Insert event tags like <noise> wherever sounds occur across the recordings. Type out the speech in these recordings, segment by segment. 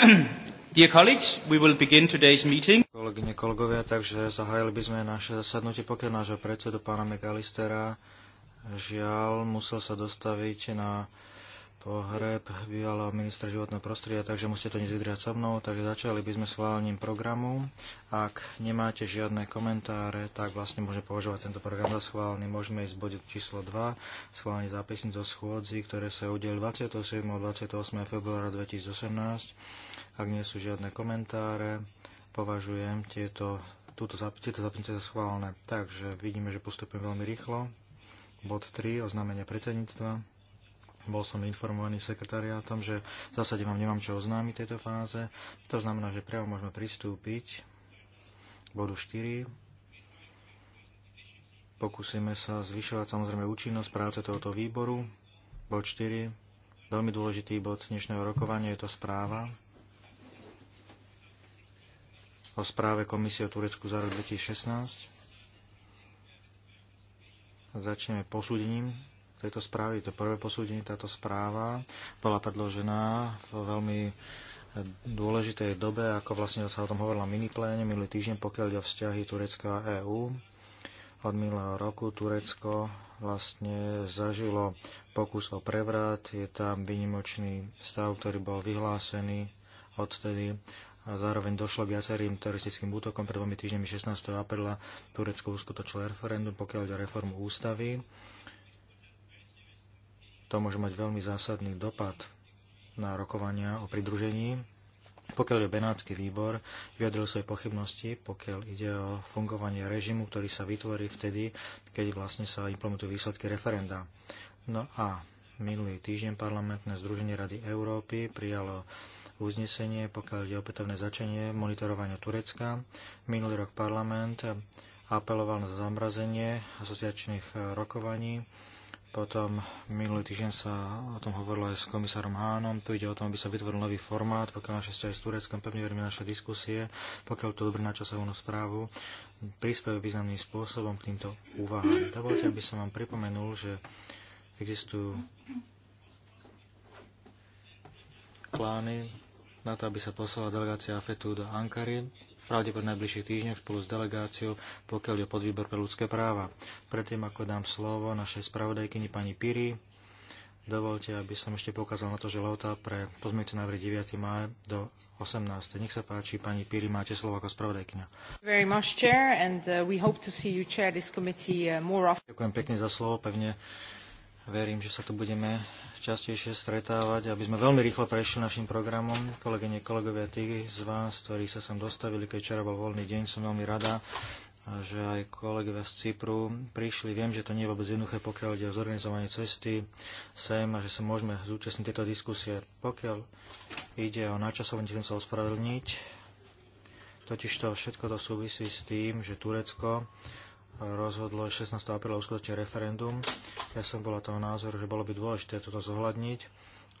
<clears throat> Dear colleagues, we will begin today's meeting. Kolegyne, kolegovia, takže zahájili by sme naše zasadnutie, pokiaľ nášho predsedu pána McAllistera žiaľ musel sa dostaviť na pohreb bývalého ministra životného prostredia, takže musíte to vydriať so mnou. Takže začali by sme s schválením programu. Ak nemáte žiadne komentáre, tak vlastne môžeme považovať tento program za schválený. Môžeme ísť bodiť číslo 2, schválenie zápisnic zo schôdzi, ktoré sa udeli 27. a 28. februára 2018. Ak nie sú žiadne komentáre, považujem tieto, túto, tieto zápisnice za schválené. Takže vidíme, že postupujem veľmi rýchlo. Bod 3, oznámenie predsedníctva. Bol som informovaný sekretariátom, že v zásade vám nemám čo oznámiť tejto fáze. To znamená, že priamo môžeme pristúpiť k bodu 4. Pokúsime sa zvyšovať samozrejme účinnosť práce tohoto výboru. Bod 4. Veľmi dôležitý bod dnešného rokovania je to správa o správe Komisie o Turecku za rok 2016. Začneme posúdením tejto správy. To prvé posúdenie, táto správa bola predložená v veľmi dôležitej dobe, ako vlastne sa o tom hovorila minipléne minulý týždeň, pokiaľ ide o vzťahy Turecka a EÚ. Od minulého roku Turecko vlastne zažilo pokus o prevrat, je tam vynimočný stav, ktorý bol vyhlásený odtedy a zároveň došlo k viacerým teroristickým útokom. Pred dvomi týždňami 16. apríla Turecko uskutočilo referendum, pokiaľ ide o reformu ústavy. To môže mať veľmi zásadný dopad na rokovania o pridružení. Pokiaľ je Benátsky výbor, vyjadril svoje pochybnosti, pokiaľ ide o fungovanie režimu, ktorý sa vytvorí vtedy, keď vlastne sa implementujú výsledky referenda. No a minulý týždeň parlamentné združenie Rady Európy prijalo uznesenie, pokiaľ ide opätovné začenie monitorovania Turecka. Minulý rok parlament apeloval na zamrazenie asociačných rokovaní potom minulý týždeň sa o tom hovorilo aj s komisárom Hánom. Tu ide o tom, aby sa vytvoril nový formát, pokiaľ naše aj s Tureckom, pevne veríme naše diskusie, pokiaľ to na načasovú správu, prispievajú významným spôsobom k týmto úvahám. Dovolte, aby som vám pripomenul, že existujú plány na to, aby sa poslala delegácia AFETu do Ankary pravdepodobne najbližších týždňoch spolu s delegáciou, pokiaľ je podvýbor pre ľudské práva. Predtým, ako dám slovo našej spravodajkyni pani Piri, dovolte, aby som ešte pokázal na to, že lota pre pozmeňujúce návrhy 9. maja do 18. Nech sa páči, pani Piri, máte slovo ako spravodajkňa. Uh, uh, Ďakujem pekne za slovo, pevne Verím, že sa tu budeme častejšie stretávať, aby sme veľmi rýchlo prešli našim programom. Kolegyne, kolegovia, tí z vás, ktorí sa sem dostavili, keď včera bol voľný deň, som veľmi rada, že aj kolegovia z Cypru prišli. Viem, že to nie je vôbec jednoduché, pokiaľ ide o zorganizovanie cesty sem a že sa môžeme zúčastniť tejto diskusie. Pokiaľ ide o načasovanie, chcem sa ospravedlniť. Totiž to všetko to súvisí s tým, že Turecko rozhodlo 16. apríla uskutočne referendum. Ja som bola toho názoru, že bolo by dôležité toto zohľadniť,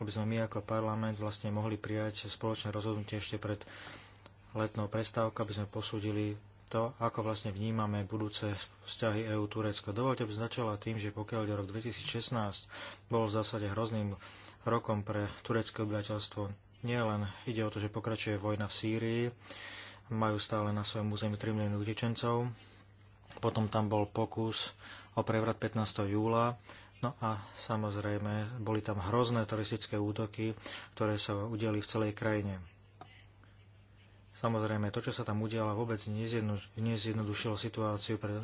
aby sme my ako parlament vlastne mohli prijať spoločné rozhodnutie ešte pred letnou prestávkou, aby sme posúdili to, ako vlastne vnímame budúce vzťahy EU-Turecko. Dovolte by začala tým, že pokiaľ rok 2016 bol v zásade hrozným rokom pre turecké obyvateľstvo, nie len ide o to, že pokračuje vojna v Sýrii, majú stále na svojom území 3 milióny utečencov, potom tam bol pokus o prevrat 15. júla. No a samozrejme, boli tam hrozné teroristické útoky, ktoré sa udeli v celej krajine. Samozrejme, to, čo sa tam udiala, vôbec nezjednodušilo situáciu pre e,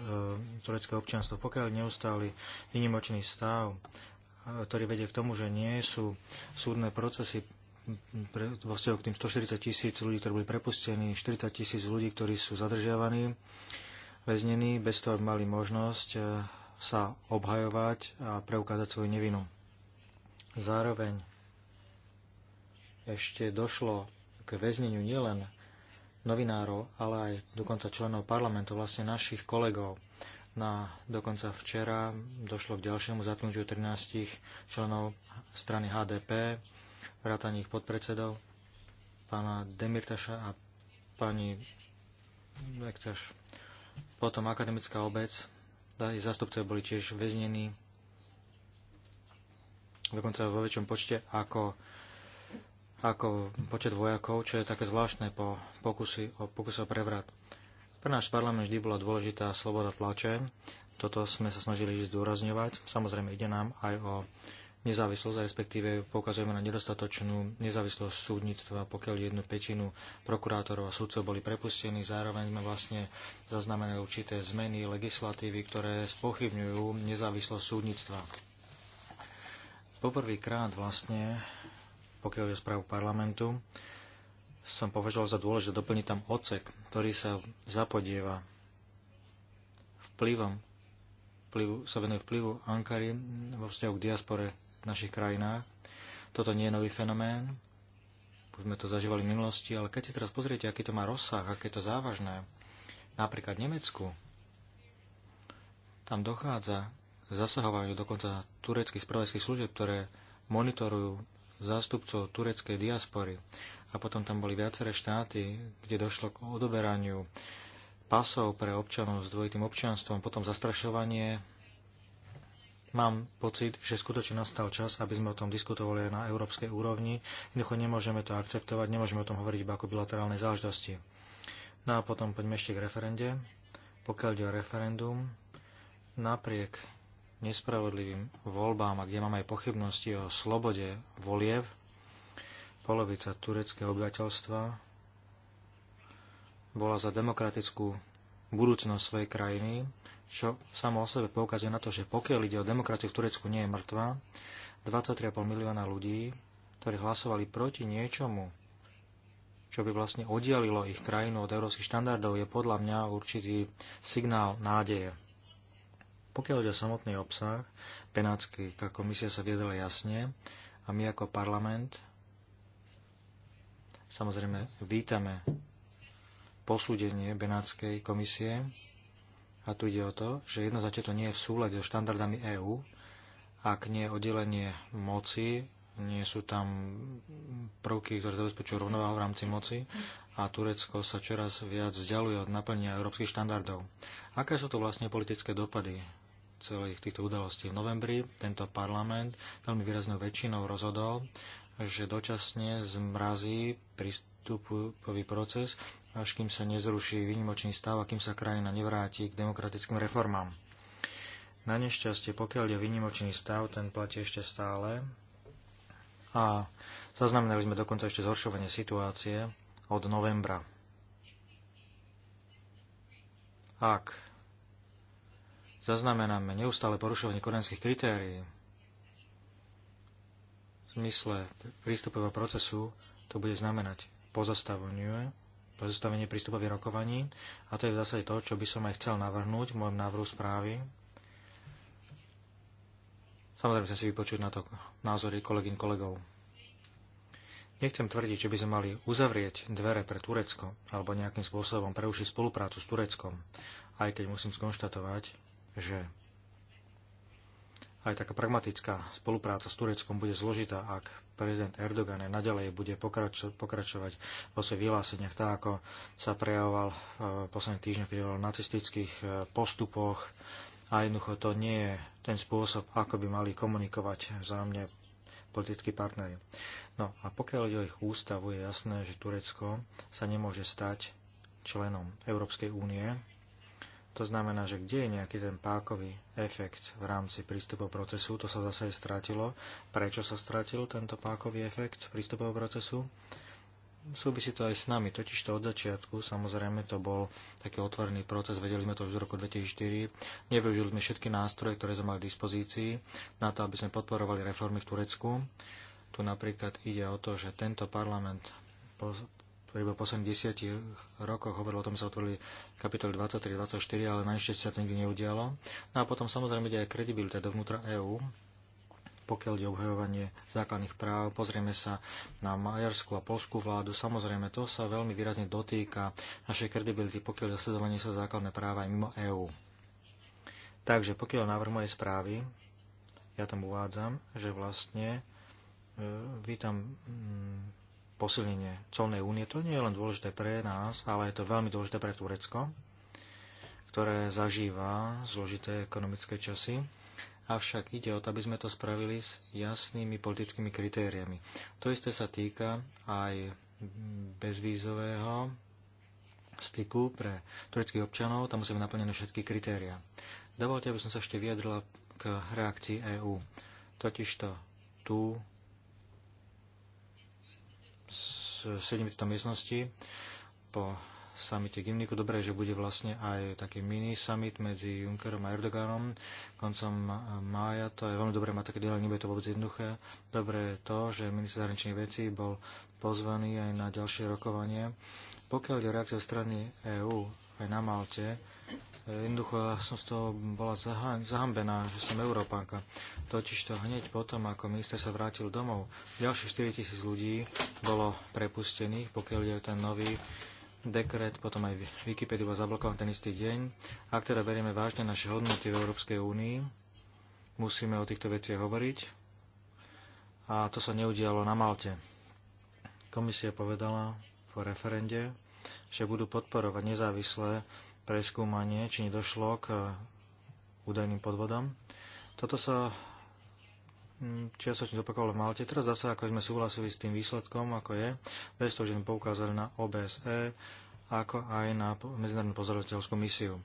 turecké občianstvo. Pokiaľ neustáli vynimočný stav, e, ktorý vedie k tomu, že nie sú súdne procesy pre, vo vzťahu k tým 140 tisíc ľudí, ktorí boli prepustení, 40 tisíc ľudí, ktorí sú zadržiavaní, e, väznení bez toho, aby mali možnosť e, sa obhajovať a preukázať svoju nevinu. Zároveň ešte došlo k väzneniu nielen novinárov, ale aj dokonca členov parlamentu, vlastne našich kolegov. Na, dokonca včera došlo k ďalšiemu zatknutiu 13 členov strany HDP, vrátaní ich podpredsedov, pána Demirtaša a pani Lektaš potom akademická obec, jej zastupcovia boli tiež väznení, dokonca vo väčšom počte ako, ako počet vojakov, čo je také zvláštne po pokusy o, pokusy o prevrat. Pre náš parlament vždy bola dôležitá sloboda tlače, toto sme sa snažili zdôrazňovať. Samozrejme, ide nám aj o nezávislosť, respektíve poukazujeme na nedostatočnú nezávislosť súdnictva, pokiaľ jednu petinu prokurátorov a súdcov boli prepustení. Zároveň sme vlastne zaznamenali určité zmeny legislatívy, ktoré spochybňujú nezávislosť súdnictva. Poprvýkrát vlastne, pokiaľ je správu parlamentu, som považoval za dôležité doplniť tam odsek, ktorý sa zapodieva vplyvom vplyvu, sa venuje vplyvu Ankary vo vzťahu k diaspore v našich krajinách. Toto nie je nový fenomén, už sme to zažívali v minulosti, ale keď si teraz pozriete, aký to má rozsah, aké je to závažné, napríklad v Nemecku, tam dochádza k zasahovaniu dokonca tureckých spravodajských služieb, ktoré monitorujú zástupcov tureckej diaspory. A potom tam boli viaceré štáty, kde došlo k odoberaniu pasov pre občanov s dvojitým občanstvom, potom zastrašovanie Mám pocit, že skutočne nastal čas, aby sme o tom diskutovali aj na európskej úrovni. Jednoducho nemôžeme to akceptovať, nemôžeme o tom hovoriť iba ako bilaterálnej záležitosti. No a potom poďme ešte k referende. Pokiaľ ide o referendum, napriek nespravodlivým voľbám, a kde mám aj pochybnosti o slobode volieb, polovica tureckého obyvateľstva bola za demokratickú budúcnosť svojej krajiny čo samo o sebe poukazuje na to, že pokiaľ ide o demokraciu v Turecku nie je mŕtva, 23,5 milióna ľudí, ktorí hlasovali proti niečomu, čo by vlastne oddialilo ich krajinu od európskych štandardov, je podľa mňa určitý signál nádeje. Pokiaľ ide o samotný obsah, Benátska komisia sa viedla jasne a my ako parlament samozrejme vítame posúdenie Benátskej komisie a tu ide o to, že jednoznačne to nie je v súlade so štandardami EÚ, ak nie je oddelenie moci, nie sú tam prvky, ktoré zabezpečujú rovnováhu v rámci moci a Turecko sa čoraz viac vzdialuje od naplnenia európskych štandardov. Aké sú to vlastne politické dopady celých týchto udalostí? V novembri tento parlament veľmi výraznou väčšinou rozhodol, že dočasne zmrazí prístupový proces, až kým sa nezruší výnimočný stav a kým sa krajina nevráti k demokratickým reformám. Na nešťastie, pokiaľ je výnimočný stav, ten platí ešte stále a zaznamenali sme dokonca ešte zhoršovanie situácie od novembra. Ak zaznamenáme neustále porušovanie korenských kritérií v zmysle prístupového procesu, to bude znamenať, pozastavenie, pozastavenie prístupových rokovaní a to je v zásade to, čo by som aj chcel navrhnúť v môjom návrhu správy. Samozrejme, chcem si vypočuť na to názory kolegyn kolegov. Nechcem tvrdiť, že by sme mali uzavrieť dvere pre Turecko alebo nejakým spôsobom preušiť spoluprácu s Tureckom, aj keď musím skonštatovať, že aj taká pragmatická spolupráca s Tureckom bude zložitá, ak prezident Erdogan aj naďalej bude pokračo- pokračovať vo svojich vyhláseniach tak, ako sa prejavoval v eh, posledných týždňoch, keď hovoril o nacistických eh, postupoch. A jednoducho to nie je ten spôsob, ako by mali komunikovať vzájomne politickí partnery. No a pokiaľ ide o ich ústavu, je jasné, že Turecko sa nemôže stať členom Európskej únie, to znamená, že kde je nejaký ten pákový efekt v rámci prístupov procesu, to sa zase stratilo. Prečo sa stratil tento pákový efekt prístupov procesu? Súvisí to aj s nami, totiž to od začiatku, samozrejme to bol taký otvorený proces, vedeli sme to už v roku 2004, nevyužili sme všetky nástroje, ktoré sme mali k dispozícii na to, aby sme podporovali reformy v Turecku. Tu napríklad ide o to, že tento parlament ktorý iba po posledných rokoch hovoril o tom, sa otvorili kapitoly 23-24, ale najšťastie sa to nikdy neudialo. No a potom samozrejme ide aj kredibilita dovnútra EÚ, pokiaľ ide obhajovanie základných práv. Pozrieme sa na maďarskú a polskú vládu. Samozrejme, to sa veľmi výrazne dotýka našej kredibility, pokiaľ zasledovanie sa základné práva aj mimo EÚ. Takže pokiaľ návrh mojej správy, ja tam uvádzam, že vlastne e, vy tam mm, posilnenie colnej únie. To nie je len dôležité pre nás, ale je to veľmi dôležité pre Turecko, ktoré zažíva zložité ekonomické časy. Avšak ide o to, aby sme to spravili s jasnými politickými kritériami. To isté sa týka aj bezvízového styku pre tureckých občanov. Tam musíme naplnené všetky kritéria. Dovolte, aby som sa ešte vyjadrila k reakcii EÚ. Totižto tu sedíme v tejto miestnosti po samite Gimniku. Dobre, že bude vlastne aj taký mini summit medzi Junckerom a Erdoganom koncom mája. To je veľmi dobré, má také dialog, nebude to vôbec jednoduché. Dobré je to, že minister zahraničných vecí bol pozvaný aj na ďalšie rokovanie. Pokiaľ je reakcia strany EÚ aj na Malte, jednoducho ja som z toho bola zahambená, že som Európanka totižto hneď potom, ako minister sa vrátil domov, ďalších 4 tisíc ľudí bolo prepustených, pokiaľ je ten nový dekret, potom aj Wikipedia bola zablokovaná ten istý deň. Ak teda berieme vážne naše hodnoty v Európskej únii, musíme o týchto veciach hovoriť. A to sa neudialo na Malte. Komisia povedala po referende, že budú podporovať nezávislé preskúmanie, či nedošlo k údajným podvodom. Toto sa Hm, čiastočne zopakovalo v Malte. Teraz zase, ako sme súhlasili s tým výsledkom, ako je, bez toho, že sme poukázali na OBSE, ako aj na medzinárodnú pozorovateľskú misiu.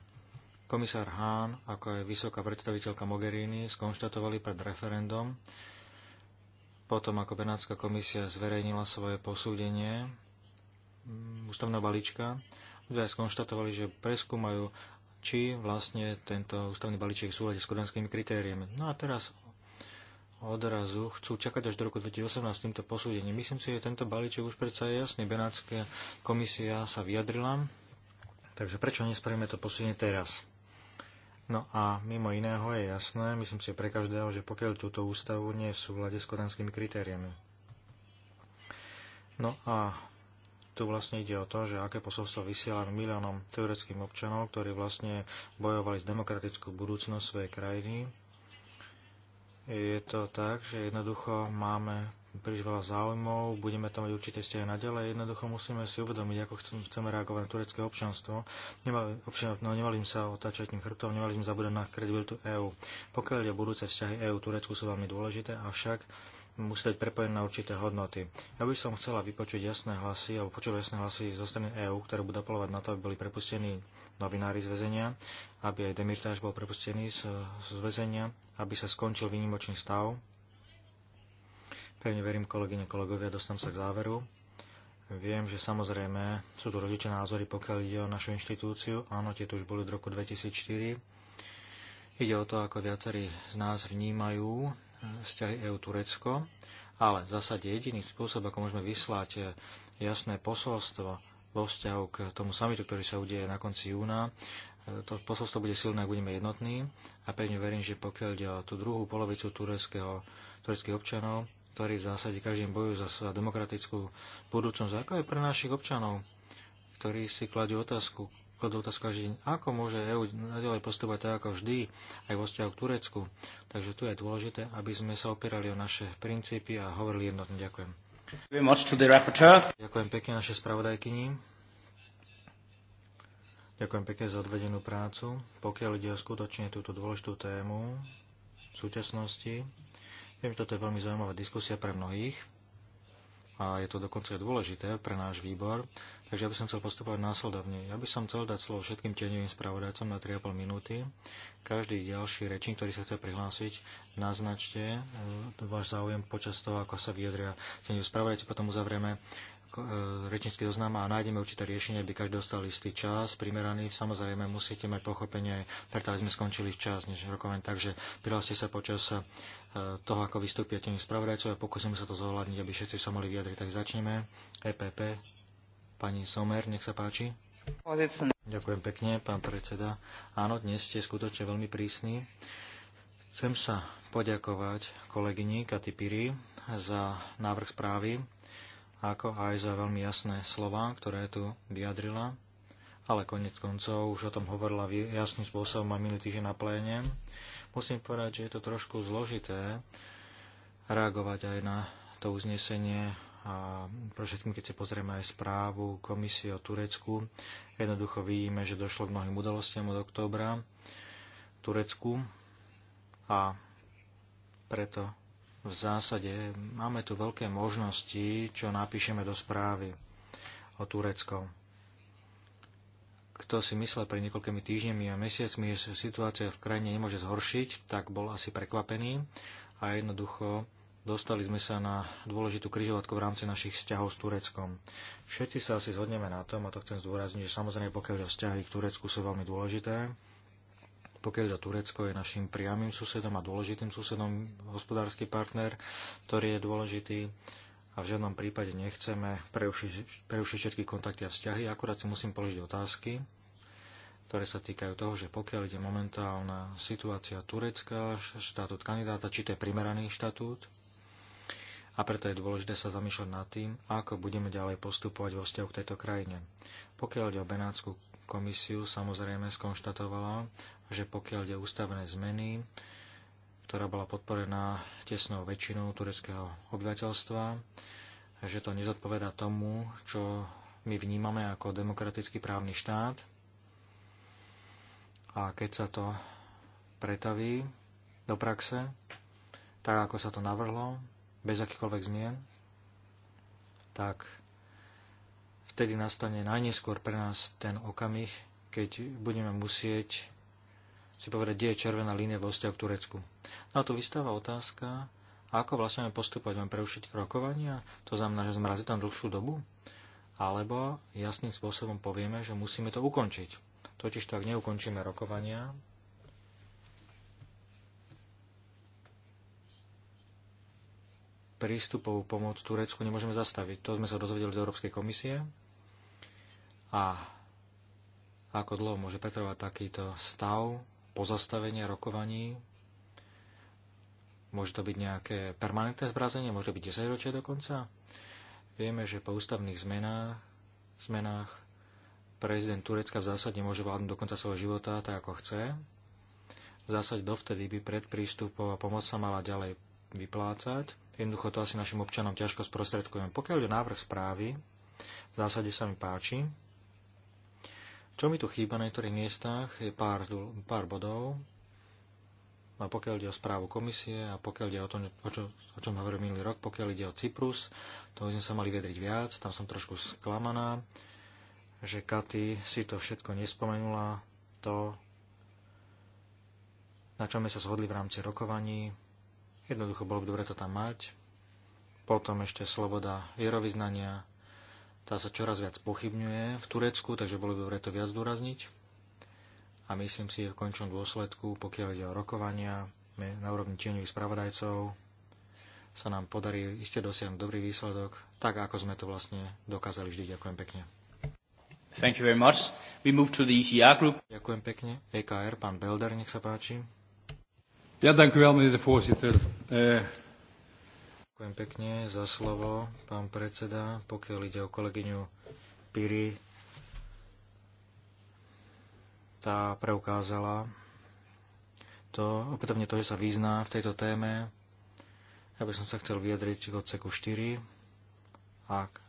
Komisár Hahn, ako aj vysoká predstaviteľka Mogherini, skonštatovali pred referendum, potom ako Benátska komisia zverejnila svoje posúdenie hm, ústavného balíčka, ľudia skonštatovali, že preskúmajú, či vlastne tento ústavný balíček v súlade s kodanskými kritériami. No a teraz odrazu chcú čakať až do roku 2018 s týmto posúdením. Myslím si, že tento balíček už predsa je jasný. Benátska komisia sa vyjadrila, takže prečo nespravíme to posúdenie teraz? No a mimo iného je jasné, myslím si pre každého, že pokiaľ túto ústavu nie je v súlade s kodanskými kritériami. No a tu vlastne ide o to, že aké posolstvo vysielame miliónom tureckým občanov, ktorí vlastne bojovali s demokratickú budúcnosť svojej krajiny, je to tak, že jednoducho máme príliš veľa záujmov, budeme tam mať určité vzťahy naďalej. Jednoducho musíme si uvedomiť, ako chcem, chceme reagovať na turecké občanstvo. Nemali, občan, no, nemali sa otáčať tým chrbtom, nemali sme zabúdať na kredibilitu EÚ. Pokiaľ je budúce vzťahy EÚ, Turecku sú veľmi dôležité, avšak musí byť prepojené na určité hodnoty. Ja by som chcela vypočuť jasné hlasy, alebo počuť jasné hlasy zo strany EÚ, ktoré budú apelovať na to, aby boli prepustení novinári z väzenia, aby aj Demirtáš bol prepustený z, z väzenia, aby sa skončil výnimočný stav. Pevne verím, kolegyne, kolegovia, dostanem sa k záveru. Viem, že samozrejme sú tu rodičia názory, pokiaľ ide o našu inštitúciu. Áno, tie tu už boli od roku 2004. Ide o to, ako viacerí z nás vnímajú vzťahy EU-Turecko, ale v zásade jediný spôsob, ako môžeme vyslať eh, jasné posolstvo vo vzťahu k tomu samitu, ktorý sa udeje na konci júna, eh, to posolstvo bude silné, ak budeme jednotní a pevne verím, že pokiaľ ide o tú druhú polovicu tureckých občanov, ktorí v zásade každým bojujú za demokratickú budúcnosť, ako aj pre našich občanov, ktorí si kladú otázku, kladú otázku, že ako môže EÚ nadalej postupovať tak ako vždy, aj vo vzťahu k Turecku. Takže tu je dôležité, aby sme sa opierali o naše princípy a hovorili jednotne. Ďakujem. Ďakujem pekne našej spravodajkyni. Ďakujem pekne za odvedenú prácu. Pokiaľ ide o skutočne túto dôležitú tému v súčasnosti, viem, že toto je veľmi zaujímavá diskusia pre mnohých a je to dokonca dôležité pre náš výbor, takže ja by som chcel postupovať následovne. Ja by som chcel dať slovo všetkým tieňovým spravodajcom na 3,5 minúty. Každý ďalší rečník, ktorý sa chce prihlásiť, naznačte e, váš záujem počas toho, ako sa vyjadria tieňoví spravodajci, potom uzavrieme e, rečnícky doznám a nájdeme určité riešenie, aby každý dostal istý čas, primeraný. Samozrejme, musíte mať pochopenie, preto aby sme skončili čas, než rokovať. Takže prihláste sa počas E, toho, ako vystúpia tými spravodajcovia. a pokúsim sa to zohľadniť, aby všetci sa mohli vyjadriť. Tak začneme. EPP. Pani Somer, nech sa páči. Ďakujem pekne, pán predseda. Áno, dnes ste skutočne veľmi prísni. Chcem sa poďakovať kolegyni Katy Piri za návrh správy, ako aj za veľmi jasné slova, ktoré tu vyjadrila ale konec koncov už o tom hovorila jasným spôsobom aj minulý týždeň na pléne. Musím povedať, že je to trošku zložité reagovať aj na to uznesenie a pre všetkým, keď si pozrieme aj správu komisie o Turecku, jednoducho vidíme, že došlo k mnohým udalostiam od októbra v Turecku a preto v zásade máme tu veľké možnosti, čo napíšeme do správy o Turecku kto si myslel pred niekoľkými týždňami a mesiacmi, že situácia v krajine nemôže zhoršiť, tak bol asi prekvapený a jednoducho dostali sme sa na dôležitú kryžovatku v rámci našich vzťahov s Tureckom. Všetci sa asi zhodneme na tom, a to chcem zdôrazniť, že samozrejme pokiaľ o vzťahy k Turecku sú veľmi dôležité, pokiaľ ide Turecko je našim priamým susedom a dôležitým susedom, hospodársky partner, ktorý je dôležitý a v žiadnom prípade nechceme preušiť, preušiť všetky kontakty a vzťahy, akurát si musím položiť otázky, ktoré sa týkajú toho, že pokiaľ ide momentálna situácia Turecka, štatút kandidáta, či to je primeraný štatút, a preto je dôležité sa zamýšľať nad tým, ako budeme ďalej postupovať vo vzťahu k tejto krajine. Pokiaľ ide o Benátsku komisiu, samozrejme skonštatovala, že pokiaľ ide ústavné zmeny, ktorá bola podporená tesnou väčšinou tureckého obyvateľstva, že to nezodpoveda tomu, čo my vnímame ako demokratický právny štát. A keď sa to pretaví do praxe, tak ako sa to navrhlo, bez akýchkoľvek zmien, tak vtedy nastane najneskôr pre nás ten okamih, keď budeme musieť si povedať, kde je červená línia vo vzťahu k Turecku. Na no to vystáva otázka, ako vlastne máme postupovať, máme preušiť rokovania, to znamená, že zmrazí tam dlhšiu dobu, alebo jasným spôsobom povieme, že musíme to ukončiť. Totiž to, ak neukončíme rokovania, prístupovú pomoc Turecku nemôžeme zastaviť. To sme sa dozvedeli z do Európskej komisie. A ako dlho môže pretrvať takýto stav, pozastavenie rokovaní. Môže to byť nejaké permanentné zbrazenie, môže to byť 10 ročia dokonca. Vieme, že po ústavných zmenách, zmenách prezident Turecka v zásade môže vládnuť do konca svojho života tak, ako chce. V zásade dovtedy by pred prístupom pomoc sa mala ďalej vyplácať. Jednoducho to asi našim občanom ťažko sprostredkujeme. Pokiaľ je návrh správy, v zásade sa mi páči, čo mi tu chýba na niektorých miestach je pár, pár bodov, a pokiaľ ide o správu komisie a pokiaľ ide o to, o, čo, o čom hovoril minulý rok, pokiaľ ide o Cyprus, to by sme sa mali vedriť viac, tam som trošku sklamaná, že Katy si to všetko nespomenula, to, na čom sme sa zhodli v rámci rokovaní, jednoducho bolo by dobre to tam mať, potom ešte sloboda vierovýznania, tá sa čoraz viac pochybňuje v Turecku, takže bolo by dobre to viac zdôrazniť. A myslím si, že v končnom dôsledku, pokiaľ ide o rokovania na úrovni tieňových spravodajcov, sa nám podarí iste dosiahnuť dobrý výsledok, tak ako sme to vlastne dokázali vždy. Ďakujem pekne. Thank you very much. We move to the ECR group. Ďakujem pekne. EKR, pán Belder, nech sa páči. Ja, ďakujem veľmi, pán voorzitter. Uh... Ďakujem pekne za slovo, pán predseda. Pokiaľ ide o kolegyňu Piri, tá preukázala to, opätovne to, že sa význá v tejto téme. Ja by som sa chcel vyjadriť k odseku 4 a k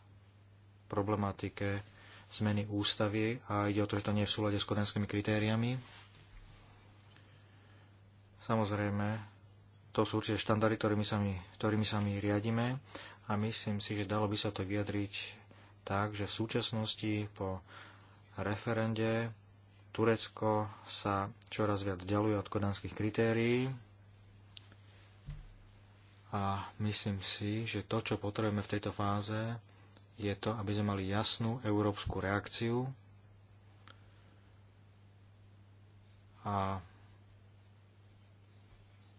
problematike zmeny ústavy a ide o to, že to nie je v súlade s kodenskými kritériami. Samozrejme, to sú určite štandardy, ktorými sa my, ktorými sa my riadime a myslím si, že dalo by sa to vyjadriť tak, že v súčasnosti po referende Turecko sa čoraz viac ďaluje od kodanských kritérií a myslím si, že to, čo potrebujeme v tejto fáze, je to, aby sme mali jasnú európsku reakciu a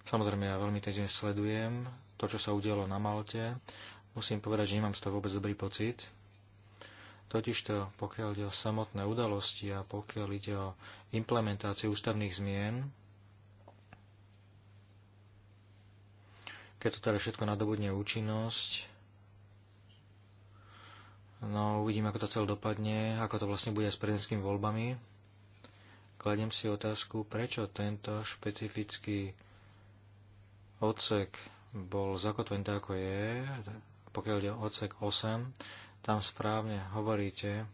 Samozrejme, ja veľmi teď sledujem to, čo sa udialo na Malte. Musím povedať, že nemám z toho vôbec dobrý pocit. Totižto, pokiaľ ide o samotné udalosti a pokiaľ ide o implementáciu ústavných zmien, keď to teda všetko nadobudne účinnosť, no uvidím, ako to celé dopadne, ako to vlastne bude s prezidentskými voľbami. Kladiem si otázku, prečo tento špecifický odsek bol zakotvený tak, ako je, pokiaľ ide o odsek 8, tam správne hovoríte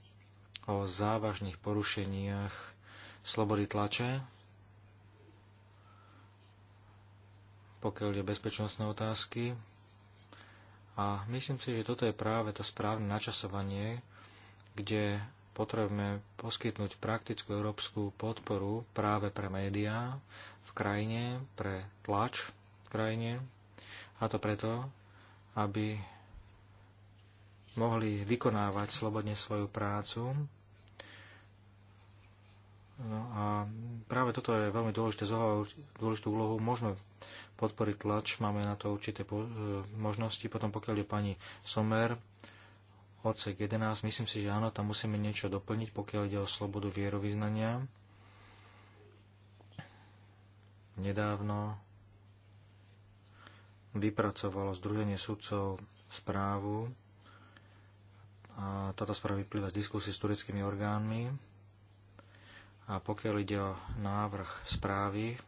o závažných porušeniach slobody tlače, pokiaľ ide bezpečnostné otázky. A myslím si, že toto je práve to správne načasovanie, kde potrebujeme poskytnúť praktickú európsku podporu práve pre médiá v krajine, pre tlač, krajine. A to preto, aby mohli vykonávať slobodne svoju prácu. No a práve toto je veľmi dôležité, dôležitú úlohu. Môžeme podporiť tlač, máme na to určité e, možnosti. Potom pokiaľ je pani Somer, odsek 11, myslím si, že áno, tam musíme niečo doplniť, pokiaľ ide o slobodu vierovýznania. Nedávno vypracovalo Združenie sudcov správu. A táto správa vyplýva z diskusí s tureckými orgánmi. A pokiaľ ide o návrh správy,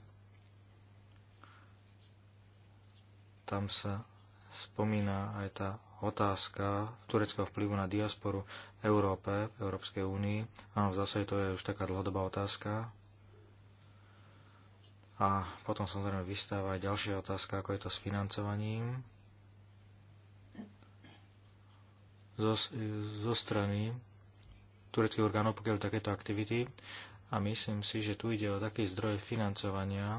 tam sa spomína aj tá otázka tureckého vplyvu na diasporu v Európe, v Európskej únii. Áno, v zase to je už taká dlhodobá otázka. A potom samozrejme vystáva aj ďalšia otázka, ako je to s financovaním zo, zo strany tureckých orgánov, pokiaľ takéto aktivity. A myslím si, že tu ide o taký zdroj financovania,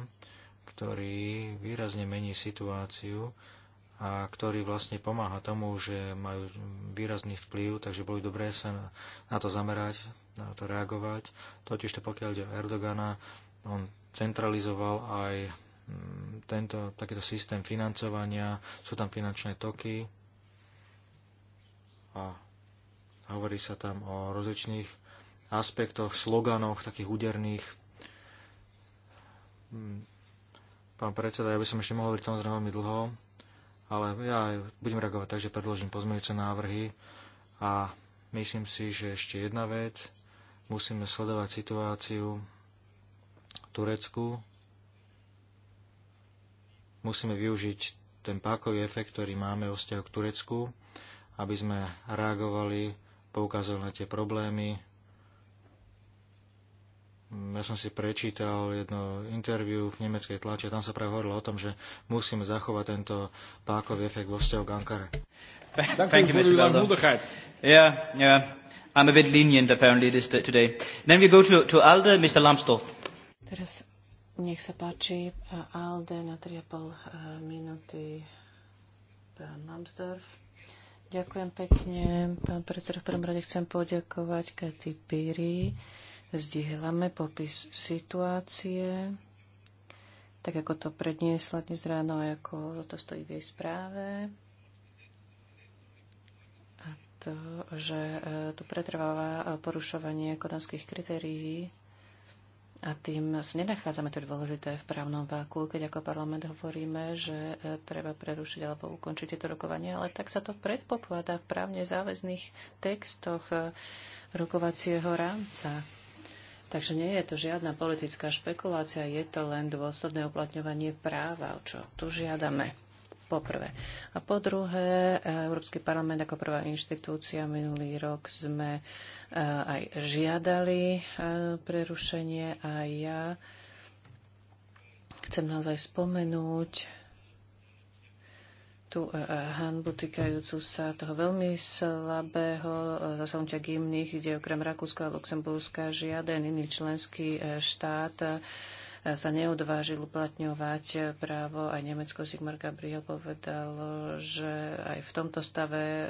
ktorý výrazne mení situáciu a ktorý vlastne pomáha tomu, že majú výrazný vplyv, takže boli dobré sa na to zamerať, na to reagovať. Totiž to pokiaľ ide o Erdogana, on centralizoval aj mm, tento, takýto systém financovania, sú tam finančné toky a hovorí sa tam o rozličných aspektoch, sloganoch, takých úderných. Mm. Pán predseda, ja by som ešte mohol hovoriť samozrejme veľmi dlho, ale ja budem reagovať tak, že predložím pozmeňujúce návrhy a myslím si, že ešte jedna vec, musíme sledovať situáciu Turecku. Musíme využiť ten pákový efekt, ktorý máme o vzťahu k Turecku, aby sme reagovali, poukázali na tie problémy. Ja som si prečítal jedno interviu v nemeckej tlači, tam sa práve hovorilo o tom, že musíme zachovať tento pákový efekt vo vzťahu k Ankare. Thank you, Mr. Yeah, yeah. I'm a bit lenient apparently this today. Then we go to, to Alde, Mr. Lambsdorff. Teraz nech sa páči eh, Alde na 3,5 eh, minúty pán Lambsdorff. Ďakujem pekne. Pán predseda, v prvom rade chcem poďakovať Katy Piri. Zdieľame popis situácie, tak ako to predniesla dnes ráno a ako to stojí v jej správe. A to, že eh, tu pretrváva porušovanie kodanských kritérií a tým nenachádzame to dôležité v právnom váku, keď ako parlament hovoríme, že e, treba prerušiť alebo ukončiť tieto rokovanie, ale tak sa to predpokladá v právne záväzných textoch e, rokovacieho rámca. Takže nie je to žiadna politická špekulácia, je to len dôsledné uplatňovanie práva, o čo tu žiadame po prvé. A po druhé, Európsky parlament ako prvá inštitúcia minulý rok sme eh, aj žiadali eh, prerušenie a ja chcem naozaj spomenúť tú eh, hanbu týkajúcu sa toho veľmi slabého zasadnutia gymných, kde okrem Rakúska a Luxemburska žiaden iný členský štát sa neodvážil uplatňovať právo. Aj Nemecko Sigmar Gabriel povedal, že aj v tomto stave e,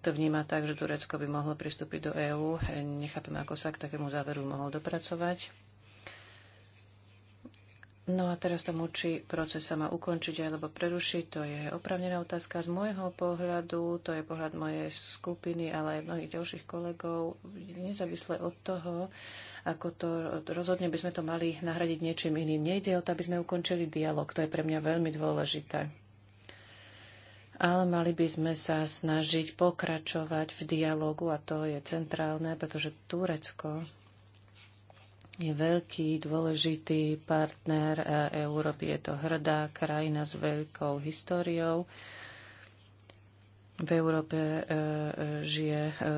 to vníma tak, že Turecko by mohlo pristúpiť do EÚ. Nechápem, ako sa k takému záveru mohol dopracovať. No a teraz tomu, či proces sa má ukončiť alebo prerušiť, to je opravnená otázka z môjho pohľadu, to je pohľad mojej skupiny, ale aj mnohých ďalších kolegov. Nezávisle od toho, ako to rozhodne by sme to mali nahradiť niečím iným. Nejde o to, aby sme ukončili dialog, to je pre mňa veľmi dôležité. Ale mali by sme sa snažiť pokračovať v dialogu a to je centrálne, pretože Turecko je veľký, dôležitý partner e, Európy. Je to hrdá krajina s veľkou históriou. V Európe e, žije, e,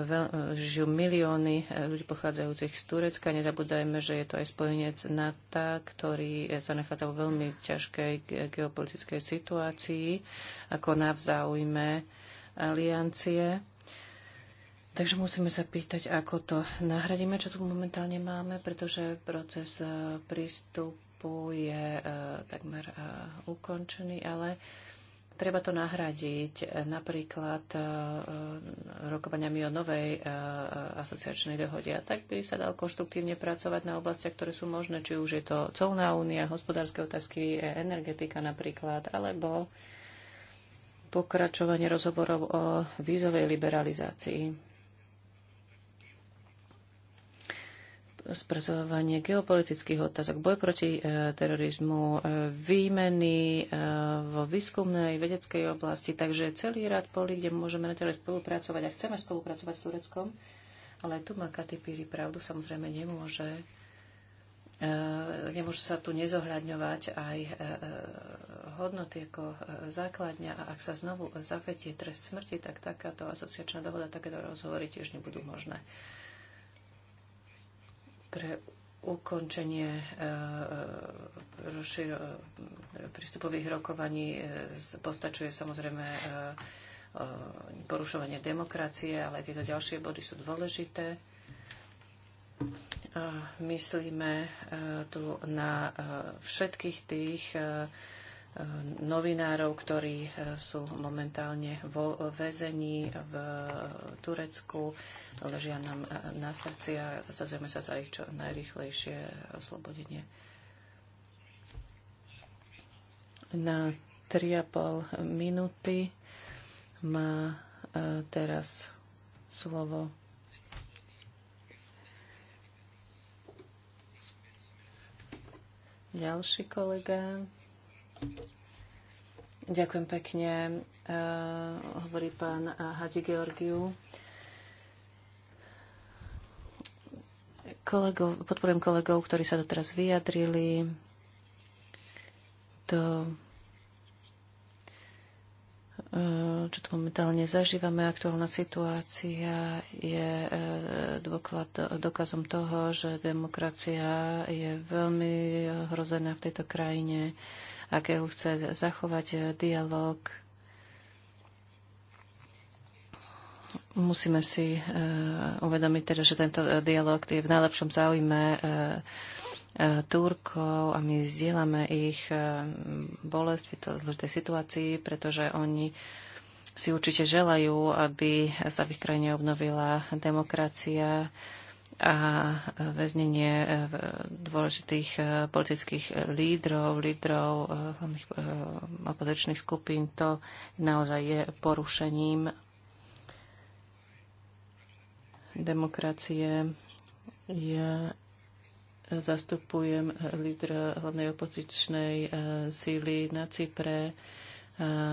žijú milióny ľudí pochádzajúcich z Turecka. Nezabúdajme, že je to aj spojenec NATO, ktorý sa nachádza vo veľmi ťažkej geopolitickej situácii, ako navzáujme aliancie. Takže musíme sa pýtať, ako to nahradíme, čo tu momentálne máme, pretože proces e, prístupu je e, takmer e, ukončený, ale treba to nahradiť napríklad rokovaniami o novej asociačnej dohode. A tak by sa dal konštruktívne pracovať na oblastiach, ktoré sú možné, či už je to colná únia, hospodárske otázky, energetika napríklad, alebo pokračovanie rozhovorov o vízovej liberalizácii. spracovávanie geopolitických otázok, boj proti e, terorizmu, e, výmeny e, vo výskumnej vedeckej oblasti. Takže celý rad polí, kde môžeme naďalej spolupracovať a chceme spolupracovať s Tureckom. Ale tu má Katy Píri pravdu, samozrejme nemôže, e, nemôže sa tu nezohľadňovať aj e, e, hodnoty ako základňa a ak sa znovu zafetie trest smrti, tak takáto asociačná dohoda, takéto rozhovory tiež nebudú možné pre ukončenie e, e, e, prístupových rokovaní postačuje samozrejme porušovanie demokracie, ale tieto ďalšie body sú dôležité. Myslíme tu na všetkých tých novinárov, ktorí e, sú momentálne vo väzení v Turecku. Ležia nám e, na srdci a zasadzujeme sa za ich čo najrychlejšie oslobodenie. Na 3,5 minúty má e, teraz slovo ďalší kolega. Ďakujem pekne, eh, hovorí pán eh, Hadži Georgiu. Kolego, podporujem kolegov, ktorí sa doteraz vyjadrili. To Eh, čo tu momentálne zažívame. Aktuálna situácia je eh, dôklad, eh, dokazom toho, že demokracia je veľmi hrozená v tejto krajine. aké EU chce zachovať dialog, musíme si uvedomiť teda, že tento dialog je v najlepšom záujme E, Turkov a my zdieľame ich e, bolesť v tejto zložitej situácii, pretože oni si určite želajú, aby sa v ich krajine obnovila demokracia a väznenie e, dôležitých politických lídrov, lídrov hlavných opozičných skupín, to naozaj je porušením demokracie. Je Zastupujem eh, lídra eh, hlavnej opozičnej eh, síly na Cypre.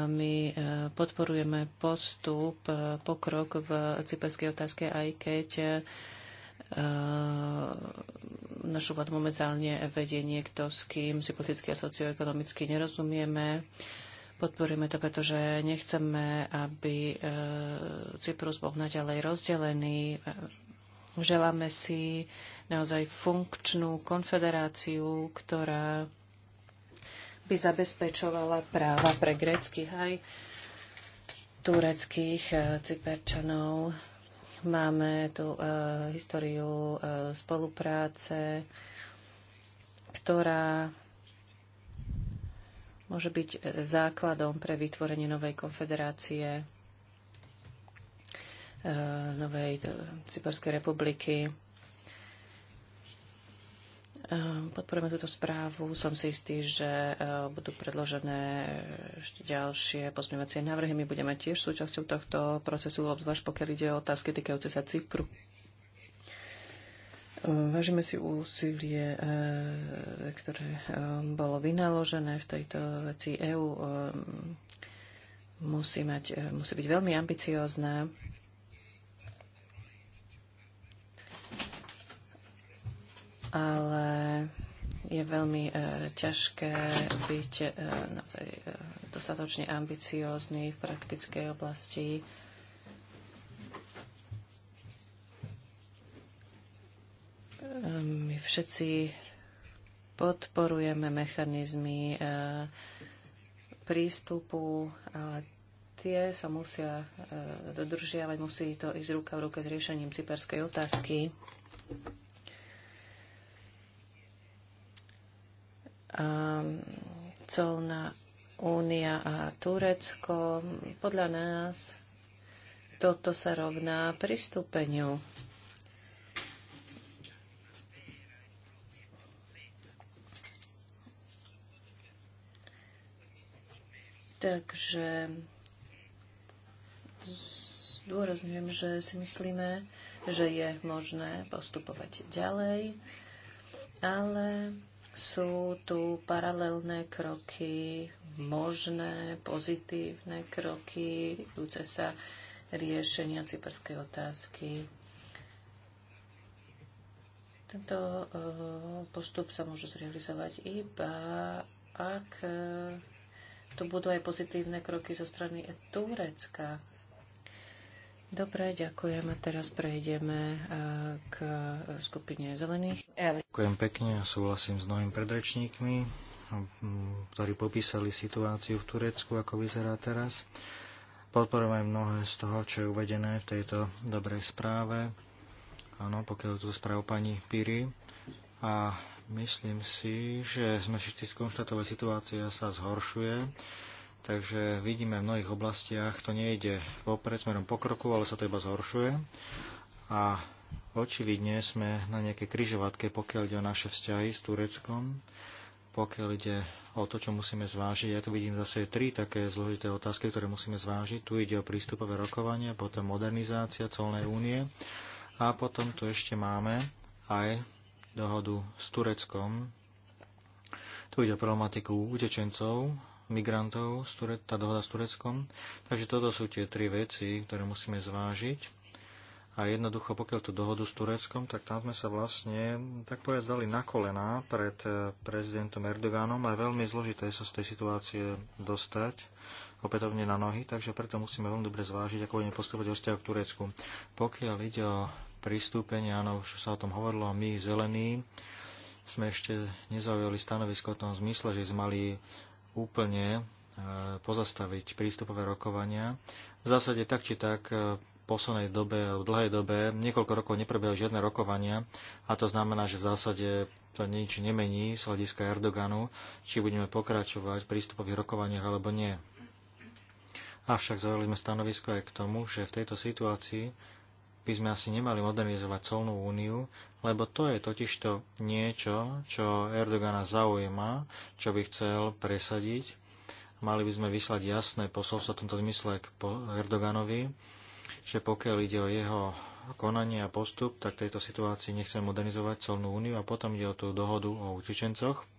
My podporujeme postup, pokrok v cyperskej otázke, aj keď našu vládu momentálne vedie niekto, s kým si politicky a socioekonomicky nerozumieme. Podporujeme to, pretože nechceme, aby Cyprus bol naďalej rozdelený. Želáme si naozaj funkčnú konfederáciu, ktorá by zabezpečovala práva pre gréckych aj tureckých eh, cyperčanov. Máme tu uh, históriu uh, spolupráce, ktorá môže byť základom pre vytvorenie novej konfederácie, novej Cyperskej republiky. Ehm, podporujeme túto správu. Som si istý, že ehm, budú predložené ešte ďalšie pozmeňovacie návrhy. My budeme tiež súčasťou tohto procesu, obzvlášť pokiaľ ide o otázky týkajúce sa Cypru. Ehm, vážime si úsilie, ktoré bolo vynaložené v tejto veci EÚ. Musí, mať, e, musí byť veľmi ambiciozná ale je veľmi e, ťažké byť e, naozaj e, dostatočne ambiciózny v praktickej oblasti. E, my všetci podporujeme mechanizmy e, prístupu, ale tie sa musia e, dodržiavať, musí to ísť ruka v ruke s riešením cyperskej otázky. Ehm, colná únia a Turecko. Podľa nás toto sa rovná pristúpeniu. Takže zdôrazňujem, že si myslíme, že je možné postupovať ďalej, ale sú tu paralelné kroky, možné pozitívne kroky, idúce sa riešenia cyperskej otázky. Tento eh, postup sa môže zrealizovať iba, ak eh, tu budú aj pozitívne kroky zo strany Turecka. Dobre, ďakujem. A teraz prejdeme e, k skupine zelených. Ďakujem pekne a súhlasím s novými predrečníkmi, ktorí popísali situáciu v Turecku, ako vyzerá teraz. Podporujem mnohé z toho, čo je uvedené v tejto dobrej správe. Áno, pokiaľ tu správu pani Piri. A myslím si, že sme všetci skonštatovali, situácia sa zhoršuje Takže vidíme v mnohých oblastiach, to nejde vopred smerom pokroku, ale sa to iba zhoršuje. A očividne sme na nejakej kryžovatke, pokiaľ ide o naše vzťahy s Tureckom, pokiaľ ide o to, čo musíme zvážiť. Ja tu vidím zase tri také zložité otázky, ktoré musíme zvážiť. Tu ide o prístupové rokovanie, potom modernizácia colnej únie a potom tu ešte máme aj dohodu s Tureckom. Tu ide o problematiku utečencov migrantov, tá dohoda s Tureckom. Takže toto sú tie tri veci, ktoré musíme zvážiť. A jednoducho, pokiaľ tú dohodu s Tureckom, tak tam sme sa vlastne, tak povedať, dali na kolená pred eh, prezidentom Erdoganom. a je veľmi zložité sa z tej situácie dostať opätovne na nohy, takže preto musíme veľmi dobre zvážiť, ako budeme postupovať o vzťahu k Turecku. Pokiaľ ide o pristúpenie, áno, už sa o tom hovorilo, a my zelení sme ešte nezaujali stanovisko v tom zmysle, že sme mali úplne e, pozastaviť prístupové rokovania. V zásade tak či tak e, poslednej dobe alebo dlhej dobe niekoľko rokov neprebiehajú žiadne rokovania a to znamená, že v zásade to nič nemení z hľadiska Erdoganu, či budeme pokračovať v prístupových rokovaniach alebo nie. Avšak zaujali sme stanovisko aj k tomu, že v tejto situácii by sme asi nemali modernizovať colnú úniu, lebo to je totižto niečo, čo Erdogana zaujíma, čo by chcel presadiť. Mali by sme vyslať jasné posolstvo v tomto zmysle k Erdoganovi, že pokiaľ ide o jeho konanie a postup, tak v tejto situácii nechcem modernizovať colnú úniu a potom ide o tú dohodu o utečencoch.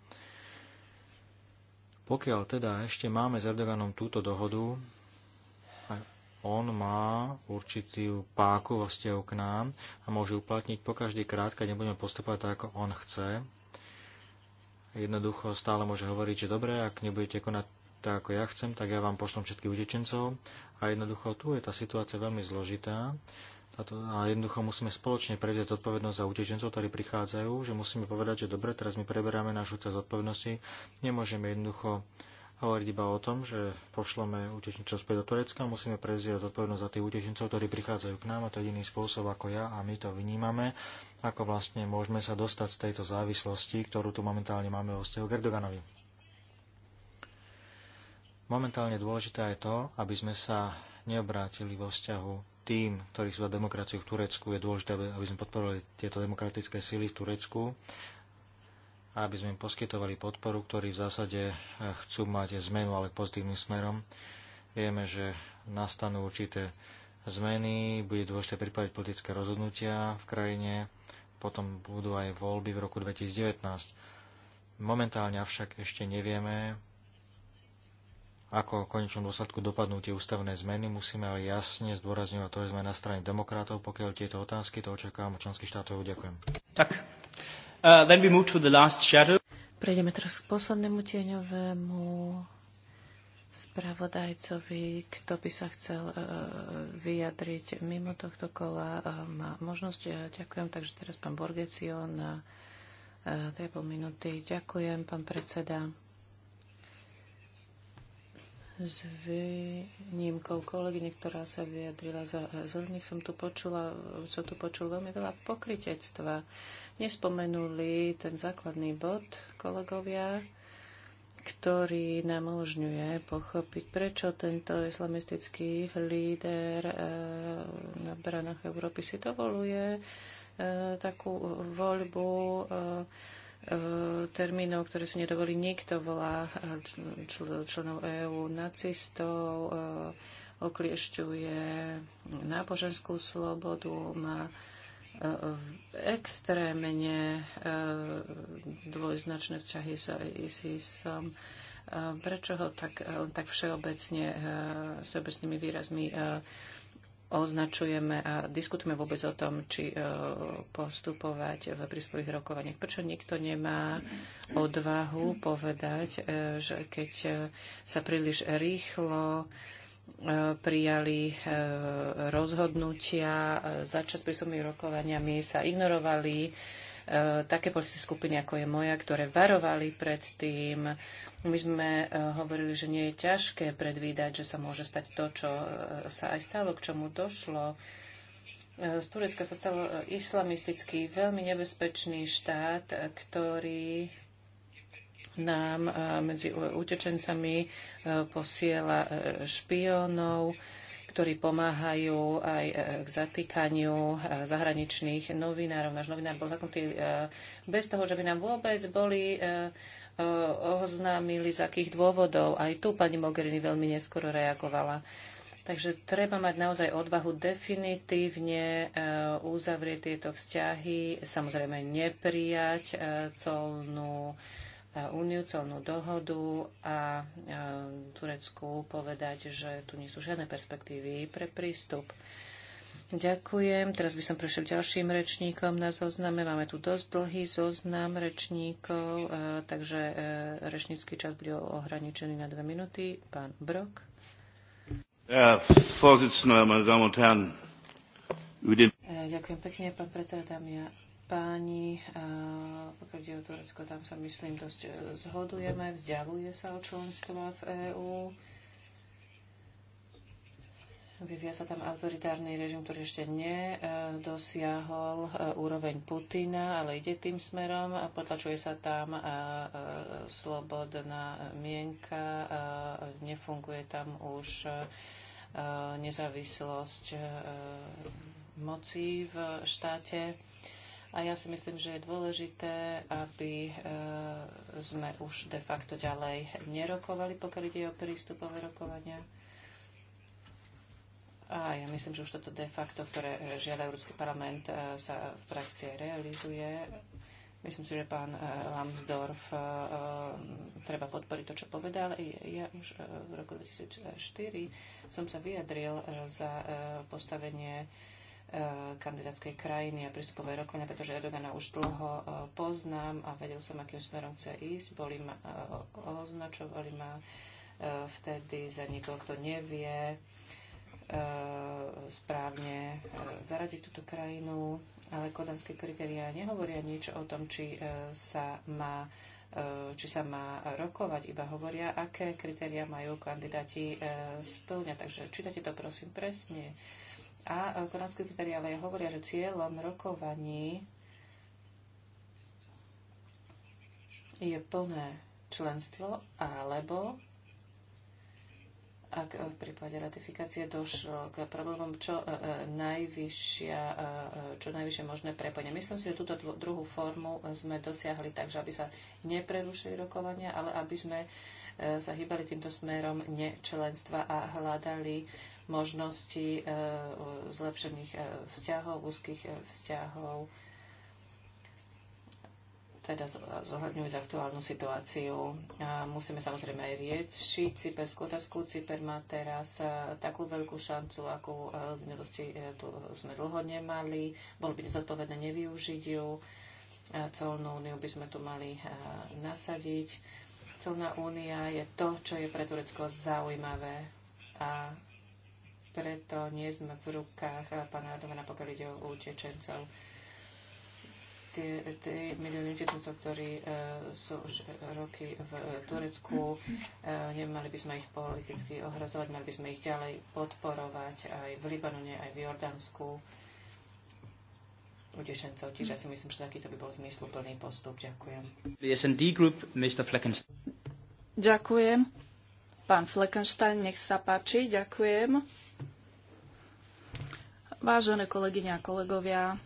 Pokiaľ teda ešte máme s Erdoganom túto dohodu, on má určitú páku vo vzťahu k nám a môže uplatniť po každý krát, keď nebudeme postupovať tak, ako on chce. Jednoducho stále môže hovoriť, že dobre, ak nebudete konať tak, ako ja chcem, tak ja vám pošlom všetkých utečencov. A jednoducho tu je tá situácia veľmi zložitá. Táto, a jednoducho musíme spoločne prevziať zodpovednosť za utečencov, ktorí prichádzajú, že musíme povedať, že dobre, teraz my preberáme našu cez zodpovednosti, nemôžeme jednoducho hovoriť iba o tom, že pošleme utečencov späť do Turecka, musíme prevziať zodpovednosť za tých utečencov, ktorí prichádzajú k nám a to je jediný spôsob ako ja a my to vnímame, ako vlastne môžeme sa dostať z tejto závislosti, ktorú tu momentálne máme o vzťahu Gerdoganovi. Momentálne dôležité je to, aby sme sa neobrátili vo vzťahu tým, ktorí sú za demokraciu v Turecku. Je dôležité, aby sme podporovali tieto demokratické síly v Turecku aby sme im poskytovali podporu, ktorí v zásade eh, chcú mať zmenu, ale pozitívnym smerom. Vieme, že nastanú určité zmeny, bude dôležité pripraviť politické rozhodnutia v krajine, potom budú aj voľby v roku 2019. Momentálne avšak ešte nevieme, ako v konečnom dôsledku dopadnú tie ústavné zmeny. Musíme ale jasne zdôrazňovať to, že sme na strane demokratov. Pokiaľ tieto otázky, to očakávam od členských štátov. Ďakujem. Tak. Uh, then we move to the last shadow. Prejdeme teraz k poslednému tieňovému spravodajcovi, kto by sa chcel uh, vyjadriť mimo tohto kola, uh, má možnosť. Uh, ďakujem, takže teraz pán Borgecio na 3,5 minúty. Ďakujem, pán predseda. S výnimkou kolegy, ktorá sa vyjadrila za zelených, som tu počula, som tu počul veľmi veľa pokritectva nespomenuli ten základný bod, kolegovia, ktorý nám umožňuje pochopiť, prečo tento islamistický líder eh, na branách Európy si dovoluje eh, takú voľbu eh, termínov, ktoré si nedovolí nikto, volá čl členov EÚ nacistov, okliešťuje náboženskú slobodu, má E, extrémne e, dvojznačné vzťahy s ISISom. E, prečo ho tak, tak všeobecne, všeobecnými výrazmi označujeme a diskutujeme vôbec o tom, či postupovať v príspových rokovaniach. Prečo nikto nemá odvahu povedať, že keď sa príliš rýchlo prijali eh, rozhodnutia eh, začas prísomnými rokovaniami, sa ignorovali eh, také politické skupiny, ako je moja, ktoré varovali pred tým. My sme hovorili, že nie je ťažké predvídať, že sa môže stať to, čo sa aj stalo, k čomu došlo. Z Turecka sa stalo islamistický, veľmi nebezpečný štát, ktorý nám e, medzi utečencami e, posiela e, špiónov, ktorí pomáhajú aj k zatýkaniu zahraničných novinárov. Náš novinár bol zaknutý bez toho, že by nám vôbec boli oznámili, z akých dôvodov. Aj tu pani Mogherini veľmi neskoro reagovala. Takže treba mať naozaj odvahu definitívne uzavrieť tieto vzťahy, samozrejme neprijať colnú úniu, celnú dohodu a e, Turecku povedať, že tu nie sú žiadne perspektívy pre prístup. Ďakujem. Teraz by som prešiel ďalším rečníkom na zozname. Máme tu dosť dlhý zoznam rečníkov, e, takže e, rečnícky čas bude ohraničený na dve minúty. Pán Brok. Eh, ďakujem pekne, pán predseda, dámy a páni, pokiaľ ide o Turecko, tam sa myslím dosť e, zhodujeme, vzdialuje sa od členstva v EÚ. Vyvia sa tam autoritárny režim, ktorý ešte nedosiahol e, e, úroveň Putina, ale ide tým smerom a potlačuje sa tam slobodná mienka, nefunguje tam už nezávislosť moci v štáte. A ja si myslím, že je dôležité, aby e, sme už de facto ďalej nerokovali, pokiaľ ide o prístupové rokovania. A ja myslím, že už toto de facto, ktoré žiada Európsky parlament, e, sa v praxi realizuje. Myslím si, že pán e, Lambsdorff treba podporiť to, čo povedal. Ja už v roku 2004 som sa vyjadril za postavenie kandidátskej krajiny a prístupové rokovania, pretože Erdogana už dlho e, poznám a vedel som, akým smerom chce ísť. Boli ma, e, označovali ma e, vtedy za niekoho, kto nevie správne zaradiť túto krajinu, ale kodanské kritériá nehovoria nič o tom, či sa má či sa má rokovať, iba hovoria, aké kritéria majú kandidáti splňať. Takže čítate to prosím presne. A e, koránske kritéria ale hovoria, že cieľom rokovaní je plné členstvo alebo ak eh, v prípade ratifikácie došlo k problémom čo, eh, eh, najvyššia, čo najvyššie možné prepojenie. Myslím si, že túto druhú formu sme dosiahli tak, že aby sa neprerušili rokovania, ale aby sme sa hýbali týmto smerom nečlenstva a hľadali možnosti zlepšených vzťahov, úzkých vzťahov teda zohľadňujúc aktuálnu situáciu. Musíme samozrejme aj riešiť cyperskú otázku. Cyper má teraz e, takú veľkú šancu, akú e, v minulosti e, tu sme dlho nemali. Bolo by nezodpovedné nevyužiť ju. celnú úniu by sme tu mali nasadiť. Celná únia je to, čo je pre Turecko zaujímavé a preto nie sme v rukách pána Erdogana, pokiaľ ide o utečencov tie, tie milióny utečencov, ktorí uh, sú už roky v e, Turecku, uh, nemali by sme ich politicky ohrazovať, mali by sme ich ďalej podporovať aj v Libanone, aj v Jordánsku utečencov. Čiže ja si myslím, že takýto by bol zmysluplný postup. Ďakujem. SND Group, Mr. Fleckenstein. Ďakujem. Pán Fleckenstein, nech sa páči. Ďakujem. Vážené kolegyne a kolegovia,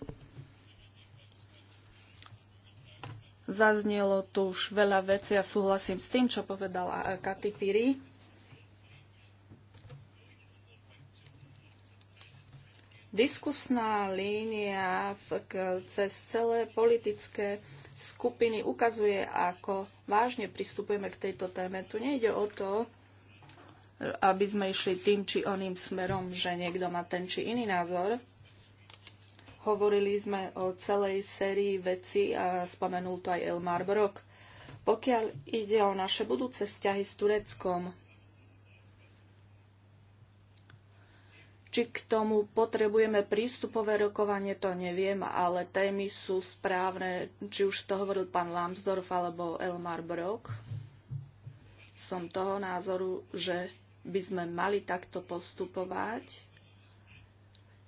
Zaznelo tu už veľa vecí a súhlasím s tým, čo povedala Katy Piri. Diskusná línia v, cez celé politické skupiny ukazuje, ako vážne pristupujeme k tejto téme. Tu nejde o to, aby sme išli tým či oným smerom, že niekto má ten či iný názor. Hovorili sme o celej sérii veci a spomenul to aj Elmar Brok. Pokiaľ ide o naše budúce vzťahy s Tureckom, či k tomu potrebujeme prístupové rokovanie, to neviem, ale témy sú správne, či už to hovoril pán Lambsdorff alebo Elmar Brok. Som toho názoru, že by sme mali takto postupovať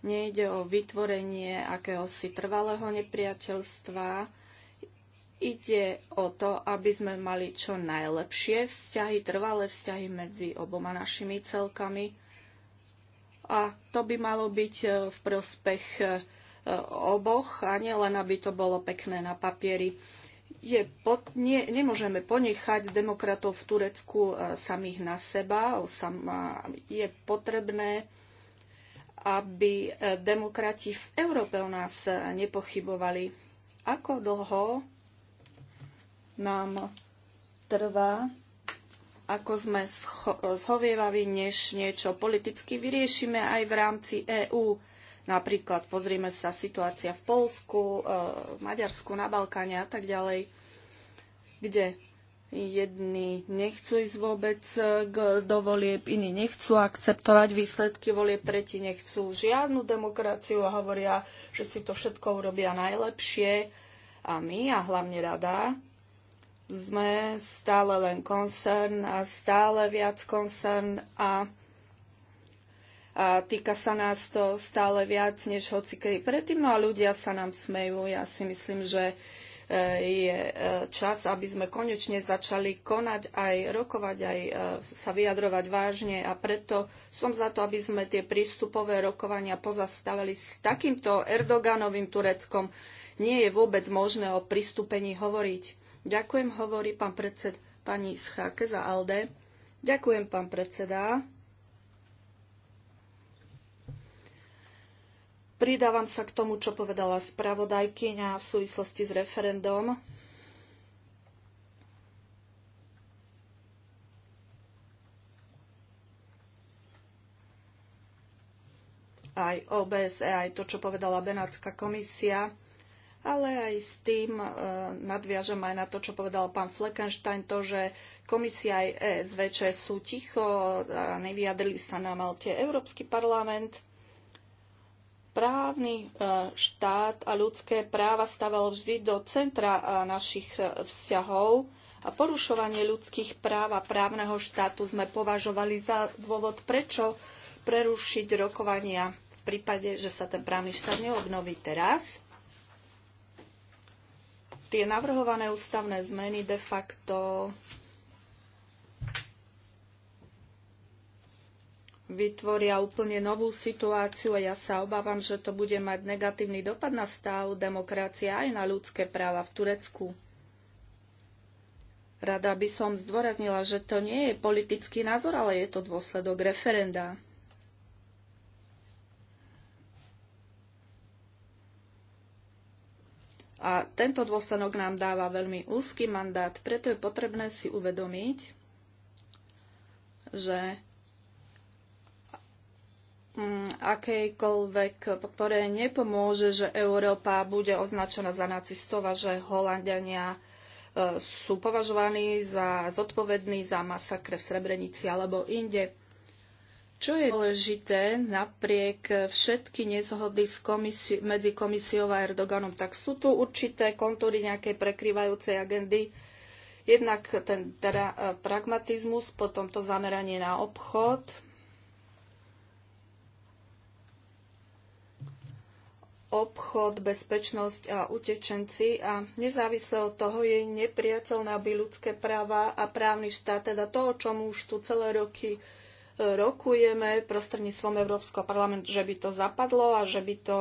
Nejde o vytvorenie akéhosi trvalého nepriateľstva, ide o to, aby sme mali čo najlepšie vzťahy, trvalé vzťahy medzi oboma našimi celkami. A to by malo byť e, v prospech e, oboch a len aby to bolo pekné na papieri. Je pod, nie, nemôžeme ponechať demokratov v Turecku e, samých na seba. je potrebné aby e, demokrati v Európe o nás e, nepochybovali. Ako dlho nám trvá, ako sme zhovievaví, než niečo politicky vyriešime aj v rámci EÚ. Napríklad pozrime sa situácia v Polsku, e, v Maďarsku, na Balkáne a tak ďalej, kde Jedni nechcú ísť vôbec e, do volieb, iní nechcú akceptovať výsledky volieb, tretí nechcú žiadnu demokraciu a hovoria, že si to všetko urobia najlepšie. A my, a hlavne rada, sme stále len koncern a stále viac koncern a, a týka sa nás to stále viac než kedy predtým. No a ľudia sa nám smejú. Ja si myslím, že E, je e, čas, aby sme konečne začali konať aj rokovať, aj e, sa vyjadrovať vážne a preto som za to, aby sme tie prístupové rokovania pozastavili s takýmto Erdoganovým Tureckom. Nie je vôbec možné o pristúpení hovoriť. Ďakujem, hovorí pán predsed pani Scháke za Alde. Ďakujem, pán predseda. Pridávam sa k tomu, čo povedala spravodajkyňa v súvislosti s referendom. aj OBSE, aj to, čo povedala Benátska komisia, ale aj s tým e, nadviažem aj na to, čo povedal pán Fleckenstein, to, že komisia aj ESVČ sú ticho a nevyjadrili sa na Malte Európsky parlament právny e, štát a ľudské práva stavalo vždy do centra e, našich e, vzťahov a porušovanie ľudských práv a právneho štátu sme považovali za dôvod, prečo prerušiť rokovania v prípade, že sa ten právny štát neobnoví teraz. Tie navrhované ústavné zmeny de facto vytvoria úplne novú situáciu a ja sa obávam, že to bude mať negatívny dopad na stav demokracie aj na ľudské práva v Turecku. Rada by som zdôraznila, že to nie je politický názor, ale je to dôsledok referenda. A tento dôsledok nám dáva veľmi úzky mandát, preto je potrebné si uvedomiť, že Mm, akejkoľvek podpore nepomôže, že Európa bude označená za nacistov a že Holandiania e, sú považovaní za zodpovední za masakre v Srebrenici alebo inde. Čo je dôležité, napriek všetky nezhody s komisi- medzi komisiou a Erdoganom, tak sú tu určité kontúry nejakej prekrývajúcej agendy. Jednak ten teda pragmatizmus, potom to zameranie na obchod, obchod, bezpečnosť a utečenci a nezávisle od toho je nepriateľné, aby ľudské práva a právny štát, teda to, o čom už tu celé roky e, rokujeme prostredníctvom Európskeho parlamentu, že by to zapadlo a že by to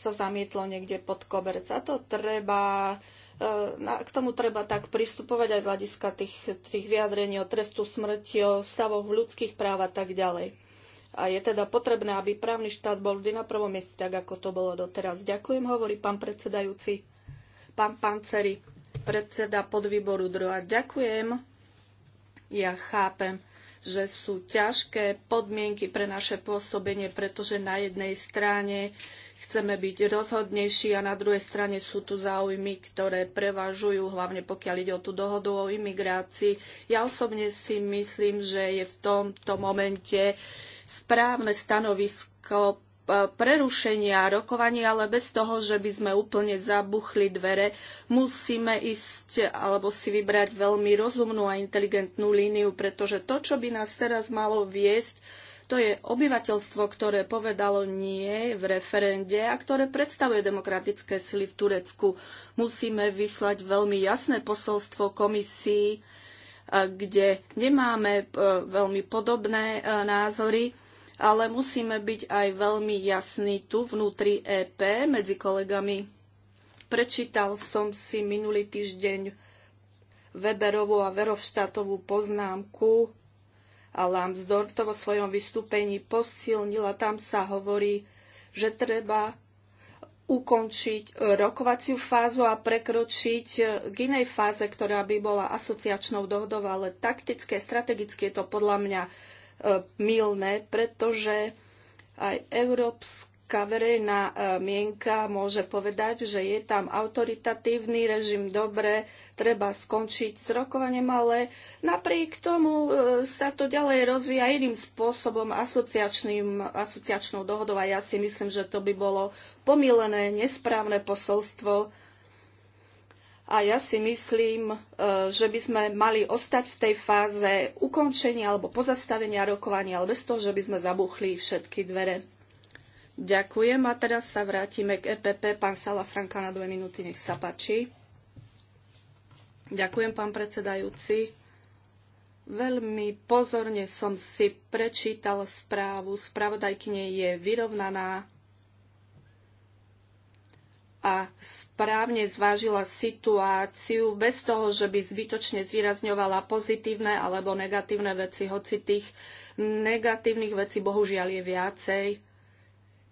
sa zamietlo niekde pod koberec. A to treba, e, k tomu treba tak pristupovať aj z hľadiska tých, tých vyjadrení o trestu smrti, o stavoch ľudských práv a tak ďalej. A je teda potrebné, aby právny štát bol vždy na prvom mieste, tak ako to bolo doteraz. Ďakujem, hovorí pán predsedajúci, pán Panceri, predseda podvýboru druhá. Ďakujem. Ja chápem, že sú ťažké podmienky pre naše pôsobenie, pretože na jednej strane chceme byť rozhodnejší a na druhej strane sú tu záujmy, ktoré prevažujú, hlavne pokiaľ ide o tú dohodu o imigrácii. Ja osobne si myslím, že je v tomto momente správne stanovisko e, prerušenia rokovania, ale bez toho, že by sme úplne zabuchli dvere, musíme ísť alebo si vybrať veľmi rozumnú a inteligentnú líniu, pretože to, čo by nás teraz malo viesť, to je obyvateľstvo, ktoré povedalo nie v referende a ktoré predstavuje demokratické sily v Turecku. Musíme vyslať veľmi jasné posolstvo komisii, e, kde nemáme e, veľmi podobné názory ale musíme byť aj veľmi jasní tu vnútri EP medzi kolegami. Prečítal som si minulý týždeň Weberovú a Verovštátovú poznámku a Lambsdorff to vo svojom vystúpení posilnila. Tam sa hovorí, že treba ukončiť e, rokovaciu fázu a prekročiť e, k inej fáze, ktorá by bola asociačnou dohodou, ale taktické, strategické je to podľa mňa milné, pretože aj európska verejná e, mienka môže povedať, že je tam autoritatívny režim, dobre, treba skončiť s rokovaniem, ale napriek tomu e, sa to ďalej rozvíja iným spôsobom, asociačnou dohodou a ja si myslím, že to by bolo pomilené, nesprávne posolstvo a ja si myslím, e, že by sme mali ostať v tej fáze ukončenia alebo pozastavenia rokovania, ale bez toho, že by sme zabuchli všetky dvere. Ďakujem a teraz sa vrátime k EPP. Pán Sala Franka na dve minúty, nech sa páči. Ďakujem, pán predsedajúci. Veľmi pozorne som si prečítal správu. Spravodajkyne je vyrovnaná a správne zvážila situáciu bez toho, že by zbytočne zvýrazňovala pozitívne alebo negatívne veci, hoci tých negatívnych vecí bohužiaľ je viacej.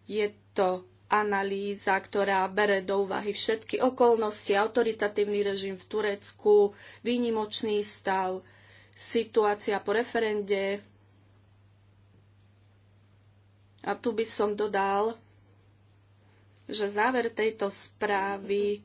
Je to analýza, ktorá bere do úvahy všetky okolnosti, autoritatívny režim v Turecku, výnimočný stav, situácia po referende. A tu by som dodal, že záver tejto správy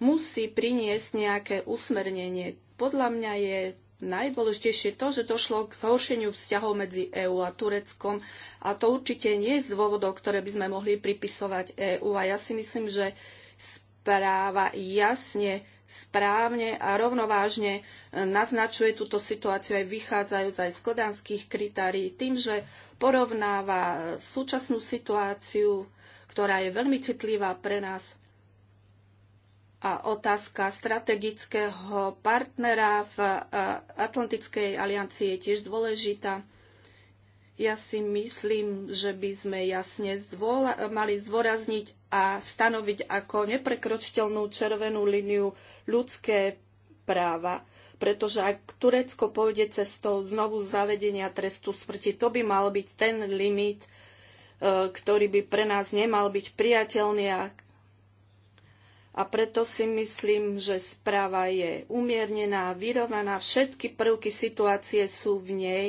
musí priniesť nejaké usmernenie. Podľa mňa je najdôležitejšie to, že došlo k zhoršeniu vzťahov medzi EÚ a Tureckom a to určite nie je z dôvodov, ktoré by sme mohli pripisovať EÚ a ja si myslím, že správa jasne správne a rovnovážne naznačuje túto situáciu aj vychádzajúc aj z kodanských kritárií tým, že porovnáva súčasnú situáciu ktorá je veľmi citlivá pre nás. A otázka strategického partnera v e, Atlantickej aliancii je tiež dôležitá. Ja si myslím, že by sme jasne zdvola, mali zdôrazniť a stanoviť ako neprekročiteľnú červenú líniu ľudské práva. Pretože ak Turecko pôjde cestou znovu zavedenia trestu smrti, to by mal byť ten limit, E, ktorý by pre nás nemal byť priateľný a a preto si myslím, že správa je umiernená, vyrovnaná, všetky prvky situácie sú v nej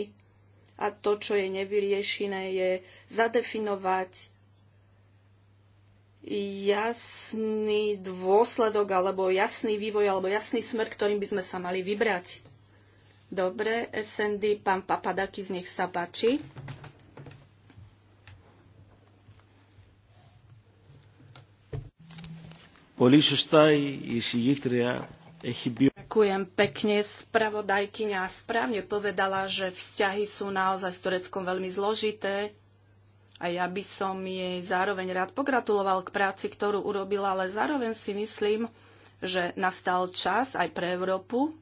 a to, čo je nevyriešené, je zadefinovať jasný dôsledok alebo jasný vývoj alebo jasný smer, ktorým by sme sa mali vybrať. Dobre, SND, pán Papadakis, nech sa páči. Πολύ σωστά η έχει πει... Ďakujem pekne. Spravodajkyňa správne povedala, že vzťahy sú naozaj s Tureckom veľmi zložité a ja by som jej zároveň rád pogratuloval k práci, ktorú urobila, ale zároveň si myslím, že nastal čas aj pre Európu,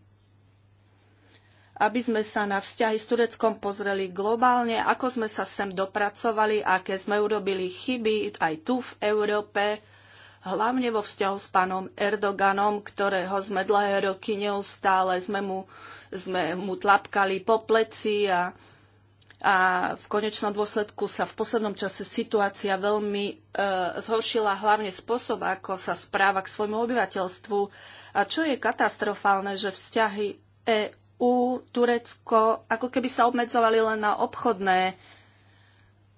aby sme sa na vzťahy s Tureckom pozreli globálne, ako sme sa sem dopracovali, aké sme urobili chyby aj tu v Európe, hlavne vo vzťahu s pánom Erdoganom, ktorého sme dlhé roky neustále sme mu, sme mu tlapkali po pleci a, a v konečnom dôsledku sa v poslednom čase situácia veľmi e, zhoršila, hlavne spôsob, ako sa správa k svojmu obyvateľstvu. A čo je katastrofálne, že vzťahy EU, Turecko, ako keby sa obmedzovali len na obchodné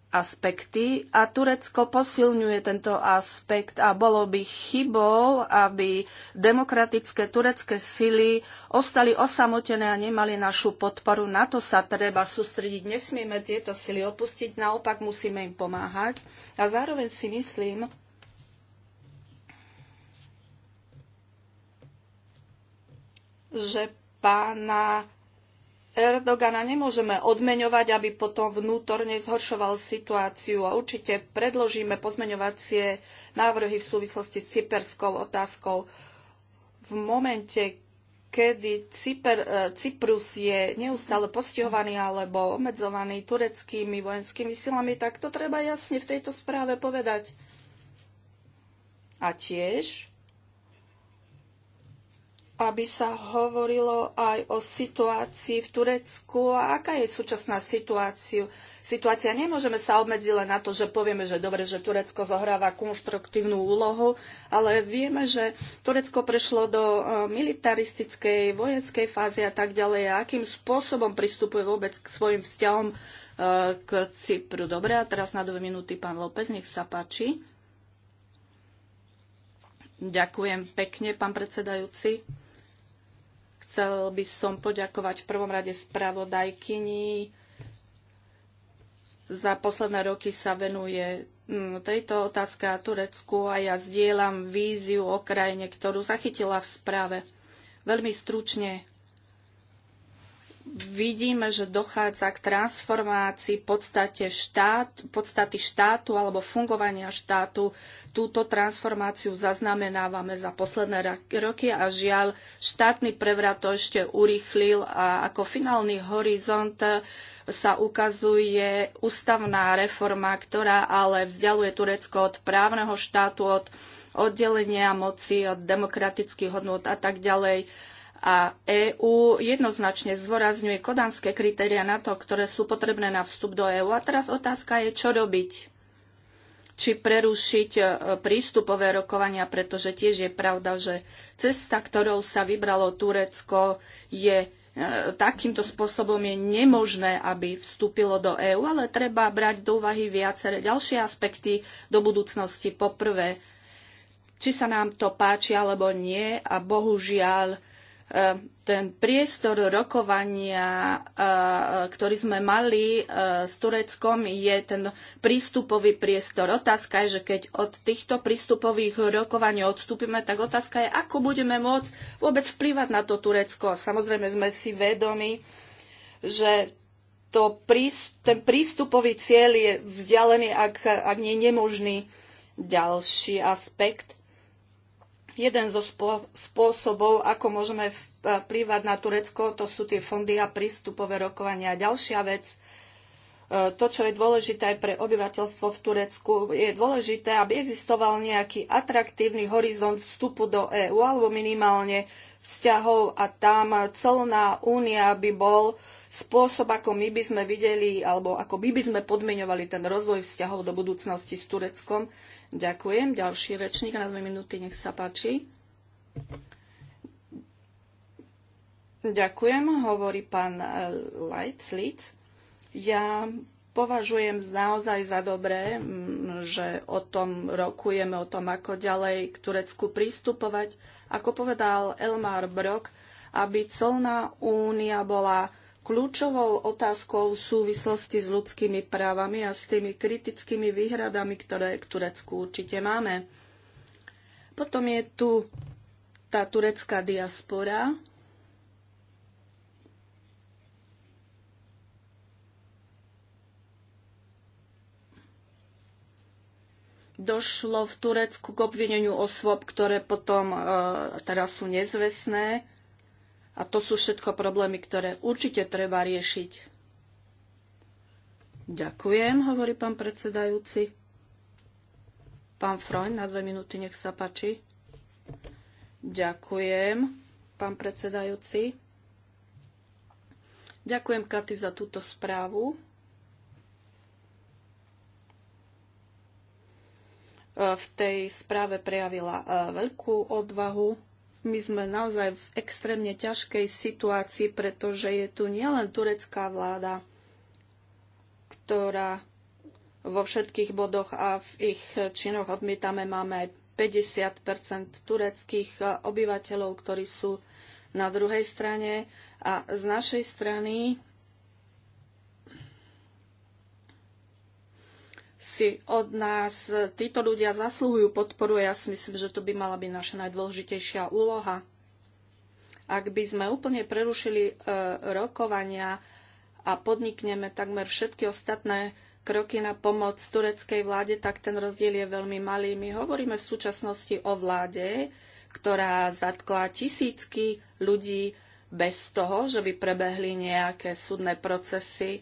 aspekty a Turecko posilňuje tento aspekt a bolo by chybou, aby demokratické turecké sily ostali osamotené a nemali našu podporu. Na to sa treba sústrediť. Nesmieme tieto sily opustiť, naopak musíme im pomáhať. A zároveň si myslím, že pána Erdogana nemôžeme odmeňovať, aby potom vnútorne zhoršoval situáciu a určite predložíme pozmeňovacie návrhy v súvislosti s cyperskou otázkou. V momente, kedy Cyper, e, Cyprus je neustále postihovaný alebo obmedzovaný tureckými vojenskými silami, tak to treba jasne v tejto správe povedať. A tiež aby sa hovorilo aj o situácii v Turecku a aká je súčasná situácia. situácia. Nemôžeme sa obmedziť len na to, že povieme, že dobre, že Turecko zohráva konštruktívnu úlohu, ale vieme, že Turecko prešlo do e, militaristickej, vojenskej fázy a tak ďalej. A akým spôsobom pristupuje vôbec k svojim vzťahom e, k Cypru. Dobre, a teraz na dve minúty pán López, nech sa páči. Ďakujem pekne, pán predsedajúci. Chcel by som poďakovať v prvom rade spravodajkyni. Za posledné roky sa venuje mm, tejto otázke a Turecku a ja zdieľam víziu o krajine, ktorú zachytila v správe. Veľmi stručne vidíme, že dochádza k transformácii podstate štát, podstaty štátu alebo fungovania štátu. Túto transformáciu zaznamenávame za posledné roky a žiaľ, štátny prevrat to ešte urýchlil a ako finálny horizont sa ukazuje ústavná reforma, ktorá ale vzdialuje Turecko od právneho štátu, od oddelenia moci, od demokratických hodnot a tak ďalej a EÚ jednoznačne zdôrazňuje kodanské kritéria na to, ktoré sú potrebné na vstup do EÚ. A teraz otázka je, čo robiť. Či prerušiť e, prístupové rokovania, pretože tiež je pravda, že cesta, ktorou sa vybralo Turecko, je e, takýmto spôsobom je nemožné, aby vstúpilo do EÚ, ale treba brať do úvahy viaceré ďalšie aspekty do budúcnosti. Poprvé, či sa nám to páči alebo nie a bohužiaľ E, ten priestor rokovania, e, ktorý sme mali e, s Tureckom, je ten prístupový priestor. Otázka je, že keď od týchto prístupových rokovaní odstúpime, tak otázka je, ako budeme môcť vôbec vplývať na to Turecko. Samozrejme sme si vedomi, že to ten prístupový cieľ je vzdialený, ak, ak nie nemožný. Ďalší aspekt Jeden zo spôsobov, ako môžeme vplývať na Turecko, to sú tie fondy a prístupové rokovania. Ďalšia vec, e, to, čo je dôležité aj pre obyvateľstvo v Turecku, je dôležité, aby existoval nejaký atraktívny horizont vstupu do EÚ alebo minimálne vzťahov a tam celná únia by bol spôsob, ako my by sme videli alebo ako my by sme podmiňovali ten rozvoj vzťahov do budúcnosti s Tureckom. Ďakujem. Ďalší rečník na dve minúty, nech sa páči. Ďakujem, hovorí pán e, Leitslitz. Ja považujem naozaj za dobré, že o tom rokujeme, o tom, ako ďalej k Turecku pristupovať. Ako povedal Elmar Brok, aby colná únia bola Kľúčovou otázkou v súvislosti s ľudskými právami a s tými kritickými výhradami, ktoré k Turecku určite máme. Potom je tu tá turecká diaspora. Došlo v Turecku k obvineniu osôb, ktoré potom e, teraz sú nezvestné a to sú všetko problémy, ktoré určite treba riešiť. Ďakujem, hovorí pán predsedajúci. Pán Frojn, na dve minúty, nech sa páči. Ďakujem, pán predsedajúci. Ďakujem, Katy, za túto správu. V tej správe prejavila eh, veľkú odvahu my sme naozaj v extrémne ťažkej situácii, pretože je tu nielen turecká vláda, ktorá vo všetkých bodoch a v ich činoch odmietame. Máme aj 50 tureckých e, obyvateľov, ktorí sú na druhej strane. A z našej strany si od nás títo ľudia zasluhujú podporu. Ja si myslím, že to by mala byť naša najdôležitejšia úloha. Ak by sme úplne prerušili e, rokovania a podnikneme takmer všetky ostatné kroky na pomoc tureckej vláde, tak ten rozdiel je veľmi malý. My hovoríme v súčasnosti o vláde, ktorá zatkla tisícky ľudí, bez toho, že by prebehli nejaké súdne procesy. E,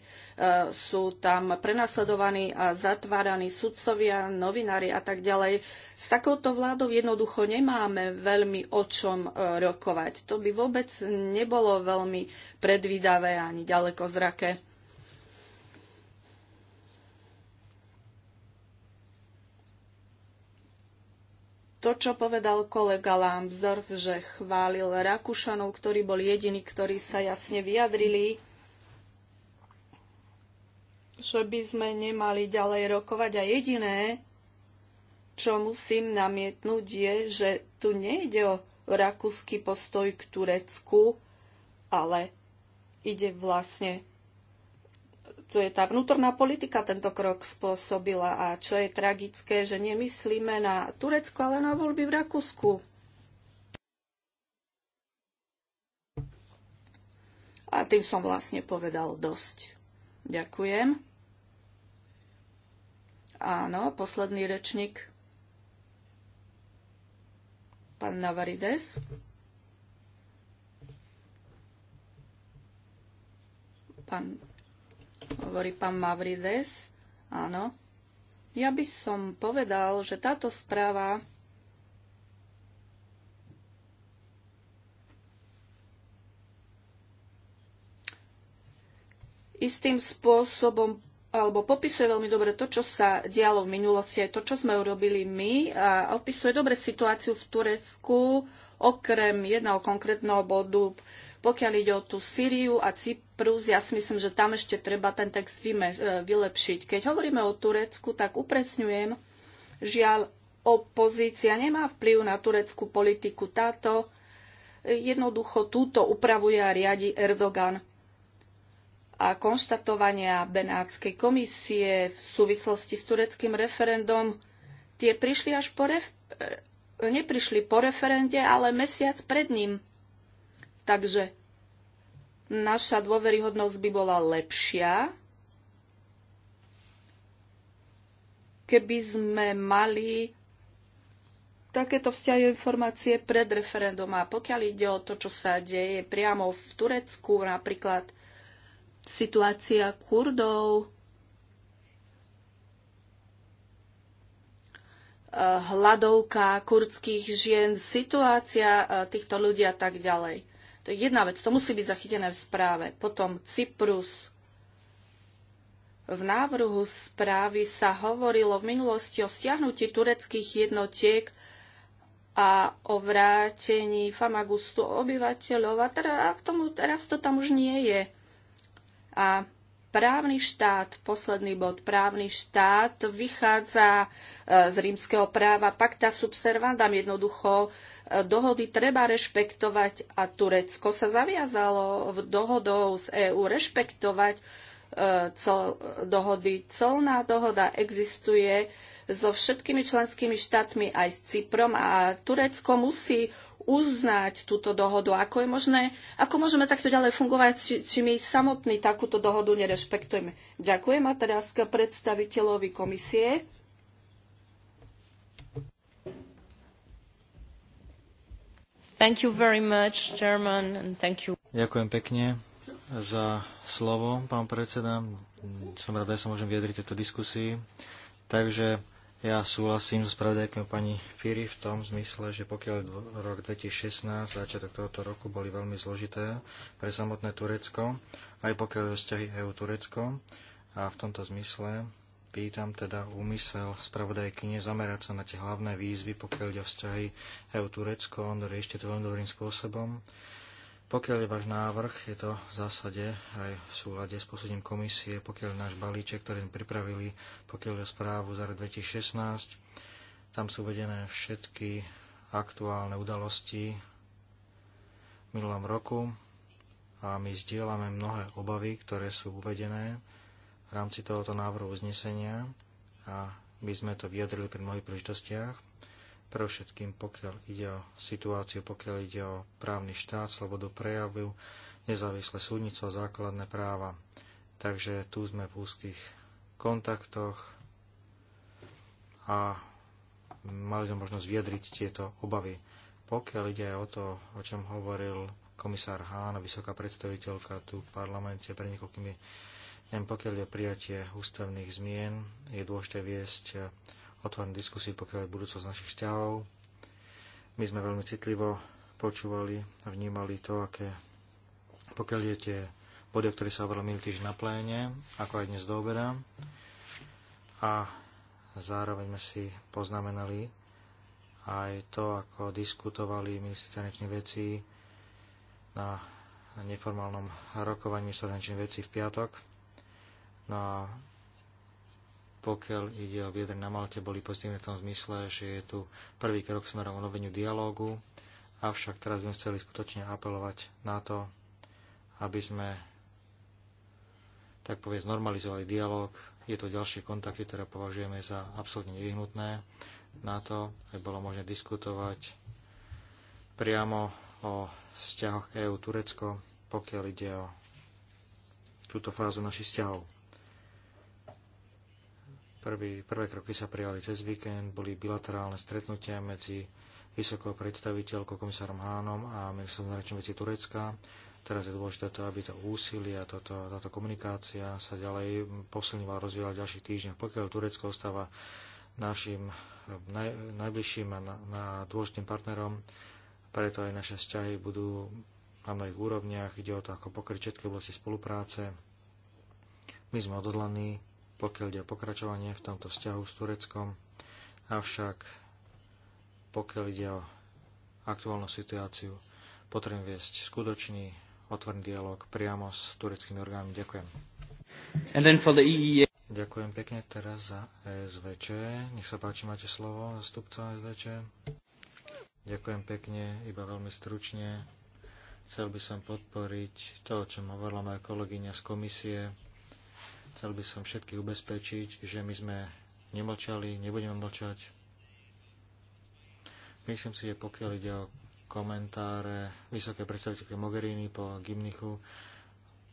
sú tam prenasledovaní a zatváraní sudcovia, novinári a tak ďalej. S takouto vládou jednoducho nemáme veľmi o čom e, rokovať. To by vôbec nebolo veľmi predvídavé ani ďaleko zrake. to, čo povedal kolega Lambsdorff, že chválil Rakúšanov, ktorí boli jediní, ktorí sa jasne vyjadrili, že by sme nemali ďalej rokovať. A jediné, čo musím namietnúť, je, že tu nejde o rakúsky postoj k Turecku, ale ide vlastne to je tá vnútorná politika tento krok spôsobila. A čo je tragické, že nemyslíme na Turecko, ale na voľby v Rakúsku. A tým som vlastne povedal dosť. Ďakujem. Áno, posledný rečník. Pán Navarides. Pán hovorí pán Mavrides. Áno. Ja by som povedal, že táto správa istým spôsobom alebo popisuje veľmi dobre to, čo sa dialo v minulosti, aj to, čo sme urobili my a opisuje dobre situáciu v Turecku, okrem jedného konkrétneho bodu pokiaľ ide o tú Syriu a Cyprus, ja si myslím, že tam ešte treba ten text e, vylepšiť. Keď hovoríme o Turecku, tak upresňujem, žiaľ, opozícia nemá vplyv na tureckú politiku. Táto e, jednoducho túto upravuje a riadi Erdogan a konštatovania Benátskej komisie v súvislosti s tureckým referendom, tie prišli až po ref- e, neprišli po referende, ale mesiac pred ním. Takže naša dôveryhodnosť by bola lepšia, keby sme mali takéto vzťahy informácie pred referendum. A pokiaľ ide o to, čo sa deje priamo v Turecku, napríklad situácia Kurdov, eh, hladovka kurdských žien, situácia eh, týchto ľudí a tak ďalej. To je jedna vec, to musí byť zachytené v správe. Potom Cyprus. V návrhu správy sa hovorilo v minulosti o stiahnutí tureckých jednotiek a o vrátení Famagustu obyvateľov. A, k teda v tomu, teraz to tam už nie je. A právny štát, posledný bod, právny štát vychádza e, z rímskeho práva pacta subservandam, jednoducho dohody treba rešpektovať a Turecko sa zaviazalo v dohodou z EÚ rešpektovať e, cel, dohody. Colná dohoda existuje so všetkými členskými štátmi aj s Cyprom a Turecko musí uznať túto dohodu. Ako je možné, ako môžeme takto ďalej fungovať, či, či my samotní takúto dohodu nerešpektujeme. Ďakujem a teraz k predstaviteľovi komisie. Ďakujem pekne za slovo, pán predseda. Som rád, že sa môžem vyjadriť tejto diskusii. Takže ja súhlasím so pravdajkou pani Firi v tom zmysle, že pokiaľ rok 2016, začiatok tohoto roku boli veľmi zložité pre samotné Turecko, aj pokiaľ je vzťahy EU-Turecko. A v tomto zmysle pýtam teda úmysel spravodajky zamerať sa na tie hlavné výzvy, pokiaľ ide o vzťahy EU-Turecko, on je riešte to veľmi dobrým spôsobom. Pokiaľ je váš návrh, je to v zásade aj v súlade s posledním komisie, pokiaľ náš balíček, ktorý sme pripravili, pokiaľ je o správu za rok 2016, tam sú vedené všetky aktuálne udalosti v minulom roku a my zdieľame mnohé obavy, ktoré sú uvedené v rámci tohoto návrhu uznesenia a my sme to vyjadrili pri mnohých príležitostiach. Pre všetkým, pokiaľ ide o situáciu, pokiaľ ide o právny štát, slobodu prejavu, nezávislé súdnico a základné práva. Takže tu sme v úzkých kontaktoch a mali sme možnosť vyjadriť tieto obavy. Pokiaľ ide aj o to, o čom hovoril komisár Hán, vysoká predstaviteľka tu v parlamente pre niekoľkými pokiaľ je prijatie ústavných zmien, je dôležité viesť e, otvorenú diskusiu, pokiaľ je budúcnosť našich vzťahov. My sme veľmi citlivo počúvali a vnímali to, aké, pokiaľ je tie body, o ktorých sa hovorilo minulý týždeň na pléne, ako aj dnes do obeda. A zároveň sme si poznamenali aj to, ako diskutovali ministri zahraničných vecí na neformálnom rokovaní zahraničných vecí v piatok. No a pokiaľ ide o viedre na Malte, boli pozitívne v tom zmysle, že je tu prvý krok smerom noveniu dialógu, avšak teraz sme chceli skutočne apelovať na to, aby sme tak povedz, normalizovali dialog. Je to ďalšie kontakty, ktoré považujeme za absolútne nevyhnutné na to, aby bolo možné diskutovať priamo o vzťahoch EÚ-Turecko, pokiaľ ide o túto fázu našich vzťahov. Prvý, prvé kroky sa prijali cez víkend, boli bilaterálne stretnutia medzi vysokou predstaviteľkou komisárom Hánom a ministrom zahraničných vecí Turecka. Teraz je dôležité to, aby to úsilie a toto, táto komunikácia sa ďalej posilňovala a rozvíjala v ďalších týždňoch. Pokiaľ Turecko ostáva našim naj, najbližším a na, na dôležitým partnerom, preto aj naše vzťahy budú na mnohých úrovniach. Ide o to, ako pokryť všetky oblasti spolupráce. My sme odhodlaní pokiaľ ide o pokračovanie v tomto vzťahu s Tureckom, avšak pokiaľ ide o aktuálnu situáciu, potrebujem viesť skutočný otvorný dialog priamo s tureckými orgánmi. Ďakujem. And then for the EEA. Ďakujem pekne teraz za SVČ. Nech sa páči, máte slovo, zastupca SVČ. Ďakujem pekne, iba veľmi stručne. Chcel by som podporiť to, o čom hovorila moja kolegyňa z komisie Chcel by som všetkých ubezpečiť, že my sme nemlčali, nebudeme mlčať. Myslím si, že pokiaľ ide o komentáre vysoké predstaviteľke Mogherini po Gimnichu,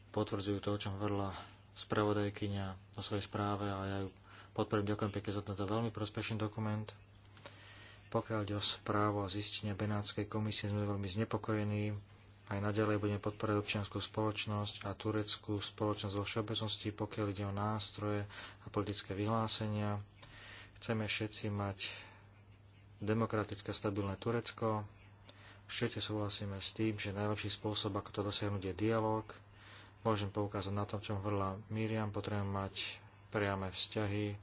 potvrdzujú to, o čom hovorila spravodajkynia o svojej správe a ja ju podporím. Ďakujem pekne za tento veľmi prospešný dokument. Pokiaľ ide o správu a zistenie Benátskej komisie, sme veľmi znepokojení aj naďalej budeme podporovať občianskú spoločnosť a tureckú spoločnosť vo všeobecnosti, pokiaľ ide o nástroje a politické vyhlásenia. Chceme všetci mať demokratické stabilné Turecko. Všetci súhlasíme s tým, že najlepší spôsob, ako to dosiahnuť, je dialog. Môžem poukázať na tom, čo hovorila Miriam, potrebujeme mať priame vzťahy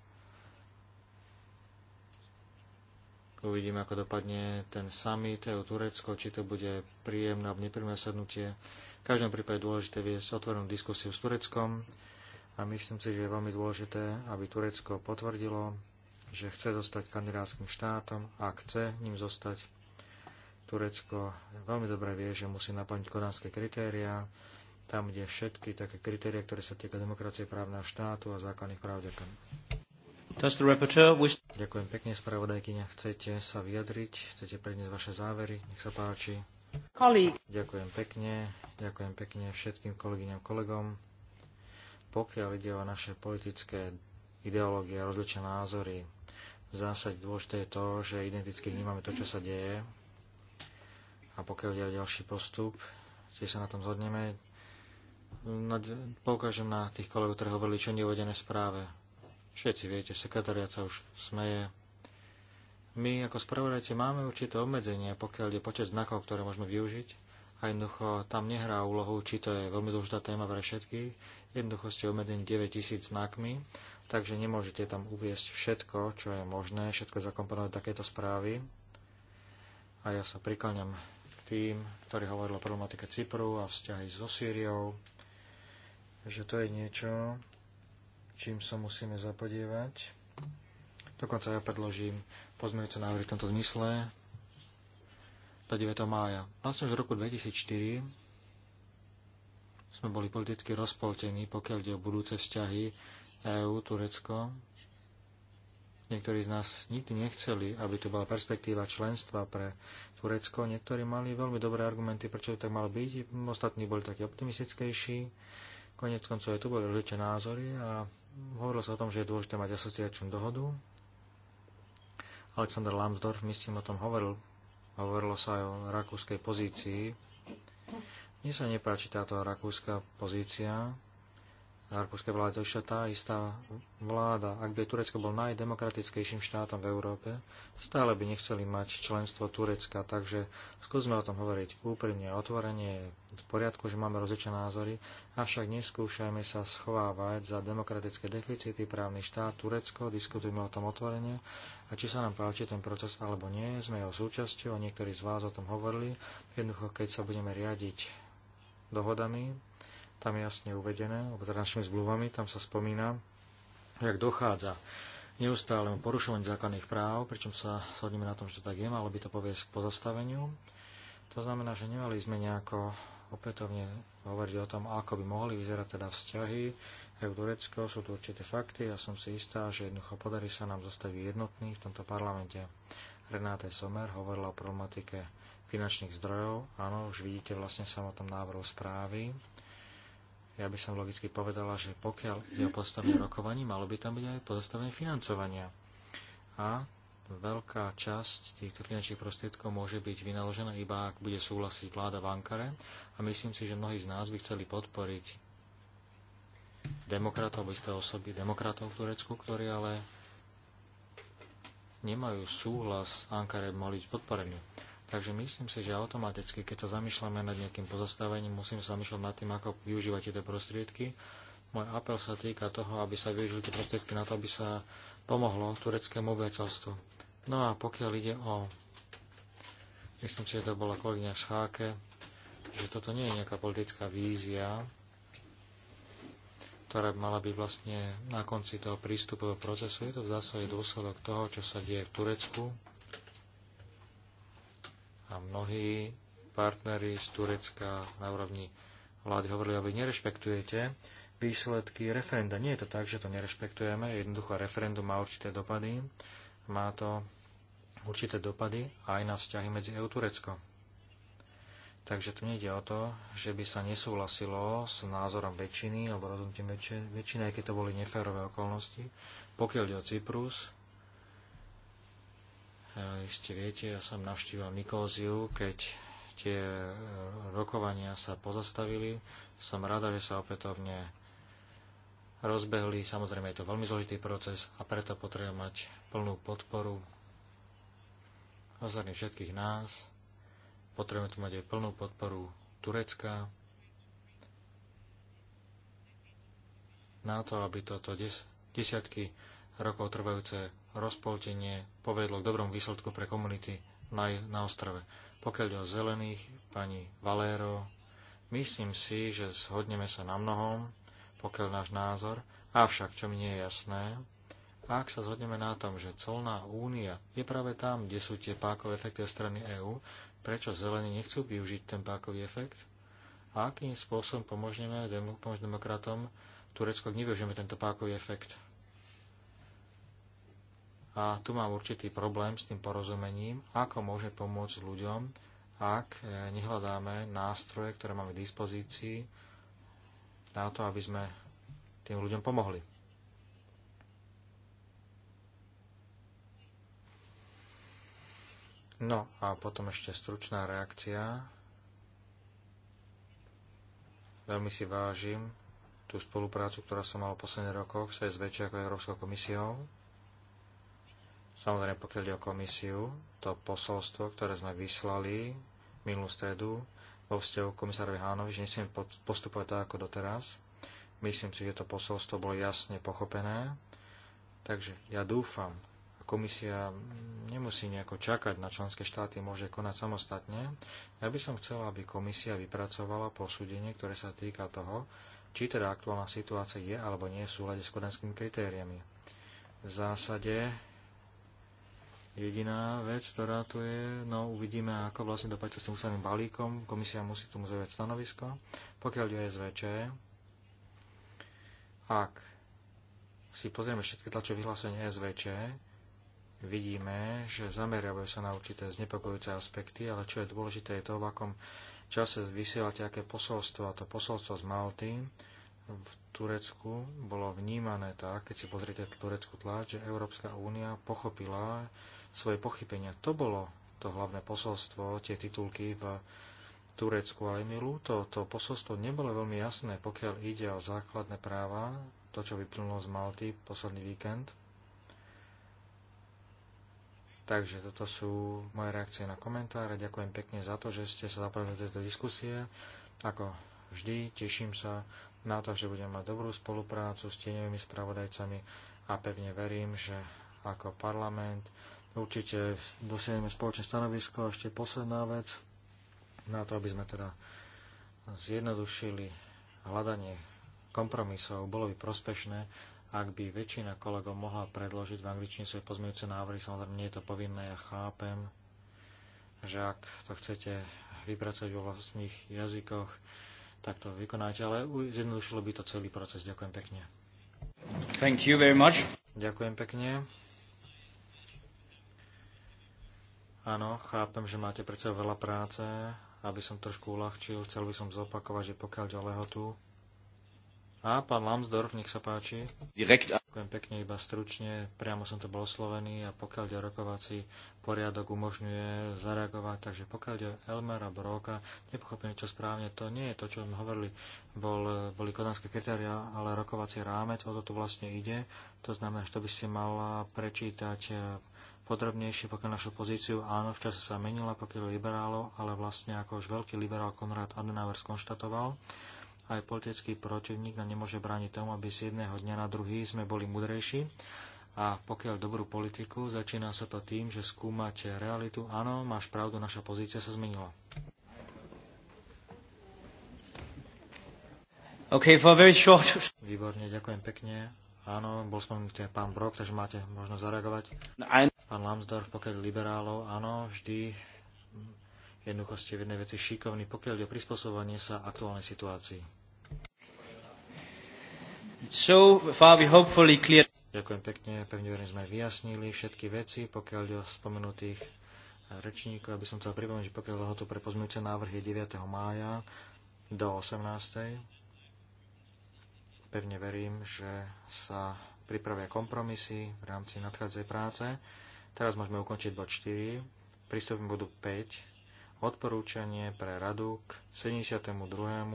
Uvidíme, ako dopadne ten summit EU Turecko, či to bude príjemné alebo nepríjemné sadnutie. V každom prípade je dôležité viesť otvorenú diskusiu s Tureckom a myslím si, že je veľmi dôležité, aby Turecko potvrdilo, že chce zostať kandidátským štátom a chce ním zostať. Turecko veľmi dobre vie, že musí naplniť kodanské kritériá, tam, kde všetky také kritéria, ktoré sa týka demokracie, právneho štátu a základných práv. Ďakujem. Wish... Ďakujem pekne, spravodajkyňa. Chcete sa vyjadriť? Chcete predniesť vaše závery? Nech sa páči. Ďakujem pekne. Ďakujem pekne všetkým kolegyňam kolegom. Pokiaľ ide o naše politické ideológie a rozličné názory, v zásade dôležité je to, že identicky vnímame to, čo sa deje. A pokiaľ ide o ďalší postup, tiež sa na tom zhodneme. Poukážem na tých kolegov, ktorí hovorili, čo neuvedené správe Všetci viete, sekretariat sa už smeje. My ako spravodajci máme určité obmedzenia, pokiaľ je počet znakov, ktoré môžeme využiť. A jednoducho tam nehrá úlohu, či to je veľmi dôležitá téma pre všetkých. Jednoducho ste obmedzení 9000 znakmi, takže nemôžete tam uviesť všetko, čo je možné, všetko zakomponovať takéto správy. A ja sa prikláňam k tým, ktorí hovorili o problematike Cypru a vzťahy so Sýriou, že to je niečo, čím sa musíme zapodievať. Dokonca ja predložím pozmeňujúce návrhy v tomto zmysle do 9. mája. Vlastne už v roku 2004 sme boli politicky rozpoltení, pokiaľ ide o budúce vzťahy EÚ, Turecko. Niektorí z nás nikdy nechceli, aby tu bola perspektíva členstva pre Turecko. Niektorí mali veľmi dobré argumenty, prečo to tak malo byť. Ostatní boli takí optimistickejší. Konec koncov aj tu boli rozličné názory a hovorilo sa o tom, že je dôležité mať asociačnú dohodu. Alexander Lambsdorff, myslím, o tom hovoril. Hovorilo sa aj o rakúskej pozícii. Mne sa nepáči táto rakúska pozícia rakúskej vlády. To je tá istá vláda. Ak by Turecko bol najdemokratickejším štátom v Európe, stále by nechceli mať členstvo Turecka. Takže skúsme o tom hovoriť úprimne a otvorenie v poriadku, že máme rozličné názory, avšak neskúšajme sa schovávať za demokratické deficity, právny štát, Turecko, diskutujme o tom otvorene a či sa nám páči ten proces alebo nie, sme jeho súčasťou a niektorí z vás o tom hovorili. Jednoducho, keď sa budeme riadiť dohodami, tam je jasne uvedené, alebo teda našimi zmluvami, tam sa spomína, jak dochádza neustálemu porušovaniu základných práv, pričom sa shodneme na tom, že to tak je, malo by to poviesť k pozastaveniu. To znamená, že nemali sme nejako opätovne hovoriť o tom, ako by mohli vyzerať teda vzťahy v Turecko, sú tu určité fakty, ja som si istá, že jednoducho podarí sa nám zostať jednotný v tomto parlamente. Renáte Somer hovorila o problematike finančných zdrojov, áno, už vidíte vlastne samotnom návrhu správy, ja by som logicky povedala, že pokiaľ ide o pozastavenie rokovaní, malo by tam byť aj pozastavenie financovania. A veľká časť týchto finančných prostriedkov môže byť vynaložená iba ak bude súhlasiť vláda v Ankare a myslím si, že mnohí z nás by chceli podporiť demokratov, alebo isté osoby demokratov v Turecku, ktorí ale nemajú súhlas Ankare mohli byť podporení. Takže myslím si, že automaticky, keď sa zamýšľame nad nejakým pozastavením, musím sa zamýšľať nad tým, ako využívať tieto prostriedky. Môj apel sa týka toho, aby sa využili tie prostriedky na to, aby sa pomohlo tureckému obyvateľstvu. No a pokiaľ ide o... Myslím si, že to bola kolegyňa Scháke, že toto nie je nejaká politická vízia, ktorá mala byť vlastne na konci toho prístupového procesu. Je to v zásade dôsledok toho, čo sa deje v Turecku a mnohí partnery z Turecka na úrovni vlády hovorili, aby nerešpektujete výsledky referenda. Nie je to tak, že to nerešpektujeme. Jednoducho referendum má určité dopady. Má to určité dopady aj na vzťahy medzi EU Turecko. Takže tu nejde o to, že by sa nesúhlasilo s názorom väčšiny alebo rozhodnutím väčšiny, aj keď to boli neférové okolnosti. Pokiaľ ide o Cyprus, ešte viete, ja som navštívil Nikóziu, keď tie rokovania sa pozastavili. Som rada, že sa opätovne rozbehli. Samozrejme, je to veľmi zložitý proces a preto potrebujem mať plnú podporu ozorne všetkých nás. Potrebujeme tu mať aj plnú podporu Turecka na to, aby toto desiatky rokov trvajúce rozpoltenie povedlo k dobrom výsledku pre komunity na, na ostrove. Pokiaľ ide o zelených, pani Valero, myslím si, že zhodneme sa na mnohom, pokiaľ náš názor, avšak čo mi nie je jasné, ak sa zhodneme na tom, že colná únia je práve tam, kde sú tie pákové efekty strany EÚ, prečo zelení nechcú využiť ten pákový efekt? A akým spôsobom pomôžeme, pomôžeme demokratom Turecko, ak nevyužijeme tento pákový efekt? A tu mám určitý problém s tým porozumením, ako môže pomôcť ľuďom, ak e, nehľadáme nástroje, ktoré máme k dispozícii na to, aby sme tým ľuďom pomohli. No a potom ešte stručná reakcia. Veľmi si vážim tú spoluprácu, ktorá som mal v posledných rokoch, sa je zväčšia ako Európskou komisiou. Samozrejme, pokiaľ ide o komisiu, to posolstvo, ktoré sme vyslali minulú stredu vo vzťahu komisárovi Hánovi, že nesmieme postupovať tak ako doteraz. Myslím si, že to posolstvo bolo jasne pochopené. Takže ja dúfam, a komisia nemusí nejako čakať na členské štáty, môže konať samostatne. Ja by som chcela, aby komisia vypracovala posúdenie, ktoré sa týka toho, či teda aktuálna situácia je alebo nie v súlade s kodenskými kritériami. V zásade jediná vec, ktorá tu je. No uvidíme, ako vlastne dopadne s tým ústavným balíkom. Komisia musí tomu zaujať stanovisko. Pokiaľ je SVČ, ak si pozrieme všetky tlačové vyhlásenie SVČ, vidíme, že zameriavajú sa na určité znepokojúce aspekty, ale čo je dôležité je to, v akom čase vysielate aké posolstvo, a to posolstvo z Malty, v Turecku bolo vnímané tak, keď si pozriete tureckú tlač, že Európska únia pochopila svoje pochybenia. To bolo to hlavné posolstvo, tie titulky v Turecku, ale mi ľúto, to posolstvo nebolo veľmi jasné, pokiaľ ide o základné práva, to, čo vyplnulo z Malty posledný víkend. Takže toto sú moje reakcie na komentáre. Ďakujem pekne za to, že ste sa zapojili do tejto diskusie. Ako vždy, teším sa na to, že budeme mať dobrú spoluprácu s tieňovými spravodajcami a pevne verím, že ako parlament určite dosiahneme spoločné stanovisko. A ešte posledná vec, na to, aby sme teda zjednodušili hľadanie kompromisov, bolo by prospešné, ak by väčšina kolegov mohla predložiť v angličtine svoje pozmeňujúce návrhy. Samozrejme, nie je to povinné, ja chápem, že ak to chcete vypracovať vo vlastných jazykoch, takto vykonáte, ale zjednodušilo by to celý proces. Ďakujem pekne. Thank you very much. Ďakujem pekne. Áno, chápem, že máte predsa veľa práce. Aby som trošku uľahčil, chcel by som zopakovať, že pokiaľ ďalého tu a pán Lambsdorff, nech sa páči. Direkt. Ďakujem pekne, iba stručne. Priamo som to bol oslovený a pokiaľ ide rokovací poriadok umožňuje zareagovať, takže pokiaľ ide Elmera Broka, nepochopím čo správne, to nie je to, čo sme hovorili, bol, boli kodanské kritéria, ale rokovací rámec, o to tu vlastne ide. To znamená, že to by si mala prečítať eh, podrobnejšie, pokiaľ našu pozíciu, áno, v čase sa menila, pokiaľ liberálo, ale vlastne ako už veľký liberál Konrad Adenauer skonštatoval, aj politický protivník nám nemôže brániť tomu, aby z jedného dňa na druhý sme boli mudrejší. A pokiaľ dobrú politiku, začína sa to tým, že skúmate realitu. Áno, máš pravdu, naša pozícia sa zmenila. Okay, for very short. Výborne, ďakujem pekne. Áno, bol spomenutý pán Brok, takže máte možnosť zareagovať. Pán Lambsdorff, pokiaľ liberálov, áno, vždy Jednoducho ste v jednej veci šikovní, pokiaľ ide o prispôsobovanie sa aktuálnej situácii. So far we hopefully clear... Ďakujem pekne, pevne verím, sme vyjasnili všetky veci, pokiaľ ide o spomenutých rečníkov. Aby som chcel pripomenúť, že pokiaľ ho to prepozmujúce návrhy 9. mája do 18. Pevne verím, že sa pripravia kompromisy v rámci nadchádzajúcej práce. Teraz môžeme ukončiť bod 4, pristúpim bodu 5, odporúčanie pre radu k 72.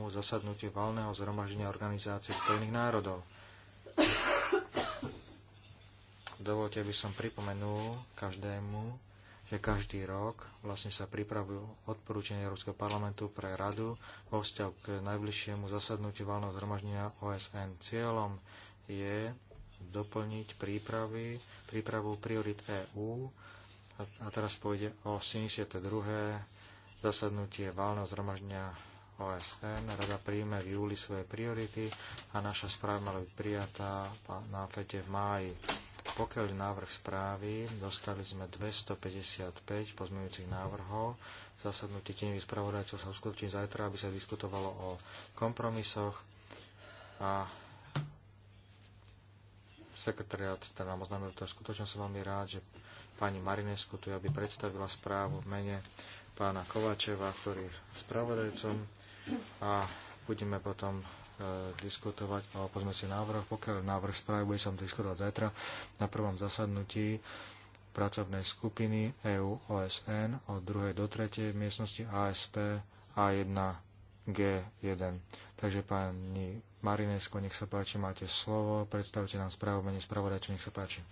zasadnutiu valného zhromaždenia Organizácie spojených národov. Dovolte, aby som pripomenul každému, že každý rok vlastne sa pripravujú odporúčania Európskeho parlamentu pre radu vo vzťahu k najbližšiemu zasadnutiu valného zhromaždenia OSN. Cieľom je doplniť prípravy, prípravu priorit EÚ a, a teraz pôjde o 72 zasadnutie válneho zhromaždenia OSN. Rada príjme v júli svoje priority a naša správa mala byť prijatá na fete v máji. Pokiaľ návrh správy, dostali sme 255 pozmeňujúcich návrhov. Zasadnutie tieňových spravodajcov sa uskutoční zajtra, aby sa diskutovalo o kompromisoch a sekretariat teda nám oznámil, to skutočne som veľmi rád, že pani Marinesku tu, aby predstavila správu v mene pána Kovačeva, ktorý je spravodajcom a budeme potom e, diskutovať o pozmeci návrh. Pokiaľ návrh správy, bude som diskutovať zajtra na prvom zasadnutí pracovnej skupiny EU-OSN od 2. do 3. v miestnosti ASP A1G1. Takže pani Marinesko, nech sa páči, máte slovo. Predstavte nám správu menej spravodajču, nech sa páči.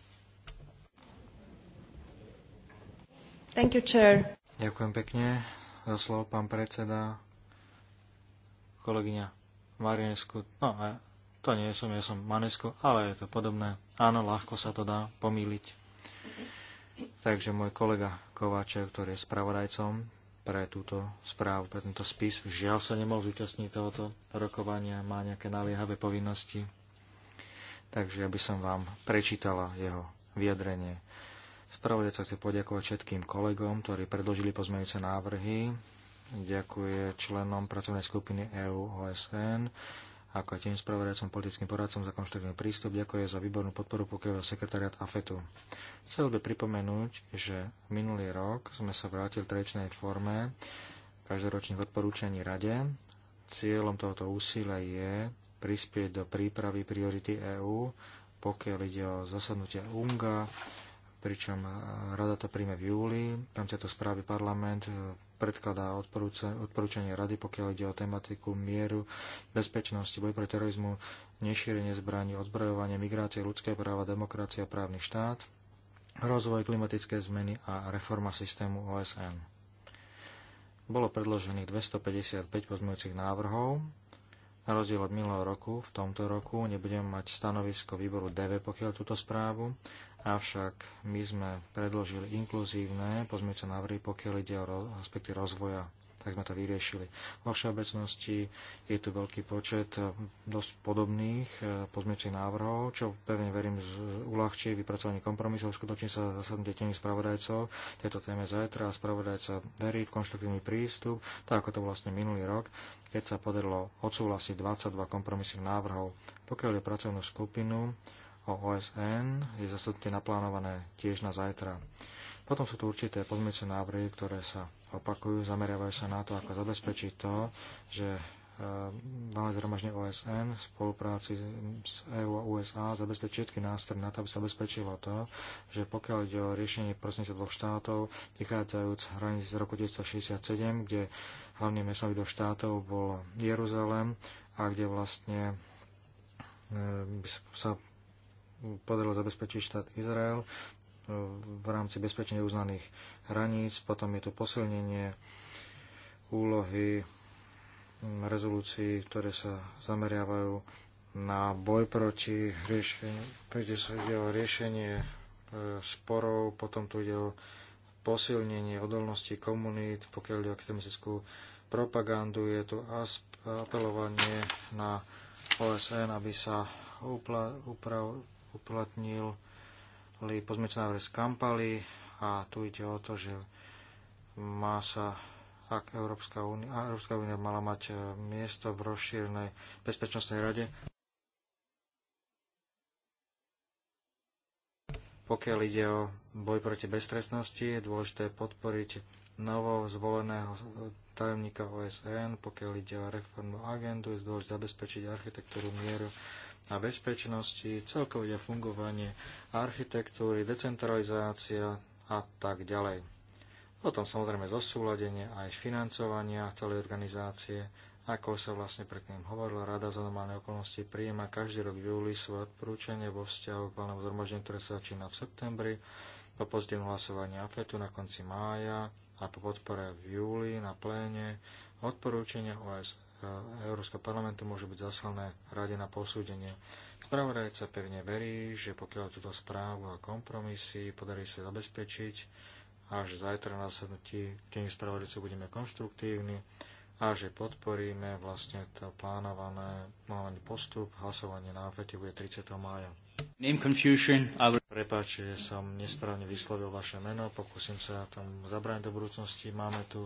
Thank you, chair. Ďakujem pekne za slovo, pán predseda, kolegyňa Marinesku. No, e, to nie som, ja som Manesku, ale je to podobné. Áno, ľahko sa to dá pomýliť. Takže môj kolega Kováčev, ktorý je spravodajcom pre túto správu, pre tento spis, žiaľ sa nemohol zúčastniť tohoto rokovania, má nejaké naliehavé povinnosti. Takže ja by som vám prečítala jeho vyjadrenie sa chce poďakovať všetkým kolegom, ktorí predložili pozmeňujúce návrhy. Ďakuje členom pracovnej skupiny EU OSN ako aj tým spravodajcom politickým poradcom za konštruktívny prístup. Ďakuje za výbornú podporu pokiaľ sekretariat AFETu. Chcel by pripomenúť, že minulý rok sme sa vrátili v tradičnej forme každoročných odporúčaní rade. Cieľom tohoto úsilia je prispieť do prípravy priority EÚ, pokiaľ ide o zasadnutie UNGA, pričom rada to príjme v júli. Tam ťa to správy parlament e, predkladá odporúčanie rady, pokiaľ ide o tematiku mieru, bezpečnosti, boj pre terorizmu, nešírenie zbraní, odbrojovanie, migrácie, ľudské práva, demokracia, právny štát, rozvoj, klimatické zmeny a reforma systému OSN. Bolo predložených 255 pozmeňujúcich návrhov. Na rozdiel od minulého roku, v tomto roku nebudem mať stanovisko výboru DV, pokiaľ túto správu, avšak my sme predložili inkluzívne pozmeňujúce návrhy, pokiaľ ide o aspekty rozvoja tak sme to vyriešili. Vo všeobecnosti je tu veľký počet eh, dosť podobných eh, pozmeňujúcich návrhov, čo pevne verím uľahčí vypracovanie kompromisov. Skutočne sa zasadnú deteľní spravodajcov tejto téme zajtra a spravodajca verí v konštruktívny prístup, tak ako to vlastne minulý rok, keď sa podarilo odsúhlasiť 22 kompromisných návrhov. Pokiaľ je pracovnú skupinu, o OSN je zasadnutie naplánované tiež na zajtra. Potom sú tu určité pozmeňujúce návrhy, ktoré sa opakujú, zameriavajú sa na to, ako zabezpečiť to, že eh, valné zhromaždenie OSN v spolupráci s EU a USA zabezpečí všetky nástroje na to, aby sa zabezpečilo to, že pokiaľ ide o riešenie prostredníctva dvoch štátov, vychádzajúc hranic z roku 1967, kde hlavným mestom dvoch štátov bol Jeruzalem a kde vlastne by eh, sa podarilo zabezpečiť štát Izrael e, v rámci bezpečne uznaných hraníc. Potom je tu posilnenie úlohy rezolúcií, ktoré sa zameriavajú na boj proti riešeniu, kde sa ide o riešenie e, sporov, potom tu ide o posilnenie odolnosti komunít, pokiaľ ide o extremistickú propagandu, je tu apelovanie na OSN, aby sa upla, uplatnil pozmeňte návrh z Kampaly a tu ide o to, že má sa ak Európska únia, Európska únia mala mať e, miesto v rozšírenej bezpečnostnej rade. Pokiaľ ide o boj proti beztrestnosti, je dôležité podporiť novo zvoleného tajomníka OSN, pokiaľ ide o reformnú agendu, je dôležité zabezpečiť architektúru mieru a bezpečnosti, celkové fungovanie, architektúry, decentralizácia a tak ďalej. Potom samozrejme zosúladenie aj financovania celej organizácie, ako sa vlastne predtým hovorila, Rada za normálne okolnosti prijíma každý rok v júli svoje odporúčanie vo vzťahu k valnému zhromaždeniu, ktoré sa začína v septembri, po pozdielnom hlasovaní AFETu na konci mája a po podpore v júli na pléne odporúčania OSN E, Európskeho parlamentu môžu byť zaslané rade na posúdenie. Spravodajca pevne verí, že pokiaľ túto správu a kompromisy podarí sa zabezpečiť, až zajtra na zasadnutí tým spravodajcov budeme konštruktívni a že podporíme vlastne to plánované, plánovaný postup. Hlasovanie na AFETE bude 30. mája. Name Prepáč, že som nesprávne vyslovil vaše meno. Pokúsim sa tomu zabrániť do budúcnosti. Máme tu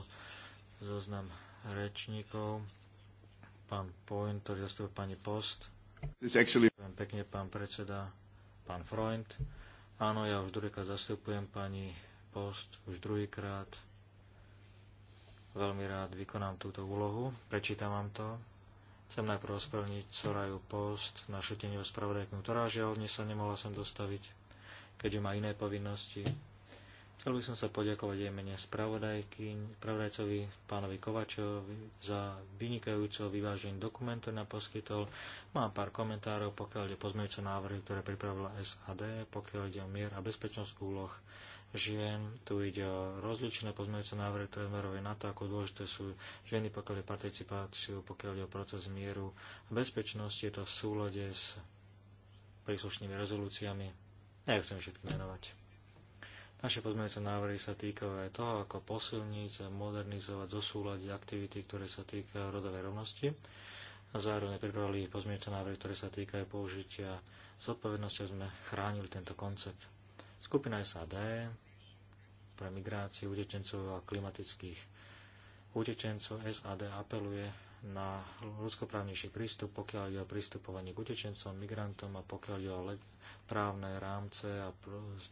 zoznam rečníkov pán Point, ktorý zastupuje pani Post. Actually... Pekne, pán predseda, pán Freund. Áno, ja už druhýkrát zastupujem pani Post, už druhýkrát. Veľmi rád vykonám túto úlohu. Prečítam vám to. Chcem najprv ospravedlniť Soraju Post, šutenie o spravodajku, ktorá žiaľ dnes sa nemohla sem dostaviť, keďže má iné povinnosti. Chcel by som sa poďakovať aj mene spravodajcovi, pánovi Kovačovi, za vynikajúco vyvážený dokument, ktorý nám poskytol. Mám pár komentárov, pokiaľ ide pozmeňujúce návrhy, ktoré pripravila SAD, pokiaľ ide o mier a bezpečnosť úloh žien. Tu ide o rozličné pozmeňujúce návrhy, ktoré zmerujú na to, ako dôležité sú ženy, pokiaľ je participáciu, pokiaľ ide o proces mieru a bezpečnosti. Je to v súlade s príslušnými rezolúciami. Nechcem všetky menovať. Naše pozmeňujúce návrhy sa týkajú aj toho, ako posilniť a modernizovať, zosúľadiť aktivity, ktoré sa týkajú rodovej rovnosti. A zároveň pripravili pozmeňujúce návrhy, ktoré sa týkajú použitia zodpovednosti, aby sme chránili tento koncept. Skupina SAD pre migráciu utečencov a klimatických utečencov SAD apeluje na ľudskoprávnejší prístup, pokiaľ ide o pristupovanie k utečencom, migrantom a pokiaľ ide o právne rámce a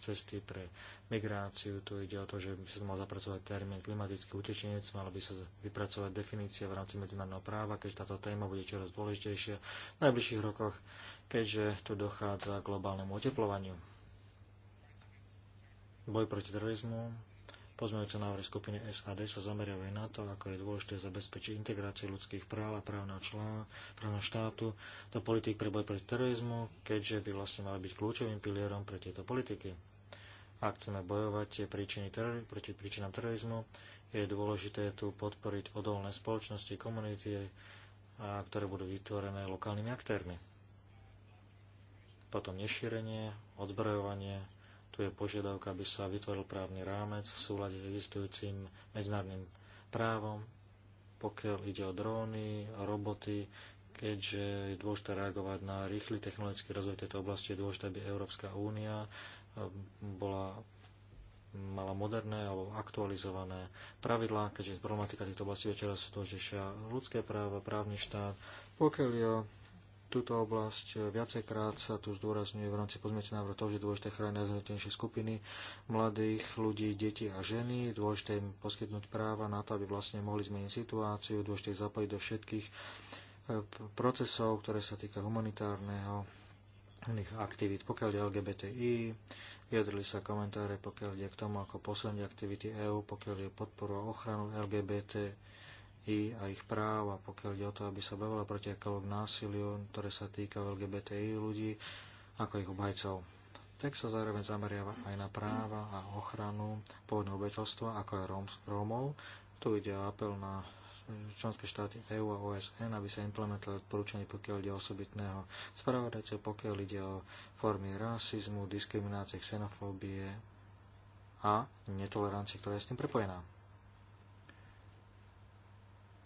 cesty pre migráciu. Tu ide o to, že by sa mal zapracovať termín klimatický utečenec, mal by sa vypracovať definícia v rámci medzinárodného práva, keďže táto téma bude čoraz dôležitejšia v najbližších rokoch, keďže tu dochádza k globálnemu oteplovaniu. Boj proti terorizmu, Pozmeňujúce návrhy skupiny SAD sa zameriavajú na to, ako je dôležité zabezpečiť integráciu ľudských práv a právneho, člá, právneho štátu do politik pre boj proti terorizmu, keďže by vlastne mali byť kľúčovým pilierom pre tieto politiky. Ak chceme bojovať tie príčiny teror- proti príčinám terorizmu, je dôležité tu podporiť odolné spoločnosti, komunity, ktoré budú vytvorené lokálnymi aktérmi. Potom nešírenie, odzbrojovanie, tu je požiadavka, aby sa vytvoril právny rámec v súlade s existujúcim medzinárodným právom, pokiaľ ide o dróny, o roboty, keďže je dôležité reagovať na rýchly technologický rozvoj tejto oblasti, je dôležité, aby Európska únia eh, bola mala moderné alebo aktualizované pravidlá, keďže problematika týchto oblastí je čoraz dôležitejšia ľudské práva, právny štát, pokiaľ je túto oblasť. Viacejkrát sa tu zdôrazňuje v rámci pozmeňujúceho návrhu to, že dôležité chrániť najzraniteľnejšie skupiny mladých ľudí, detí a ženy. Dôležité im poskytnúť práva na to, aby vlastne mohli zmeniť situáciu. Dôležité ich zapojiť do všetkých e, procesov, ktoré sa týka humanitárneho iných aktivít, pokiaľ je LGBTI, vyjadrili sa komentáre, pokiaľ je k tomu ako posledné aktivity EÚ, pokiaľ je podporu a ochranu LGBT LGBTI a ich práva, pokiaľ ide o to, aby sa bavila proti akému násiliu, ktoré sa týka LGBTI ľudí, ako ich obhajcov. Text sa zároveň zameriava aj na práva a ochranu pôvodného obeťovstva, ako aj Rómov. Tu ide apel na členské štáty EU a OSN, aby sa implementovali odporúčanie, pokiaľ ide o osobitného spravodajca, pokiaľ ide o formy rasizmu, diskriminácie, xenofóbie a netolerancie, ktorá je s tým prepojená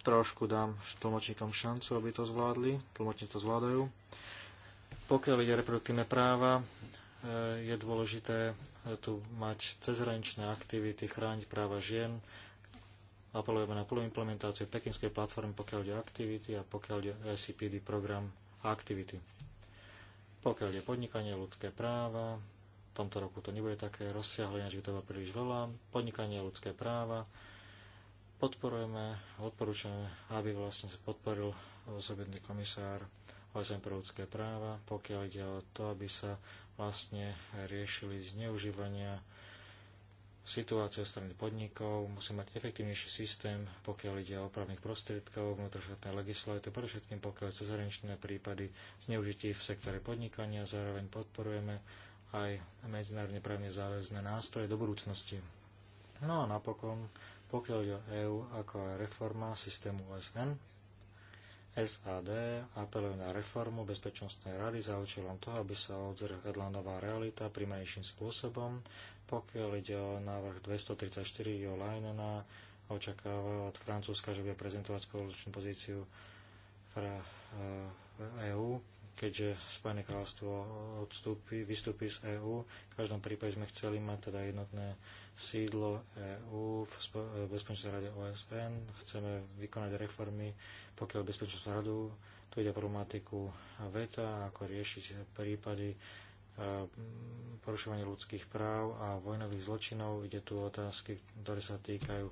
trošku dám tlmočníkom šancu, aby to zvládli. Tlmočníci to zvládajú. Pokiaľ ide reproduktívne práva, e, je dôležité e, tu mať cezhraničné aktivity, chrániť práva žien. Apelujeme na plnú implementáciu pekinskej platformy, pokiaľ ide aktivity a pokiaľ ide SCPD program aktivity. Pokiaľ ide podnikanie, ľudské práva, v tomto roku to nebude také rozsiahle, než by to bolo príliš veľa. Podnikanie, ľudské práva, podporujeme, odporúčame, aby vlastne podporil osobitný komisár OSM pre ľudské práva, pokiaľ ide o to, aby sa vlastne riešili zneužívania situácie strany podnikov, musí mať efektívnejší systém, pokiaľ ide o opravných prostriedkov, vnútroštátnej legislatívy, všetkým pokiaľ sú zahraničné prípady zneužití v sektore podnikania, zároveň podporujeme aj medzinárodne právne záväzné nástroje do budúcnosti. No a napokon pokiaľ ide o EÚ ako aj reforma systému OSN, SAD apeluje na reformu Bezpečnostnej rady za účelom toho, aby sa odzrkadla nová realita primernejším spôsobom. Pokiaľ ide o návrh 234 Jo Leinena, očakáva od Francúzska, že bude prezentovať spoločnú pozíciu EÚ keďže Spojené kráľstvo odstúpi, vystúpi z EÚ. V každom prípade sme chceli mať teda jednotné sídlo EÚ v Bezpečnostnej rade OSN. Chceme vykonať reformy, pokiaľ Bezpečnostnú radu tu ide problematiku VETA, ako riešiť prípady e, porušovania ľudských práv a vojnových zločinov. Ide tu otázky, ktoré sa týkajú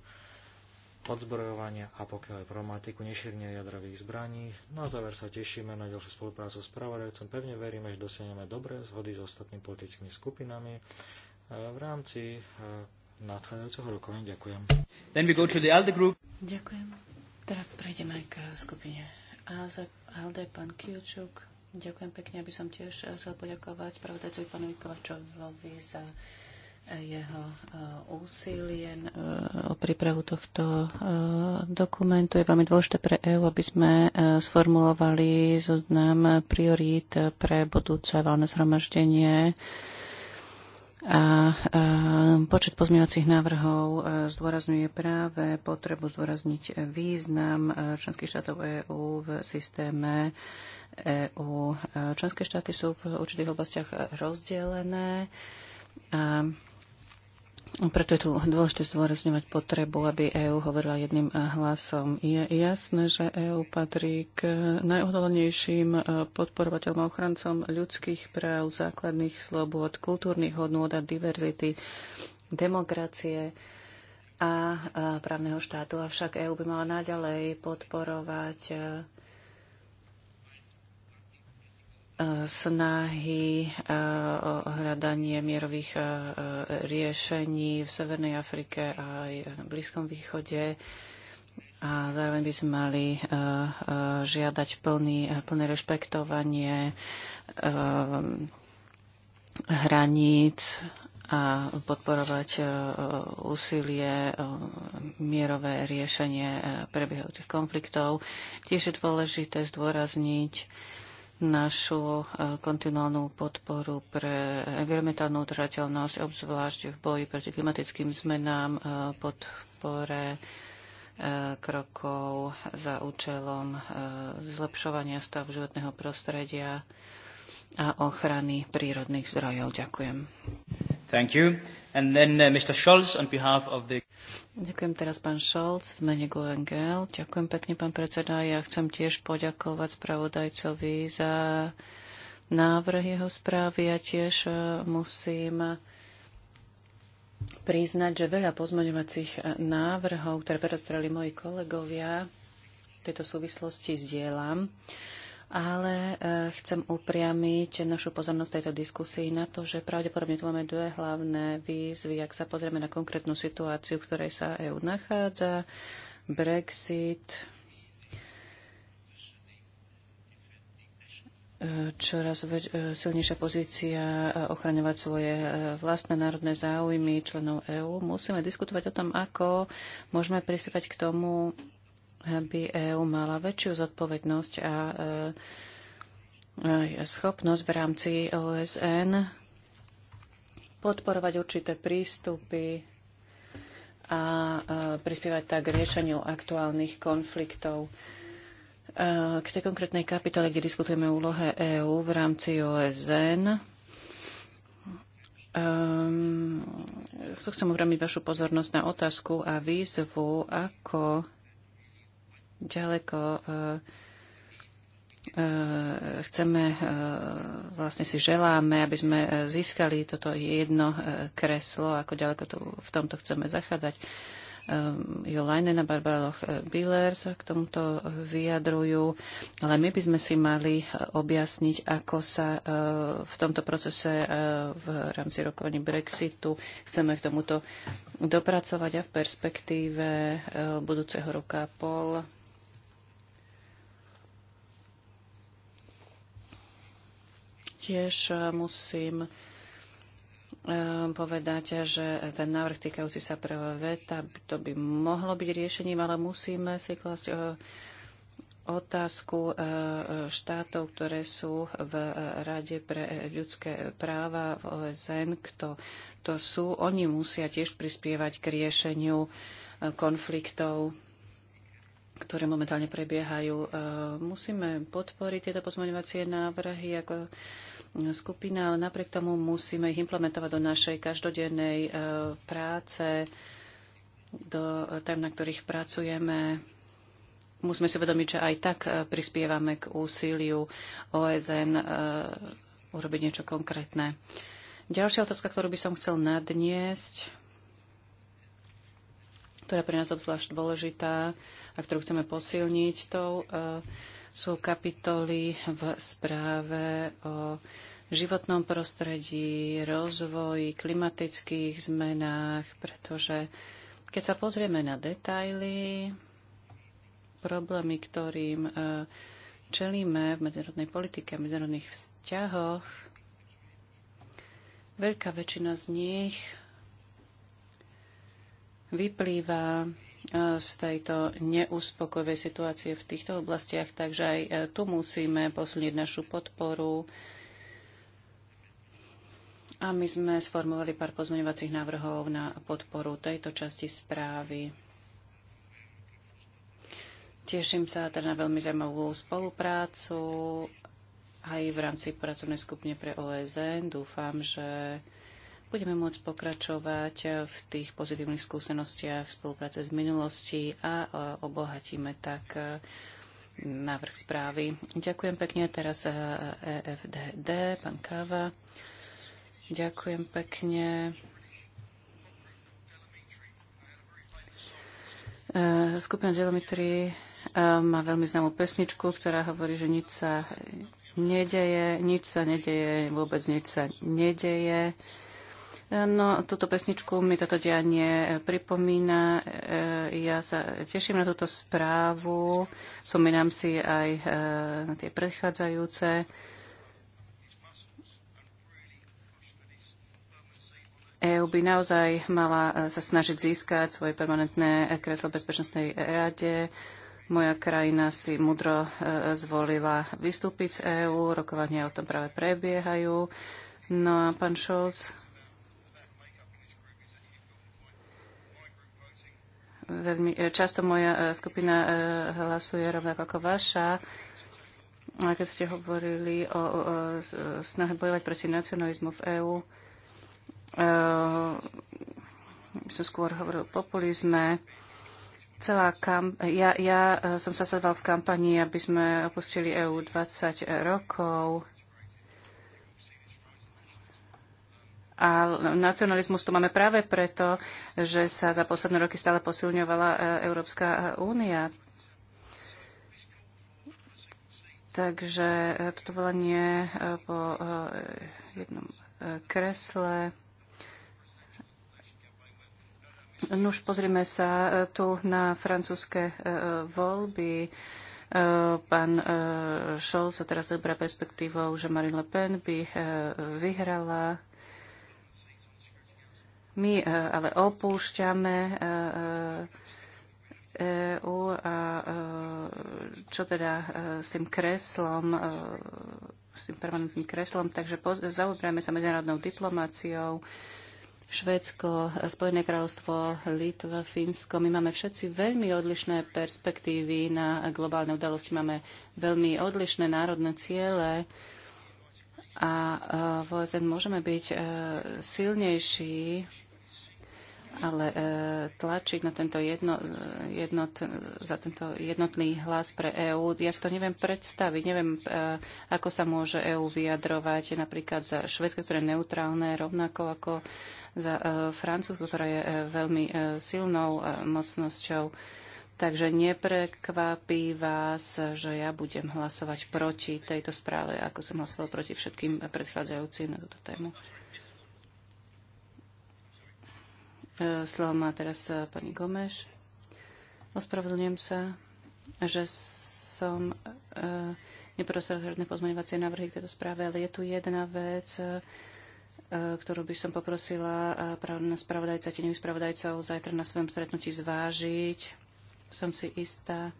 odzbrojovania a pokiaľ aj problematiku nešírenia jadrových zbraní. Na záver sa tešíme na ďalšiu spoluprácu s pravodajcom. Pevne veríme, že dosiahneme dobré zhody s ostatnými politickými skupinami eh, v rámci eh, nadchádzajúceho roku. Ďakujem. Then we go to the ALDE group. Ďakujem. Teraz prejdeme k eh, skupine ALDE, pán Kiučuk. Ďakujem pekne, aby som tiež chcel poďakovať spravodajcovi pánovi Kovačovi za jeho eh, úsilie eh, o prípravu tohto eh, dokumentu. Je veľmi dôležité pre EÚ, aby sme sformulovali zoznam priorít pre budúce valné zhromaždenie a počet pozmývacích návrhov zdôrazňuje práve potrebu zdôrazniť význam členských štátov EÚ v systéme EÚ. Členské štáty sú v určitých oblastiach rozdelené a preto je tu dôležité zdôrazňovať potrebu, aby EÚ hovorila jedným hlasom. Je jasné, že EÚ patrí k najodhodlanejším eh, podporovateľom a ochrancom ľudských práv, základných slobôd, kultúrnych hodnôt a diverzity, demokracie a právneho štátu. Avšak EÚ by mala naďalej podporovať eh, snahy eh, o hľadanie mierových eh, riešení v Severnej Afrike a aj na Blízkom východe. A zároveň by sme mali eh, žiadať plný, plné rešpektovanie hraníc a podporovať úsilie mierové riešenie prebiehajúcich konfliktov. Tiež je dôležité zdôrazniť, našu e, kontinuálnu podporu pre environmentálnu udržateľnosť, obzvlášť v boji proti klimatickým zmenám, e, podpore e, krokov za účelom zlepšovania stavu životného prostredia a ochrany prírodných zdrojov. Ďakujem. Thank you. And then uh, Mr. Scholz on behalf of the... Ďakujem teraz pán Scholz v mene Goengel. Ďakujem pekne, pán predseda. Ja chcem tiež poďakovať spravodajcovi za návrh jeho správy. Ja tiež uh, musím priznať, že veľa pozmaňovacích uh, návrhov, ktoré predostreli moji kolegovia, v tejto súvislosti zdieľam. Uh, ale e, chcem upriamiť našu pozornosť tejto diskusii na to, že pravdepodobne tu máme dve hlavné výzvy, ak sa pozrieme na konkrétnu situáciu, v ktorej sa EU nachádza, Brexit, e, čoraz e, silnejšia pozícia ochraňovať svoje vlastné národné záujmy členov EÚ. Musíme diskutovať o tom, ako môžeme prispievať k tomu, aby EÚ mala väčšiu zodpovednosť a e, schopnosť v rámci OSN podporovať určité prístupy a prispievať tak k riešeniu aktuálnych konfliktov. E, k tej konkrétnej kapitole, kde diskutujeme o úlohe EÚ v rámci OSN, um, ehm, tu chcem uhramiť vašu pozornosť na otázku a výzvu, ako ďaleko e, e, chceme, e, vlastne si želáme, aby sme získali toto jedno kreslo, ako ďaleko to, v tomto chceme zachádzať. Jo Leinen a Barbara Biller sa k tomuto vyjadrujú, ale my by sme si mali objasniť, ako sa v tomto procese v rámci rokovaní Brexitu chceme k tomuto dopracovať a v perspektíve budúceho roka a pol Tiež e, musím e, povedať, že ten návrh týkajúci sa prvého veta, to by mohlo byť riešením, ale musíme si klásť e, otázku štátov, ktoré sú v Rade pre ľudské práva v OSN, kto to sú. Oni musia tiež prispievať k riešeniu konfliktov ktoré momentálne prebiehajú. Musíme podporiť tieto pozmeňovacie návrhy, ako skupina, ale napriek tomu musíme ich implementovať do našej každodennej e, práce, do tém, na ktorých pracujeme. Musíme si uvedomiť, že aj tak e, prispievame k úsiliu OSN e, urobiť niečo konkrétne. Ďalšia otázka, ktorú by som chcel nadniesť, ktorá pre nás obzvlášť dôležitá a ktorú chceme posilniť tou sú kapitoly v správe o životnom prostredí, rozvoji, klimatických zmenách, pretože keď sa pozrieme na detaily, problémy, ktorým e, čelíme v medzinárodnej politike a medzinárodných vzťahoch, veľká väčšina z nich vyplýva z tejto neuspokojivej situácie v týchto oblastiach, takže aj e, tu musíme posilniť našu podporu. A my sme sformovali pár pozmeňovacích návrhov na podporu tejto časti správy. Teším sa teda na veľmi zaujímavú spoluprácu aj v rámci pracovnej skupine pre OSN. Dúfam, že budeme môcť pokračovať v tých pozitívnych skúsenostiach v spolupráce z minulosti a obohatíme tak e, návrh správy. Ďakujem pekne teraz EFDD, e pán Káva. Ďakujem pekne. E, skupina Delamitri má veľmi známú pesničku, ktorá hovorí, že nič sa nedeje, nič sa nedeje, vôbec nič sa nedeje. No, túto pesničku mi toto dianie pripomína. E, ja sa teším na túto správu. Spomínam si aj e, na tie predchádzajúce. EÚ by naozaj mala e, sa snažiť získať svoje permanentné kreslo v Bezpečnostnej rade. Moja krajina si mudro zvolila vystúpiť z EÚ, rokovania o tom práve prebiehajú. No a pán Scholz veľmi e, často moja e, skupina e, hlasuje rovnako ako vaša. A keď ste hovorili o, o, o snahe bojovať proti nacionalizmu v EÚ, som skôr hovoril o populizme. Celá kam- ja, ja som sa sedval v kampanii, aby sme opustili EÚ 20 rokov. A nacionalizmus tu máme práve preto, že sa za posledné roky stále posilňovala e, Európska únia. Takže e, toto volanie e, po jednom kresle. Nuž, pozrime sa tu na francúzske voľby. Pán Scholz sa teraz zabrá perspektívou, že Marine Le Pen by vyhrala my e, ale opúšťame EU e, e a čo teda s tým kreslom, s tým permanentným kreslom, takže zaoberáme sa medzinárodnou diplomáciou, Švédsko, Spojené kráľovstvo, Litva, Fínsko. My máme všetci veľmi odlišné perspektívy na globálne udalosti. Máme veľmi odlišné národné ciele a e, v OSN môžeme byť e, silnejší, ale e, tlačiť na tento jedno, jednot, za tento jednotný hlas pre EÚ, ja si to neviem predstaviť. Neviem, ako sa môže EÚ vyjadrovať napríklad za Švedsko, ktoré je neutrálne, rovnako ako za Francúzsko, ktorá je veľmi silnou mocnosťou. Takže neprekvapí vás, že ja budem hlasovať proti tejto správe, ako som hlasoval proti všetkým predchádzajúcim na túto tému. E, slovo má teraz e, pani Gomeš. Ospravedlňujem sa, že som e, neprosil žiadne pozmeňovacie návrhy k tejto správe, ale je tu jedna vec, ktorú by som poprosila spravodajca, tenivých spravodajcov zajtra na svojom stretnutí zvážiť som si istá,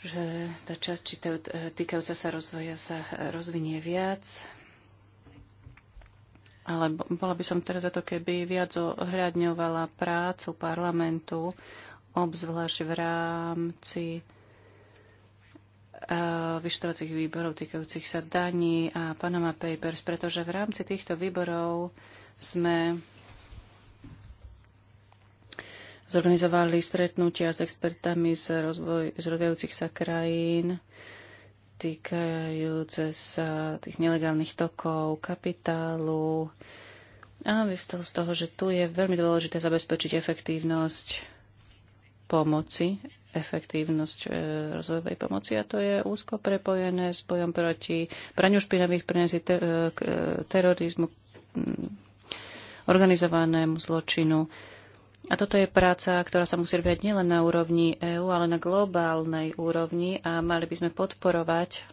že tá časť týkajúca sa rozvoja sa e, rozvinie viac. Ale bola by som teraz za to, keby viac ohľadňovala prácu parlamentu, obzvlášť v rámci e, vyšetrovacích výborov týkajúcich sa daní a Panama Papers, pretože v rámci týchto výborov sme zorganizovali stretnutia s expertami z, rozvoj, z rozvojúcich sa krajín týkajúce sa tých nelegálnych tokov, kapitálu. A vyvstalo z toho, že tu je veľmi dôležité zabezpečiť efektívnosť pomoci, efektívnosť e, rozvojovej pomoci a to je úzko prepojené s bojom proti praniu špinavých peniazí, te, e, e, terorizmu, m, organizovanému zločinu a toto je práca, ktorá sa musí robiť nielen na úrovni EÚ, ale na globálnej úrovni a mali by sme podporovať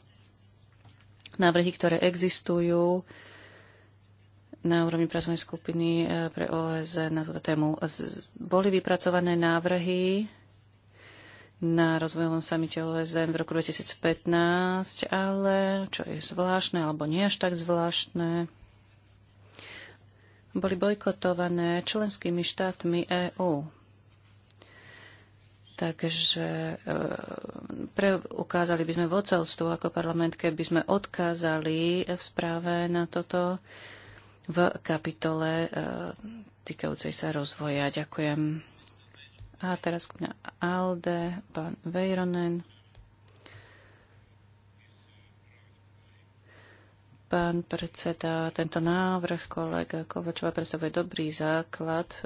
návrhy, ktoré existujú na úrovni pracovnej skupiny e, pre OSN na túto tému. Boli vypracované návrhy na rozvojovom samite OSN v roku 2015, ale čo je zvláštne alebo nie až tak zvláštne, boli bojkotované členskými štátmi EÚ. Takže e, preukázali by sme vocelstvo ako parlament, keby sme odkázali v správe na toto v kapitole e, týkajúcej sa rozvoja. Ďakujem. A teraz na Alde, pán Vejronen. Pán predseda, tento návrh kolega Kovačova predstavuje dobrý základ e,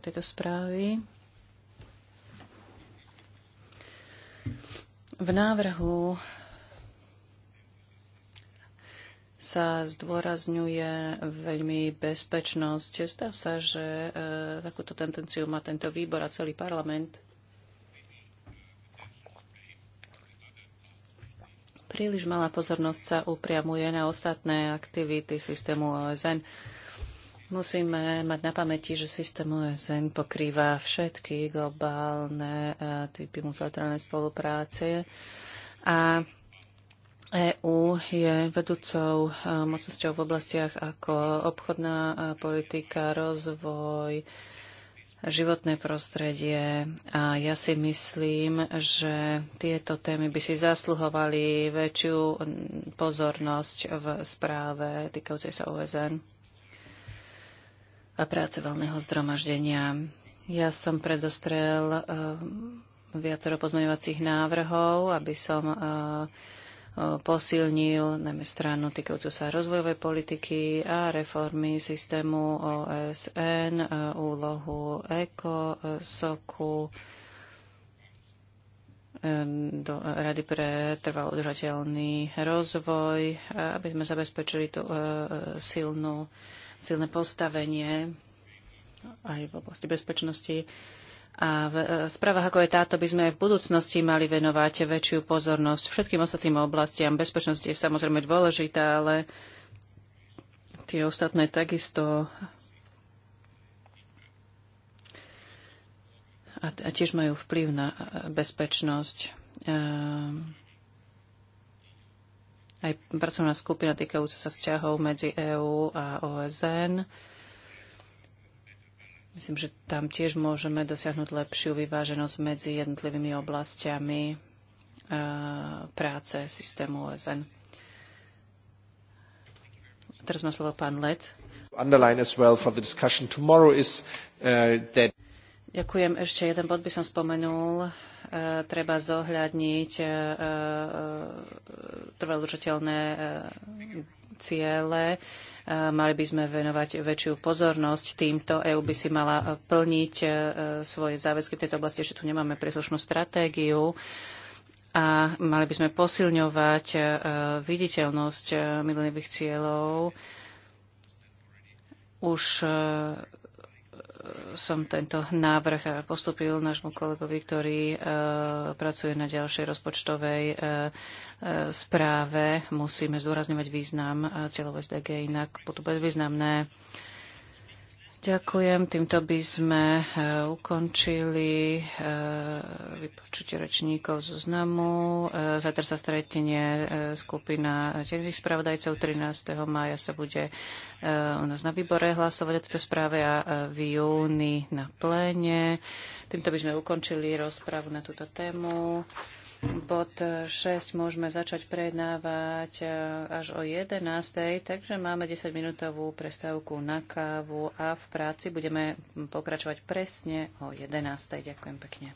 tejto správy. V návrhu sa zdôrazňuje veľmi bezpečnosť. Zdá sa, že e, takúto tendenciu má tento výbor a celý parlament. Príliš malá pozornosť sa upriamuje na ostatné aktivity systému OSN. Musíme mať na pamäti, že systém OSN pokrýva všetky globálne e, typy multilaterálnej spolupráce a EÚ je vedúcou e, mocnosťou v oblastiach ako obchodná e, politika, rozvoj, životné prostredie. A ja si myslím, že tieto témy by si zasluhovali väčšiu pozornosť v správe týkajúcej sa OSN a práce valného zhromaždenia. Ja som predostrel ehm, viacero pozmeňovacích návrhov, aby som uh, posilnil najmä stranu týkajúcu sa rozvojovej politiky a reformy systému OSN, e, úlohu ECO-SOKu e, e, do Rady pre trvalo udržateľný rozvoj, aby sme zabezpečili tú silnú, silné postavenie aj v oblasti bezpečnosti. A v e, správach ako je táto by sme aj v budúcnosti mali venovať väčšiu pozornosť všetkým ostatným oblastiam. Bezpečnosť je samozrejme dôležitá, ale tie ostatné takisto a, a tiež majú vplyv na e, bezpečnosť. E, aj pracovná skupina týkajúca sa vzťahov medzi EÚ a OSN Myslím, že tam tiež môžeme dosiahnuť lepšiu vyváženosť medzi jednotlivými oblastiami e, práce systému OSN. Teraz má slovo pán Lec. Uh, Ďakujem. Ešte jeden bod by som spomenul e, treba zohľadniť e, trvalúčateľné ciele. Mali by sme venovať väčšiu pozornosť týmto. EÚ by si mala plniť e, svoje záväzky v tejto oblasti, ešte tu nemáme príslušnú stratégiu a mali by sme posilňovať e, viditeľnosť e, milenových cieľov. Už som tento návrh postupil nášmu kolegovi, ktorý e, pracuje na ďalšej rozpočtovej e, e, správe. Musíme zdôrazňovať význam cieľov SDG, inak budú bezvýznamné. významné Ďakujem. Týmto by sme e, ukončili e, vypočutie rečníkov zo znamu. E, zajtra sa stretne skupina tieňových spravodajcov. 13. mája sa bude u nás na výbore hlasovať o tejto správe a v júni na pléne. Týmto by sme ukončili rozprávu na túto tému bod 6 môžeme začať prednávať e, až o 11. Takže máme 10-minútovú prestávku na kávu a v práci budeme pokračovať presne o 11. Ďakujem pekne.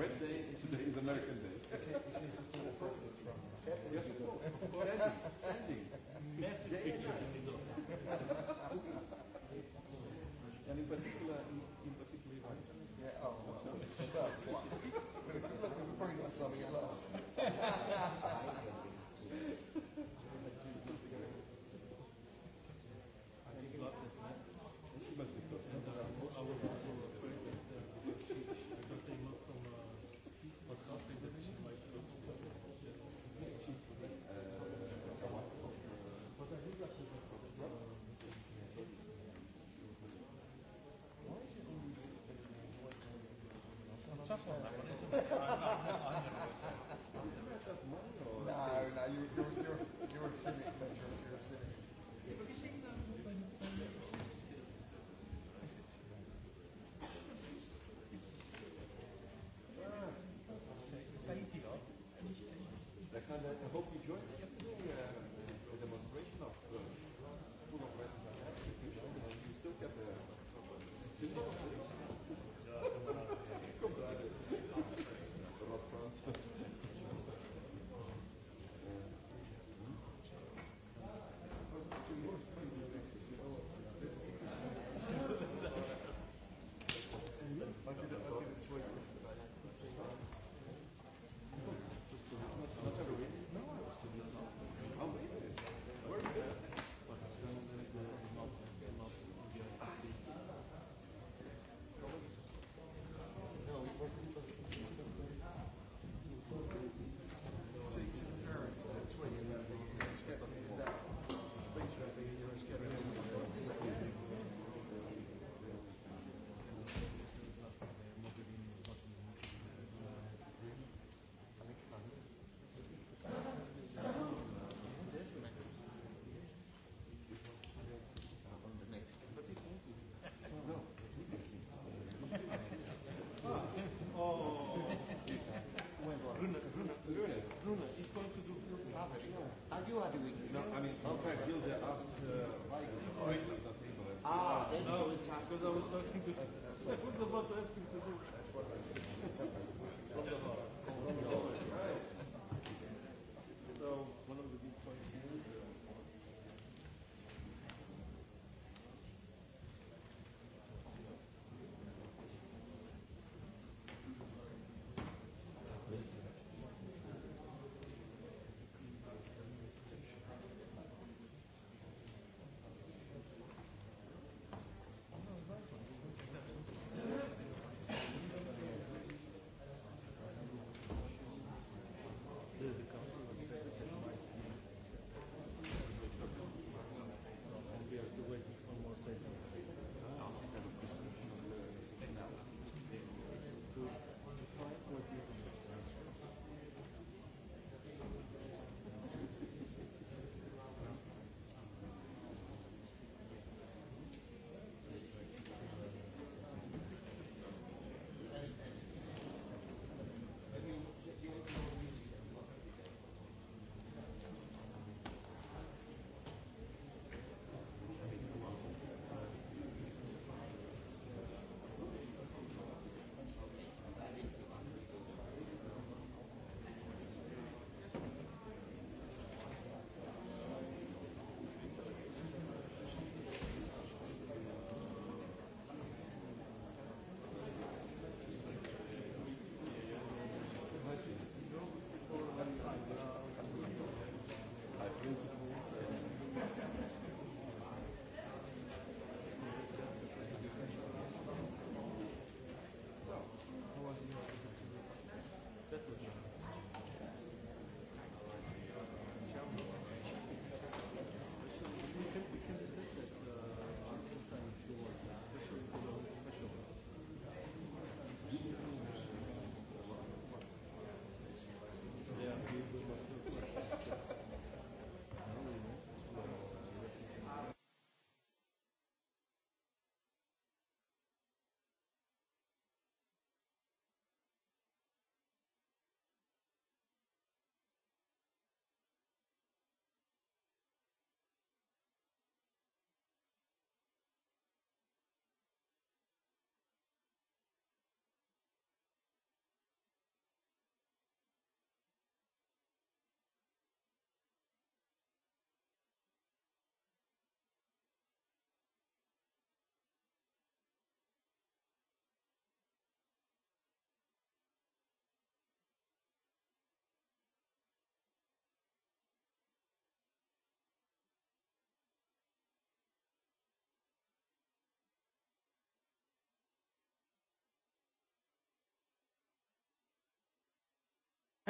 Day is today is American Day. Is it, the Yes, of course. Standing. Standing. picture the <laughs> you are doing it. No, I mean, okay. Hilde asked uh, why you are not able. Ah, no, because I was talking to... <laughs> I was about to ask him to do.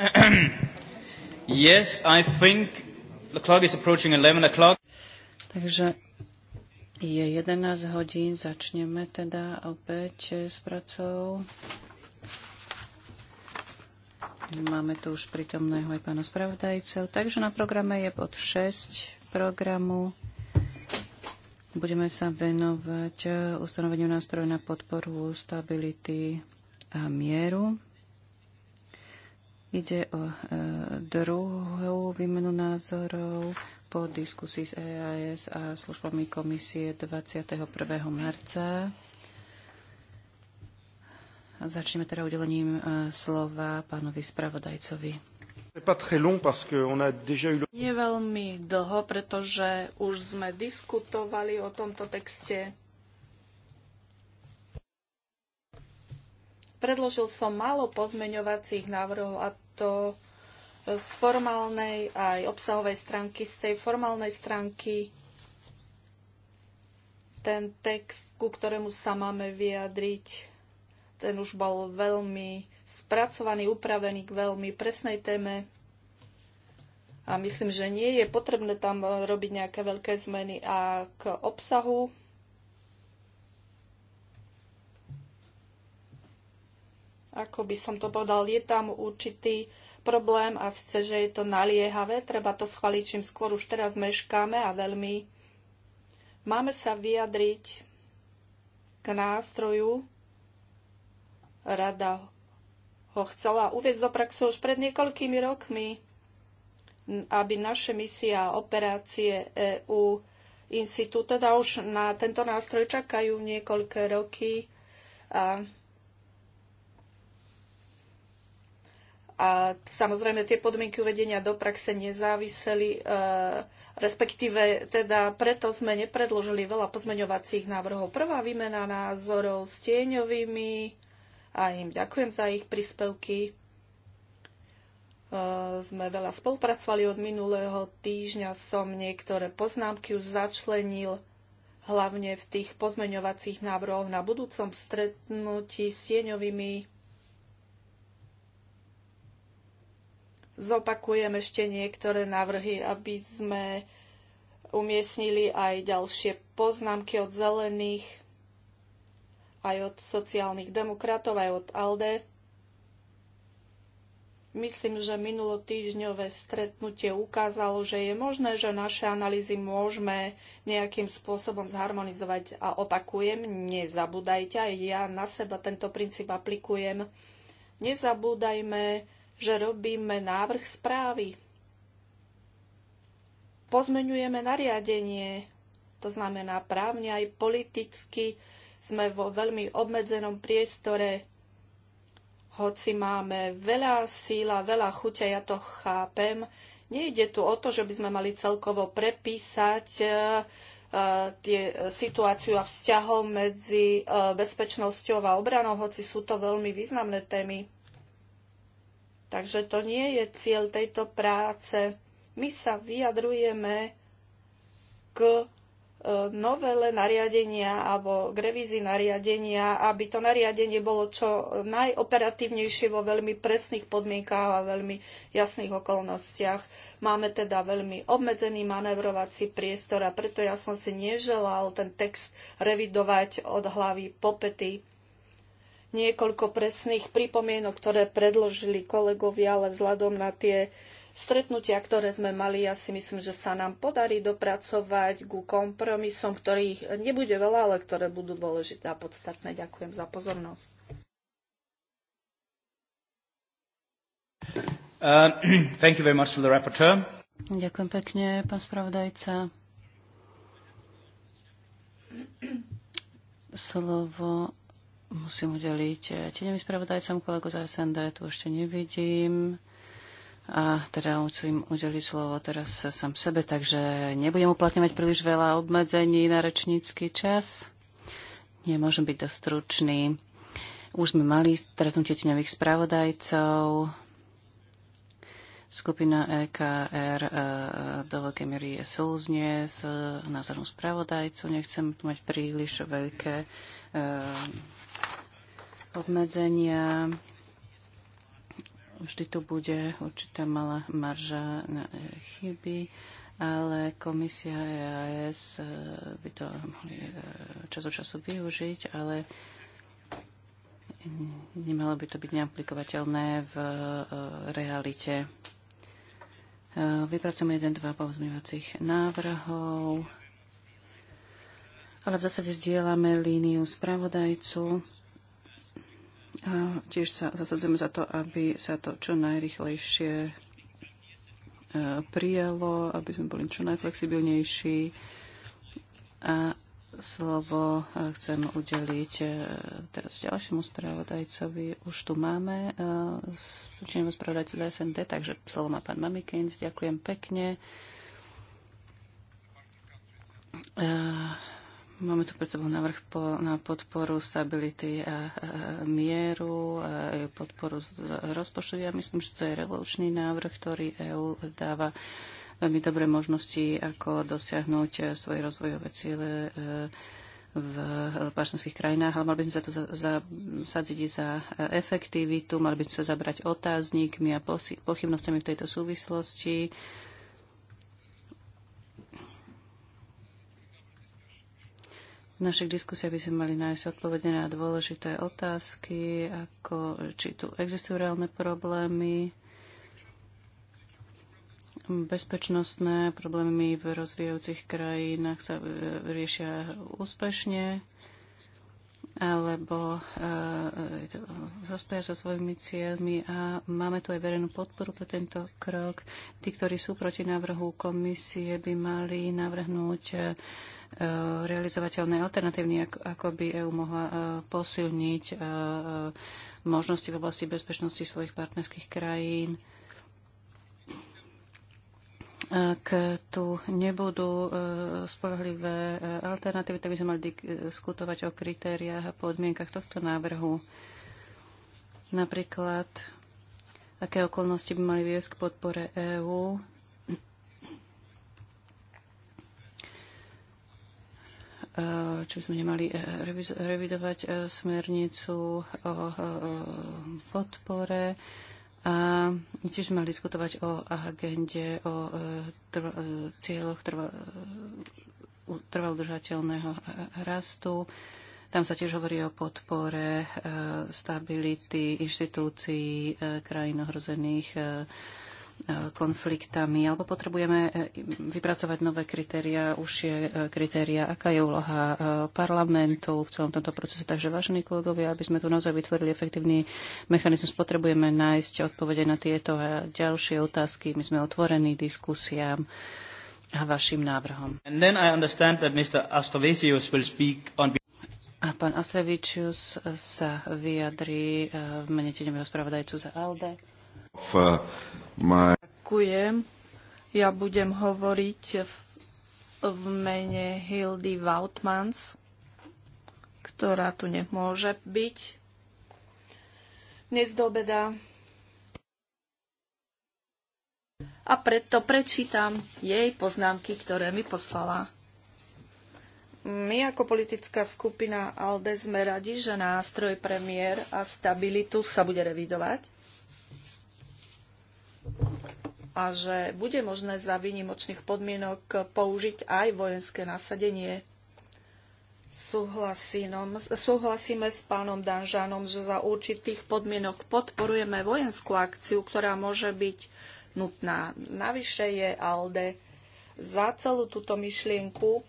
<clears throat> yes, I think the clock is approaching 11 o'clock. Takže je 11 hodín, začneme teda opäť eh, s pracou. Máme tu už pritomného aj pána spravodajcov. Takže na programe je pod 6 programu. Budeme sa venovať eh, ustanoveniu nástroja na podporu stability a mieru. Ide o e, druhú výmenu názorov po diskusii s EAS a službami komisie 21. marca. Začneme teda udelením e, slova pánovi spravodajcovi. Nie veľmi dlho, pretože už sme diskutovali o tomto texte Predložil som málo pozmeňovacích návrhov a to z formálnej aj obsahovej stránky. Z tej formálnej stránky ten text, ku ktorému sa máme vyjadriť, ten už bol veľmi spracovaný, upravený k veľmi presnej téme. A myslím, že nie je potrebné tam robiť nejaké veľké zmeny. A k obsahu ako by som to povedal, je tam určitý problém a síce, že je to naliehavé, treba to schváliť čím skôr, už teraz meškáme a veľmi máme sa vyjadriť k nástroju. Rada ho chcela uviezť do praxe už pred niekoľkými rokmi, aby naše misia a operácie EU institú teda už na tento nástroj čakajú niekoľké roky a A samozrejme tie podmienky uvedenia do praxe nezáviseli, e, respektíve teda preto sme nepredložili veľa pozmeňovacích návrhov. Prvá výmena názorov s tieňovými a im ďakujem za ich príspevky. E, sme veľa spolupracovali od minulého týždňa, som niektoré poznámky už začlenil hlavne v tých pozmeňovacích návrhoch na budúcom stretnutí s tieňovými Zopakujem ešte niektoré návrhy, aby sme umiestnili aj ďalšie poznámky od zelených, aj od sociálnych demokratov, aj od ALDE. Myslím, že minulotýžňové stretnutie ukázalo, že je možné, že naše analýzy môžeme nejakým spôsobom zharmonizovať a opakujem, nezabúdajte, aj ja na seba tento princíp aplikujem. Nezabúdajme že robíme návrh správy. Pozmeňujeme nariadenie, to znamená právne aj politicky sme vo veľmi obmedzenom priestore, hoci máme veľa síla, veľa chuťa, ja to chápem. Nejde tu o to, že by sme mali celkovo prepísať e, e, tie, situáciu a vzťahov medzi e, bezpečnosťou a obranou, hoci sú to veľmi významné témy. Takže to nie je cieľ tejto práce. My sa vyjadrujeme k e, novele nariadenia alebo k revízii nariadenia, aby to nariadenie bolo čo najoperatívnejšie vo veľmi presných podmienkách a veľmi jasných okolnostiach. Máme teda veľmi obmedzený manevrovací priestor a preto ja som si neželal ten text revidovať od hlavy po pety niekoľko presných pripomienok, ktoré predložili kolegovia, ale vzhľadom na tie stretnutia, ktoré sme mali, ja si myslím, že sa nám podarí dopracovať ku kompromisom, ktorých nebude veľa, ale ktoré budú dôležité a podstatné. Ďakujem za pozornosť. Uh, <clears throat> thank you very much to the rapporteur. Ďakujem pekne, pán spravodajca. Slovo musím udeliť eh, tieňovým spravodajcom kolegu z SND, tu ešte nevidím. A teda musím udeliť slovo teraz sám sebe, takže nebudem uplatňovať príliš veľa obmedzení na rečnícky čas. Nemôžem byť dosť stručný. Už sme mali stretnutie tieňových spravodajcov. Skupina EKR e, eh, do veľkej miery je súznie s názorom spravodajcu. Nechcem tu mať príliš veľké e, obmedzenia. Vždy tu bude určitá malá marža na chyby, ale komisia EAS e, by to mohli e, čas od času využiť, ale nemalo by to byť neaplikovateľné v e, realite. Vypracujeme jeden dva pozmývacích návrhov, ale v zásade zdieľame líniu spravodajcu. A tiež sa zasadzujeme za to, aby sa to čo najrychlejšie e, prijalo, aby sme boli čo najflexibilnejší. A slovo e, chcem udeliť e, teraz ďalšiemu spravodajcovi. Už tu máme súčinného spravodajcu z SND, takže slovo má pán Mamikins. Ďakujem pekne. Máme tu pred sebou návrh po, na podporu stability a, a mieru, a podporu z, rozpočtu. Ja myslím, že to je revolučný návrh, ktorý EÚ dáva veľmi dobré možnosti, ako dosiahnuť e, svoje rozvojové ciele e, v partnerských krajinách, ale mali by sme sa to zasadiť za, za e, efektivitu, mali by sme sa zabrať otáznikmi a pochybnosťami v tejto súvislosti V našich diskusiách by sme mali nájsť odpovede na dôležité otázky, ako či tu existujú reálne problémy, bezpečnostné problémy v rozvíjajúcich krajinách sa e, riešia úspešne, alebo uh, rozpája so svojimi cieľmi a máme tu aj verejnú podporu pre tento krok. Tí, ktorí sú proti návrhu komisie, by mali navrhnúť e, realizovateľné alternatívne, ako by EÚ mohla e, posilniť e, e, možnosti v oblasti bezpečnosti svojich partnerských krajín, ak tu nebudú spolahlivé alternatívy, tak by sme mali diskutovať o kritériách a podmienkach tohto návrhu. Napríklad, aké okolnosti by mali viesť k podpore EÚ E, či sme nemali e, revidovať e, smernicu o podpore a tiež sme mali diskutovať o agende, o trv- cieľoch trv- trvalodržateľného rastu. Tam sa tiež hovorí o podpore stability inštitúcií krajín ohrozených konfliktami, alebo potrebujeme e, vypracovať nové kritéria, užšie e, kritéria, aká je úloha e, parlamentu v celom tomto procese. Takže, vážení kolegovia, aby sme tu naozaj vytvorili efektívny mechanizmus, potrebujeme nájsť odpovede na tieto a ďalšie otázky. My sme otvorení diskusiám a vašim návrhom. A pán Ostrevičius sa vyjadrí v mene spravodajcu za ALDE. Uh, Ďakujem. Ja budem hovoriť v, v mene Hildy Vautmans, ktorá tu nemôže byť dnes do obeda. A preto prečítam jej poznámky, ktoré mi poslala. My ako politická skupina ALDE sme radi, že nástroj premiér a stabilitu sa bude revidovať a že bude možné za výnimočných podmienok použiť aj vojenské nasadenie. Súhlasíme s pánom Danžanom, že za určitých podmienok podporujeme vojenskú akciu, ktorá môže byť nutná. Navyše je ALDE za celú túto myšlienku,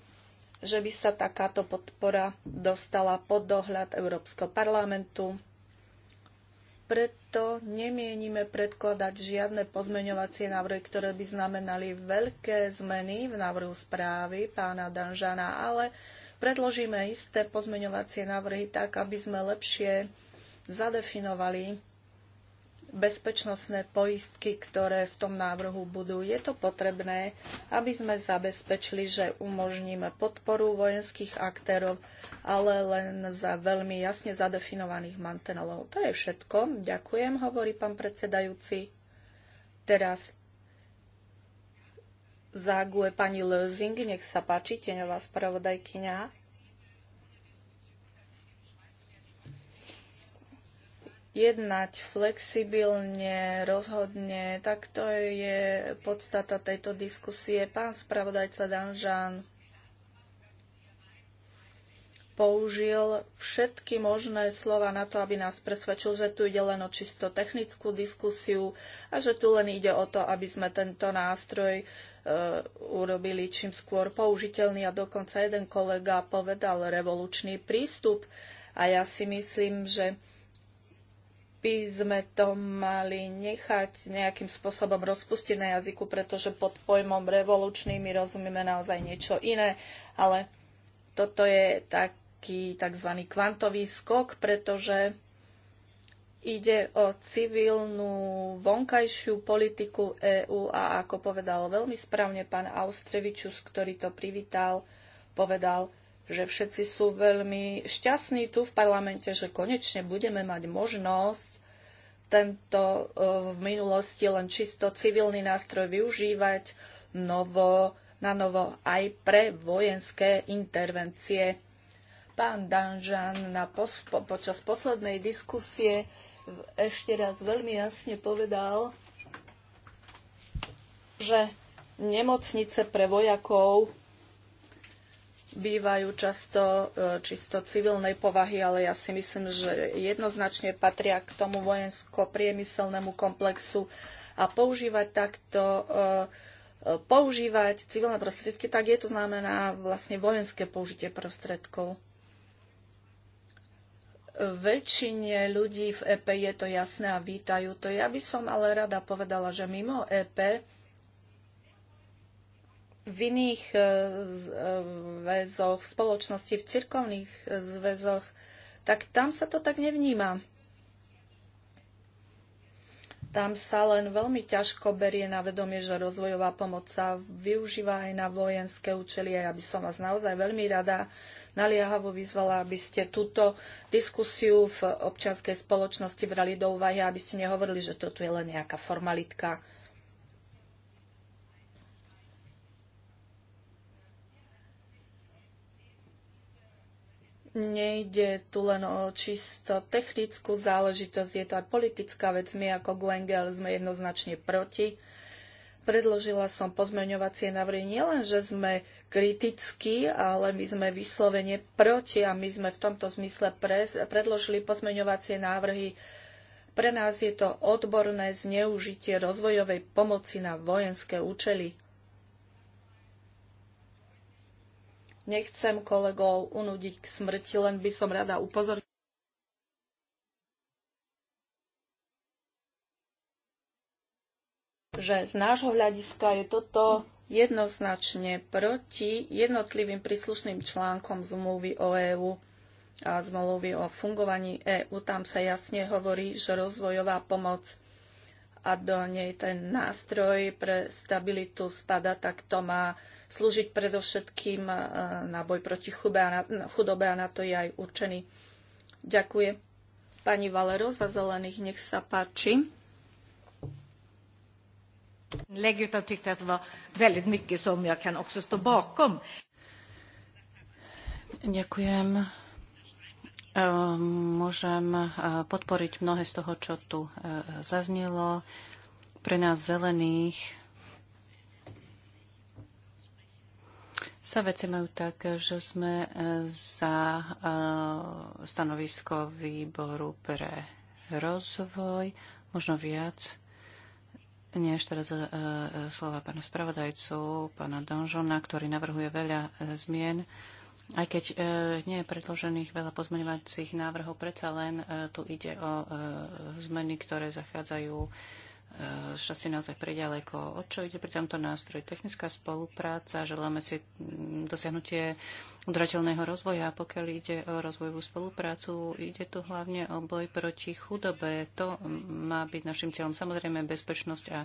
že by sa takáto podpora dostala pod dohľad Európskeho parlamentu, preto nemienime predkladať žiadne pozmeňovacie návrhy, ktoré by znamenali veľké zmeny v návrhu správy pána Danžana, ale predložíme isté pozmeňovacie návrhy tak, aby sme lepšie zadefinovali bezpečnostné poistky, ktoré v tom návrhu budú. Je to potrebné, aby sme zabezpečili, že umožníme podporu vojenských aktérov, ale len za veľmi jasne zadefinovaných mantenolov. To je všetko. Ďakujem, hovorí pán predsedajúci. Teraz záguje pani Lözing, nech sa páči, tieňová spravodajkyňa. jednať flexibilne, rozhodne, tak to je podstata tejto diskusie. Pán spravodajca Danžan použil všetky možné slova na to, aby nás presvedčil, že tu ide len o čisto technickú diskusiu a že tu len ide o to, aby sme tento nástroj e, urobili čím skôr použiteľný. A dokonca jeden kolega povedal revolučný prístup. A ja si myslím, že by sme to mali nechať nejakým spôsobom rozpustiť na jazyku, pretože pod pojmom revolučný my rozumieme naozaj niečo iné, ale toto je taký tzv. kvantový skok, pretože ide o civilnú vonkajšiu politiku EÚ a ako povedal veľmi správne pán Austrevičus, ktorý to privítal, povedal, že všetci sú veľmi šťastní tu v parlamente, že konečne budeme mať možnosť tento e, v minulosti len čisto civilný nástroj využívať novo, na novo aj pre vojenské intervencie. Pán Danžan na pos- po- počas poslednej diskusie ešte raz veľmi jasne povedal, že nemocnice pre vojakov bývajú často e, čisto civilnej povahy, ale ja si myslím, že jednoznačne patria k tomu vojensko-priemyselnému komplexu a používať takto e, e, používať civilné prostriedky, tak je to znamená vlastne vojenské použitie prostriedkov. Väčšine ľudí v EP je to jasné a vítajú to. Ja by som ale rada povedala, že mimo EP v iných e, zväzoch, e, v spoločnosti, v cirkovných e, zväzoch, tak tam sa to tak nevníma. Tam sa len veľmi ťažko berie na vedomie, že rozvojová pomoc sa využíva aj na vojenské účely. Ja by som vás naozaj veľmi rada naliehavo vyzvala, aby ste túto diskusiu v občianskej spoločnosti brali do úvahy, aby ste nehovorili, že toto je len nejaká formalitka Nejde tu len o čisto technickú záležitosť, je to aj politická vec. My ako Gwengel sme jednoznačne proti. Predložila som pozmeňovacie návrhy nielen, že sme kritickí, ale my sme vyslovene proti a my sme v tomto zmysle predložili pozmeňovacie návrhy. Pre nás je to odborné zneužitie rozvojovej pomoci na vojenské účely. Nechcem kolegov unúdiť k smrti, len by som rada upozornila. že z nášho hľadiska je toto jednoznačne proti jednotlivým príslušným článkom zmluvy o EÚ a zmluvy o fungovaní EÚ. Tam sa jasne hovorí, že rozvojová pomoc a do nej ten nástroj pre stabilitu spada, tak to má slúžiť predovšetkým e, na boj proti chudobe a na to je aj určený. Ďakujem pani Valero za zelených, nech sa páči. Ďakujem. Ehm, môžem e, podporiť mnohé z toho, čo tu e, zaznelo. Pre nás zelených sa veci majú tak, že sme e, za e, stanovisko výboru pre rozvoj, možno viac, než teraz e, slova pána spravodajcu, pána Donžona, ktorý navrhuje veľa zmien. Aj keď nie je predložených veľa pozmeňovacích návrhov, predsa len tu ide o zmeny, ktoré zachádzajú šťastie e, naozaj preďaleko. O čo ide pri tomto nástroj? Technická spolupráca, želáme si mm, dosiahnutie udrateľného rozvoja. Pokiaľ ide o rozvojovú spoluprácu, ide tu hlavne o boj proti chudobe. To má byť našim cieľom. Samozrejme, bezpečnosť a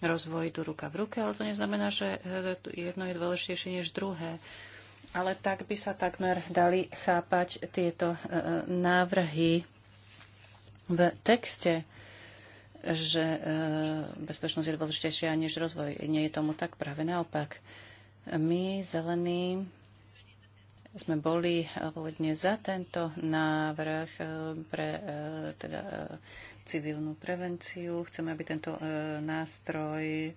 rozvoj tu ruka v ruke, ale to neznamená, že e, jedno je dôležitejšie než druhé. Ale tak by sa takmer dali chápať tieto e, návrhy v texte že e, bezpečnosť je dôležitejšia než rozvoj. Nie je tomu tak, práve naopak. My, zelení, sme boli e, pôvodne za tento návrh e, pre teda, civilnú prevenciu. Chceme, aby tento nástroj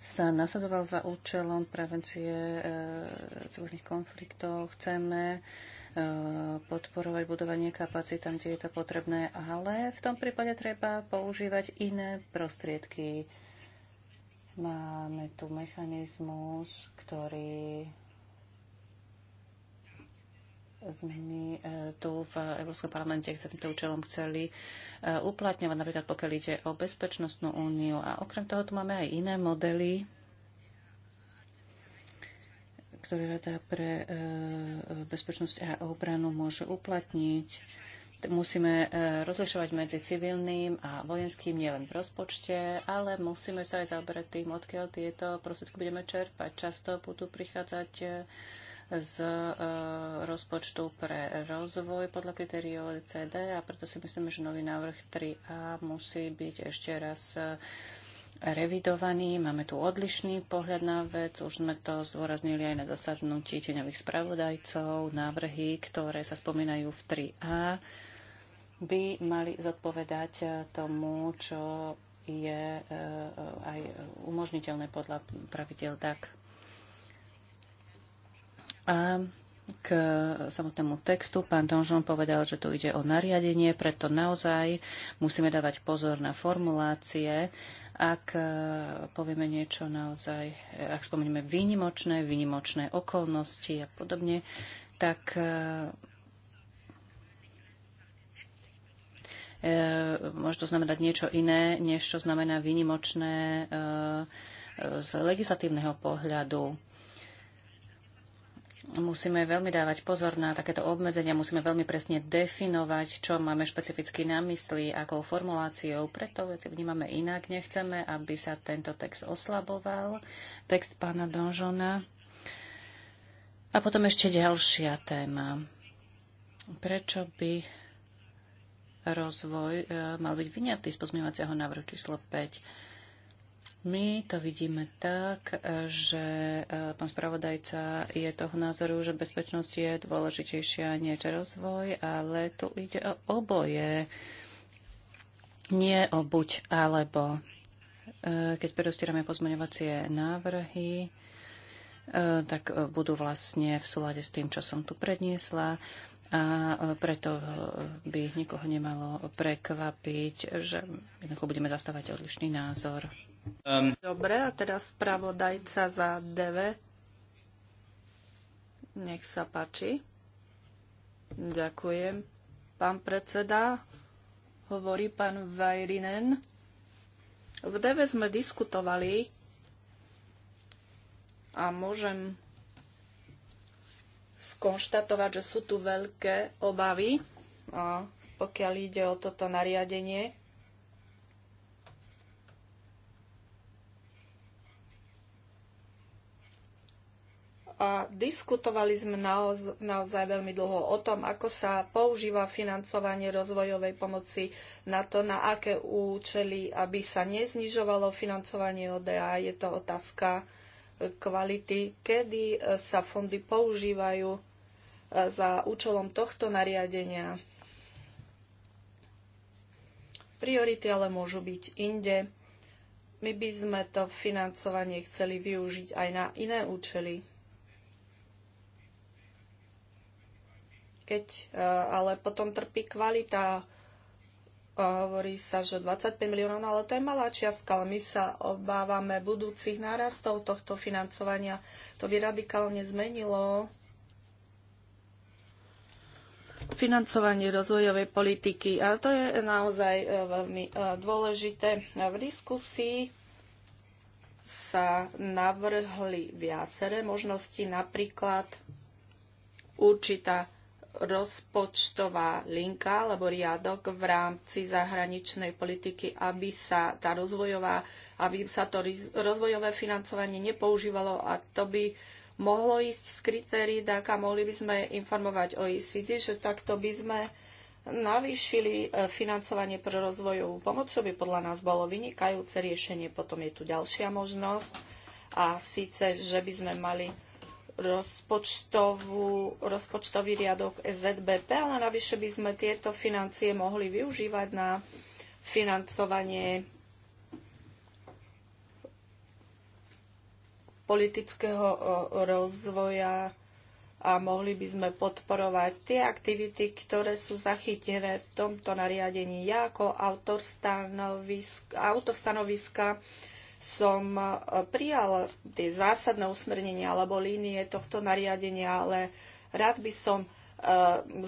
sa nasledoval za účelom prevencie civilných konfliktov. Chceme, Eh, podporovať budovanie kapacít tam, kde je to potrebné, ale v tom prípade treba používať iné prostriedky. Máme tu mechanizmus, ktorý my eh, tu v Európskom parlamente za týmto účelom chceli eh, uplatňovať, napríklad pokiaľ ide o bezpečnostnú úniu. A okrem toho tu máme aj iné modely, ktoré Rada pre e, bezpečnosť a obranu môže uplatniť. Musíme e, rozlišovať medzi civilným a vojenským nielen v rozpočte, ale musíme sa aj zaoberať tým, odkiaľ tieto prostriedky budeme čerpať. Často budú prichádzať e, z rozpočtu pre rozvoj podľa kritérií OECD a preto si myslíme, že nový návrh 3A musí byť ešte raz revidovaný, máme tu odlišný pohľad na vec, už sme to zdôraznili aj na zasadnutí tieňových spravodajcov, návrhy, ktoré sa spomínajú v 3a, by mali zodpovedať tomu, čo je eh, aj umožniteľné podľa pravidel DAC. A k samotnému textu. Pán Donžon povedal, že tu ide o nariadenie, preto naozaj musíme dávať pozor na formulácie, ak e, povieme niečo naozaj, e, ak spomenieme výnimočné, výnimočné okolnosti a podobne, tak e, môže to znamenať niečo iné, než čo znamená výnimočné z legislatívneho pohľadu musíme veľmi dávať pozor na takéto obmedzenia, musíme veľmi presne definovať, čo máme špecificky na mysli, akou formuláciou. Preto veci vnímame inak, nechceme, aby sa tento text oslaboval, text pána Donžona. A potom ešte ďalšia téma. Prečo by rozvoj eh, mal byť vyňatý z pozmývacieho návrhu číslo 5? My to vidíme tak, že e, pán spravodajca je toho názoru, že bezpečnosť je dôležitejšia než rozvoj, ale tu ide o oboje, nie o buď alebo. E, keď prerostierame pozmeňovacie návrhy, e, tak budú vlastne v súlade s tým, čo som tu predniesla a preto by nikoho nemalo prekvapiť, že budeme zastávať odlišný názor. Um. Dobre, a teraz spravodajca za DV. Nech sa páči. Ďakujem. Pán predseda, hovorí pán Vajrinen. V DV sme diskutovali a môžem skonštatovať, že sú tu veľké obavy, pokiaľ ide o toto nariadenie. a diskutovali sme naoz, naozaj veľmi dlho o tom, ako sa používa financovanie rozvojovej pomoci na to, na aké účely, aby sa neznižovalo financovanie ODA. Je to otázka e, kvality, kedy e, sa fondy používajú e, za účelom tohto nariadenia. Priority ale môžu byť inde. My by sme to financovanie chceli využiť aj na iné účely. keď e, ale potom trpí kvalita. Hovorí sa, že 25 miliónov, no ale to je malá čiastka, ale my sa obávame budúcich nárastov tohto financovania. To by radikálne zmenilo financovanie rozvojovej politiky. A to je naozaj e, veľmi e, dôležité. V diskusii sa navrhli viaceré možnosti, napríklad určitá rozpočtová linka alebo riadok v rámci zahraničnej politiky, aby sa tá rozvojová, aby sa to rozvojové financovanie nepoužívalo a to by mohlo ísť z kritérií a mohli by sme informovať o OECD, že takto by sme navýšili e, financovanie pre rozvojovú pomoc, čo by podľa nás bolo vynikajúce riešenie. Potom je tu ďalšia možnosť a síce, že by sme mali rozpočtový riadok SZBP, ale navyše by sme tieto financie mohli využívať na financovanie politického rozvoja a mohli by sme podporovať tie aktivity, ktoré sú zachytené v tomto nariadení. Ja ako autor stanoviska, autor stanoviska som e, prijal tie zásadné usmernenia alebo línie tohto nariadenia, ale rád by som e,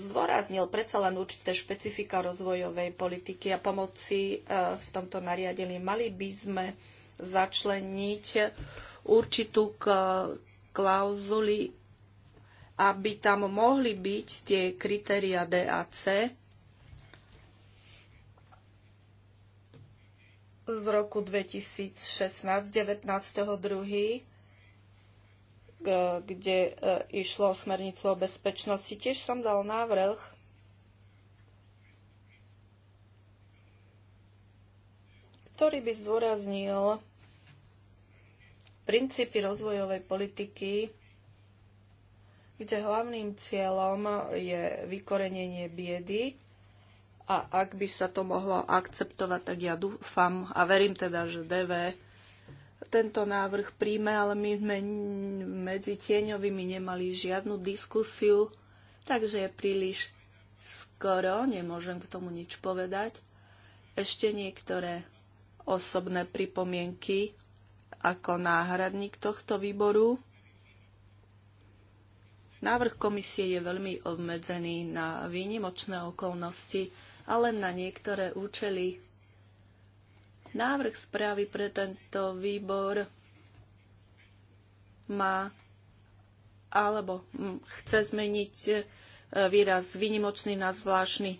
zdôraznil predsa len určité špecifika rozvojovej politiky a pomoci e, v tomto nariadení. Mali by sme začleniť určitú klauzuli, aby tam mohli byť tie kritéria DAC, z roku 2016, 19.2., kde e, išlo o smernicu o bezpečnosti. Tiež som dal návrh, ktorý by zdôraznil princípy rozvojovej politiky, kde hlavným cieľom je vykorenenie biedy a ak by sa to mohlo akceptovať, tak ja dúfam a verím teda, že DV tento návrh príjme, ale my sme medzi tieňovými nemali žiadnu diskusiu, takže je príliš skoro, nemôžem k tomu nič povedať. Ešte niektoré osobné pripomienky ako náhradník tohto výboru. Návrh komisie je veľmi obmedzený na výnimočné okolnosti ale na niektoré účely. Návrh správy pre tento výbor má alebo chce zmeniť e, výraz výnimočný na zvláštny.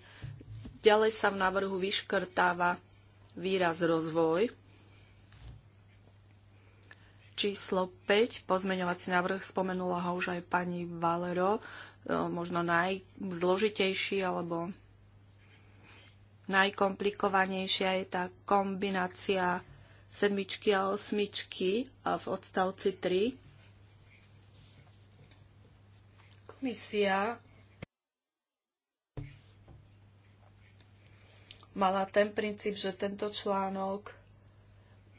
Ďalej sa v návrhu vyškrtáva výraz rozvoj. Číslo 5, pozmeňovací návrh, spomenula ho už aj pani Valero, e, možno najzložitejší alebo Najkomplikovanejšia je tá kombinácia sedmičky a osmičky v odstavci 3. Komisia mala ten princíp, že tento článok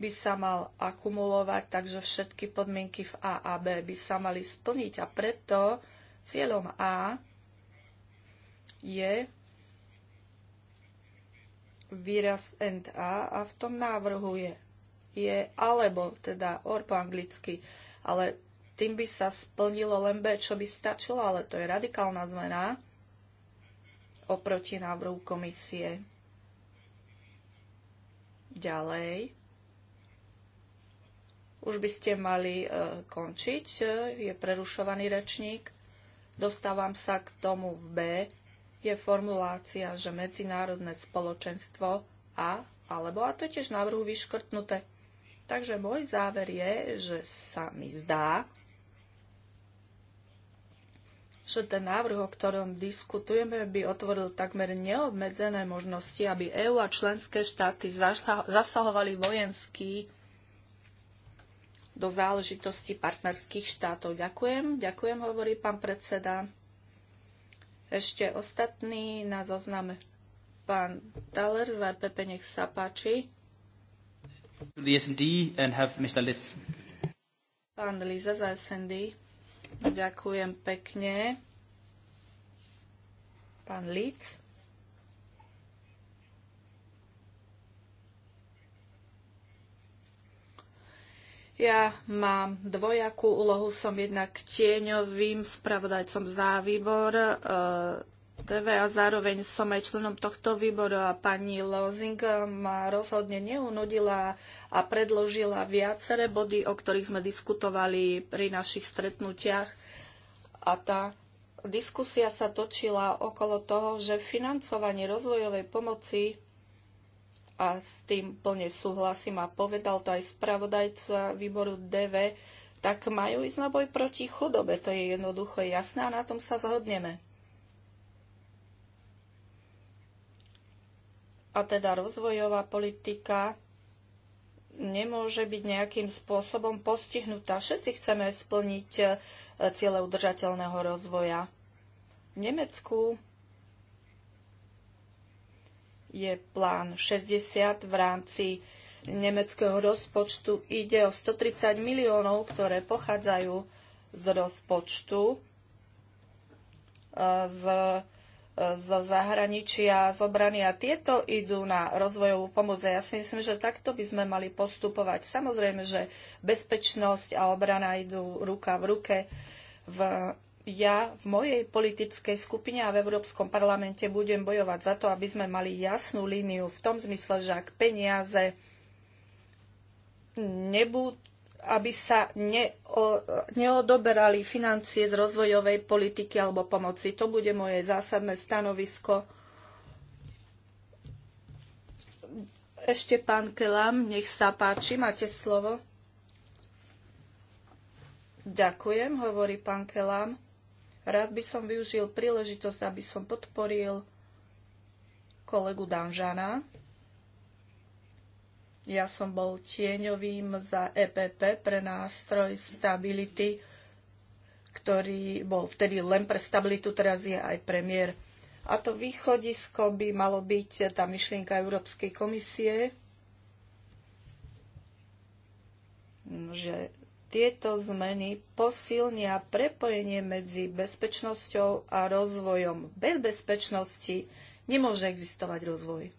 by sa mal akumulovať, takže všetky podmienky v A a B by sa mali splniť. A preto cieľom A je výraz and a a v tom návrhu je, je alebo, teda or po anglicky, ale tým by sa splnilo len B, čo by stačilo, ale to je radikálna zmena oproti návrhu komisie. Ďalej. Už by ste mali e, končiť, e, je prerušovaný rečník. Dostávam sa k tomu v B je formulácia, že medzinárodné spoločenstvo a alebo a to je tiež návrhu vyškrtnuté. Takže môj záver je, že sa mi zdá, že ten návrh, o ktorom diskutujeme, by otvoril takmer neobmedzené možnosti, aby EÚ a členské štáty zasahovali vojenský do záležitosti partnerských štátov. Ďakujem, ďakujem, hovorí pán predseda. Ešte ostatný na zozname pán Taler za RPP, e nech sa páči. Pán Liza za SND. Ďakujem pekne. Pán Litz. Ja mám dvojakú úlohu, som jednak tieňovým spravodajcom za výbor e, eh, TV a zároveň som aj členom tohto výboru a pani Lozing ma rozhodne neunudila a predložila viaceré body, o ktorých sme diskutovali pri našich stretnutiach a tá diskusia sa točila okolo toho, že financovanie rozvojovej pomoci a s tým plne súhlasím a povedal to aj spravodajca výboru DV, tak majú ísť na boj proti chudobe. To je jednoducho jasné a na tom sa zhodneme. A teda rozvojová politika nemôže byť nejakým spôsobom postihnutá. Všetci chceme splniť e, ciele udržateľného rozvoja. V Nemecku je plán 60 v rámci nemeckého rozpočtu. Ide o 130 miliónov, ktoré pochádzajú z rozpočtu e, z, e, z zahraničia, z obrany a tieto idú na rozvojovú pomoc. A ja si myslím, že takto by sme mali postupovať. Samozrejme, že bezpečnosť a obrana idú ruka v ruke. V ja v mojej politickej skupine a v Európskom parlamente budem bojovať za to, aby sme mali jasnú líniu v tom zmysle, že ak peniaze nebudú aby sa ne, o, neodoberali financie z rozvojovej politiky alebo pomoci. To bude moje zásadné stanovisko. Ešte pán Kelam, nech sa páči, máte slovo. Ďakujem, hovorí pán Kelam. Rád by som využil príležitosť, aby som podporil kolegu Danžana. Ja som bol tieňovým za EPP pre nástroj stability, ktorý bol vtedy len pre stabilitu, teraz je aj premiér. A to východisko by malo byť tá myšlienka Európskej komisie, že tieto zmeny posilnia prepojenie medzi bezpečnosťou a rozvojom. Bez bezpečnosti nemôže existovať rozvoj.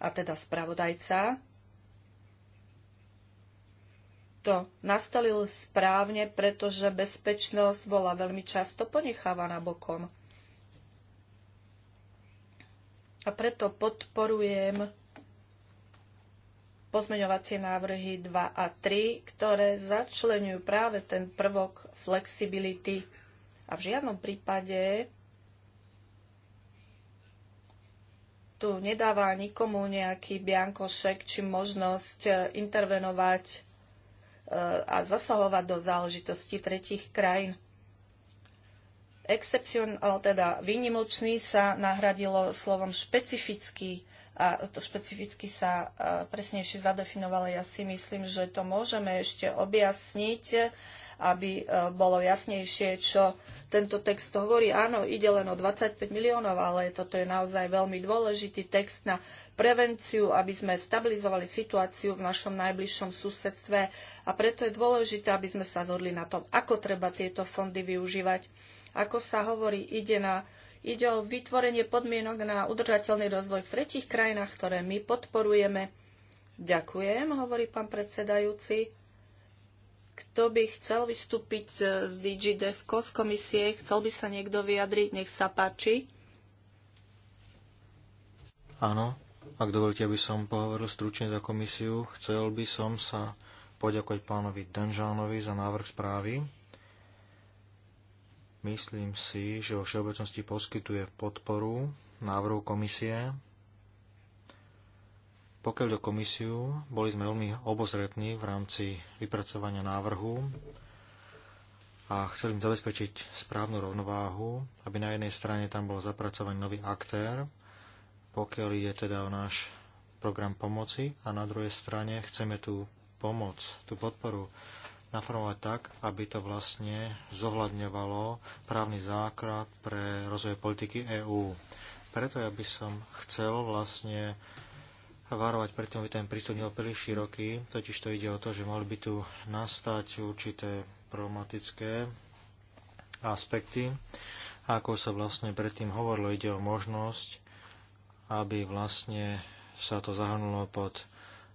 A teda spravodajca to nastolil správne, pretože bezpečnosť bola veľmi často ponechávaná bokom. A preto podporujem pozmeňovacie návrhy 2 a 3, ktoré začlenujú práve ten prvok flexibility. A v žiadnom prípade tu nedáva nikomu nejaký biankošek či možnosť e, intervenovať e, a zasahovať do záležitosti tretich krajín. Exception, teda výnimočný sa nahradilo slovom špecifický a to špecificky sa e, presnejšie zadefinovali. Ja si myslím, že to môžeme ešte objasniť, aby e, bolo jasnejšie, čo tento text hovorí. Áno, ide len o 25 miliónov, ale toto je naozaj veľmi dôležitý text na prevenciu, aby sme stabilizovali situáciu v našom najbližšom susedstve a preto je dôležité, aby sme sa zhodli na tom, ako treba tieto fondy využívať. Ako sa hovorí, ide na Ide o vytvorenie podmienok na udržateľný rozvoj v tretich krajinách, ktoré my podporujeme. Ďakujem, hovorí pán predsedajúci. Kto by chcel vystúpiť z DG z komisie? Chcel by sa niekto vyjadriť? Nech sa páči. Áno, ak dovolíte, aby som pohovoril stručne za komisiu, chcel by som sa poďakovať pánovi Danžánovi za návrh správy Myslím si, že vo všeobecnosti poskytuje podporu návrhu komisie. Pokiaľ do komisiu, boli sme veľmi obozretní v rámci vypracovania návrhu a chceli im zabezpečiť správnu rovnováhu, aby na jednej strane tam bol zapracovaný nový aktér, pokiaľ ide teda o náš program pomoci a na druhej strane chceme tú pomoc, tú podporu naformovať tak, aby to vlastne zohľadňovalo právny základ pre rozvoj politiky EÚ. Preto ja by som chcel vlastne varovať pred tým, aby ten prístup nebol príliš široký, totiž to ide o to, že mohli by tu nastať určité problematické aspekty. A ako sa vlastne predtým hovorilo, ide o možnosť, aby vlastne sa to zahrnulo pod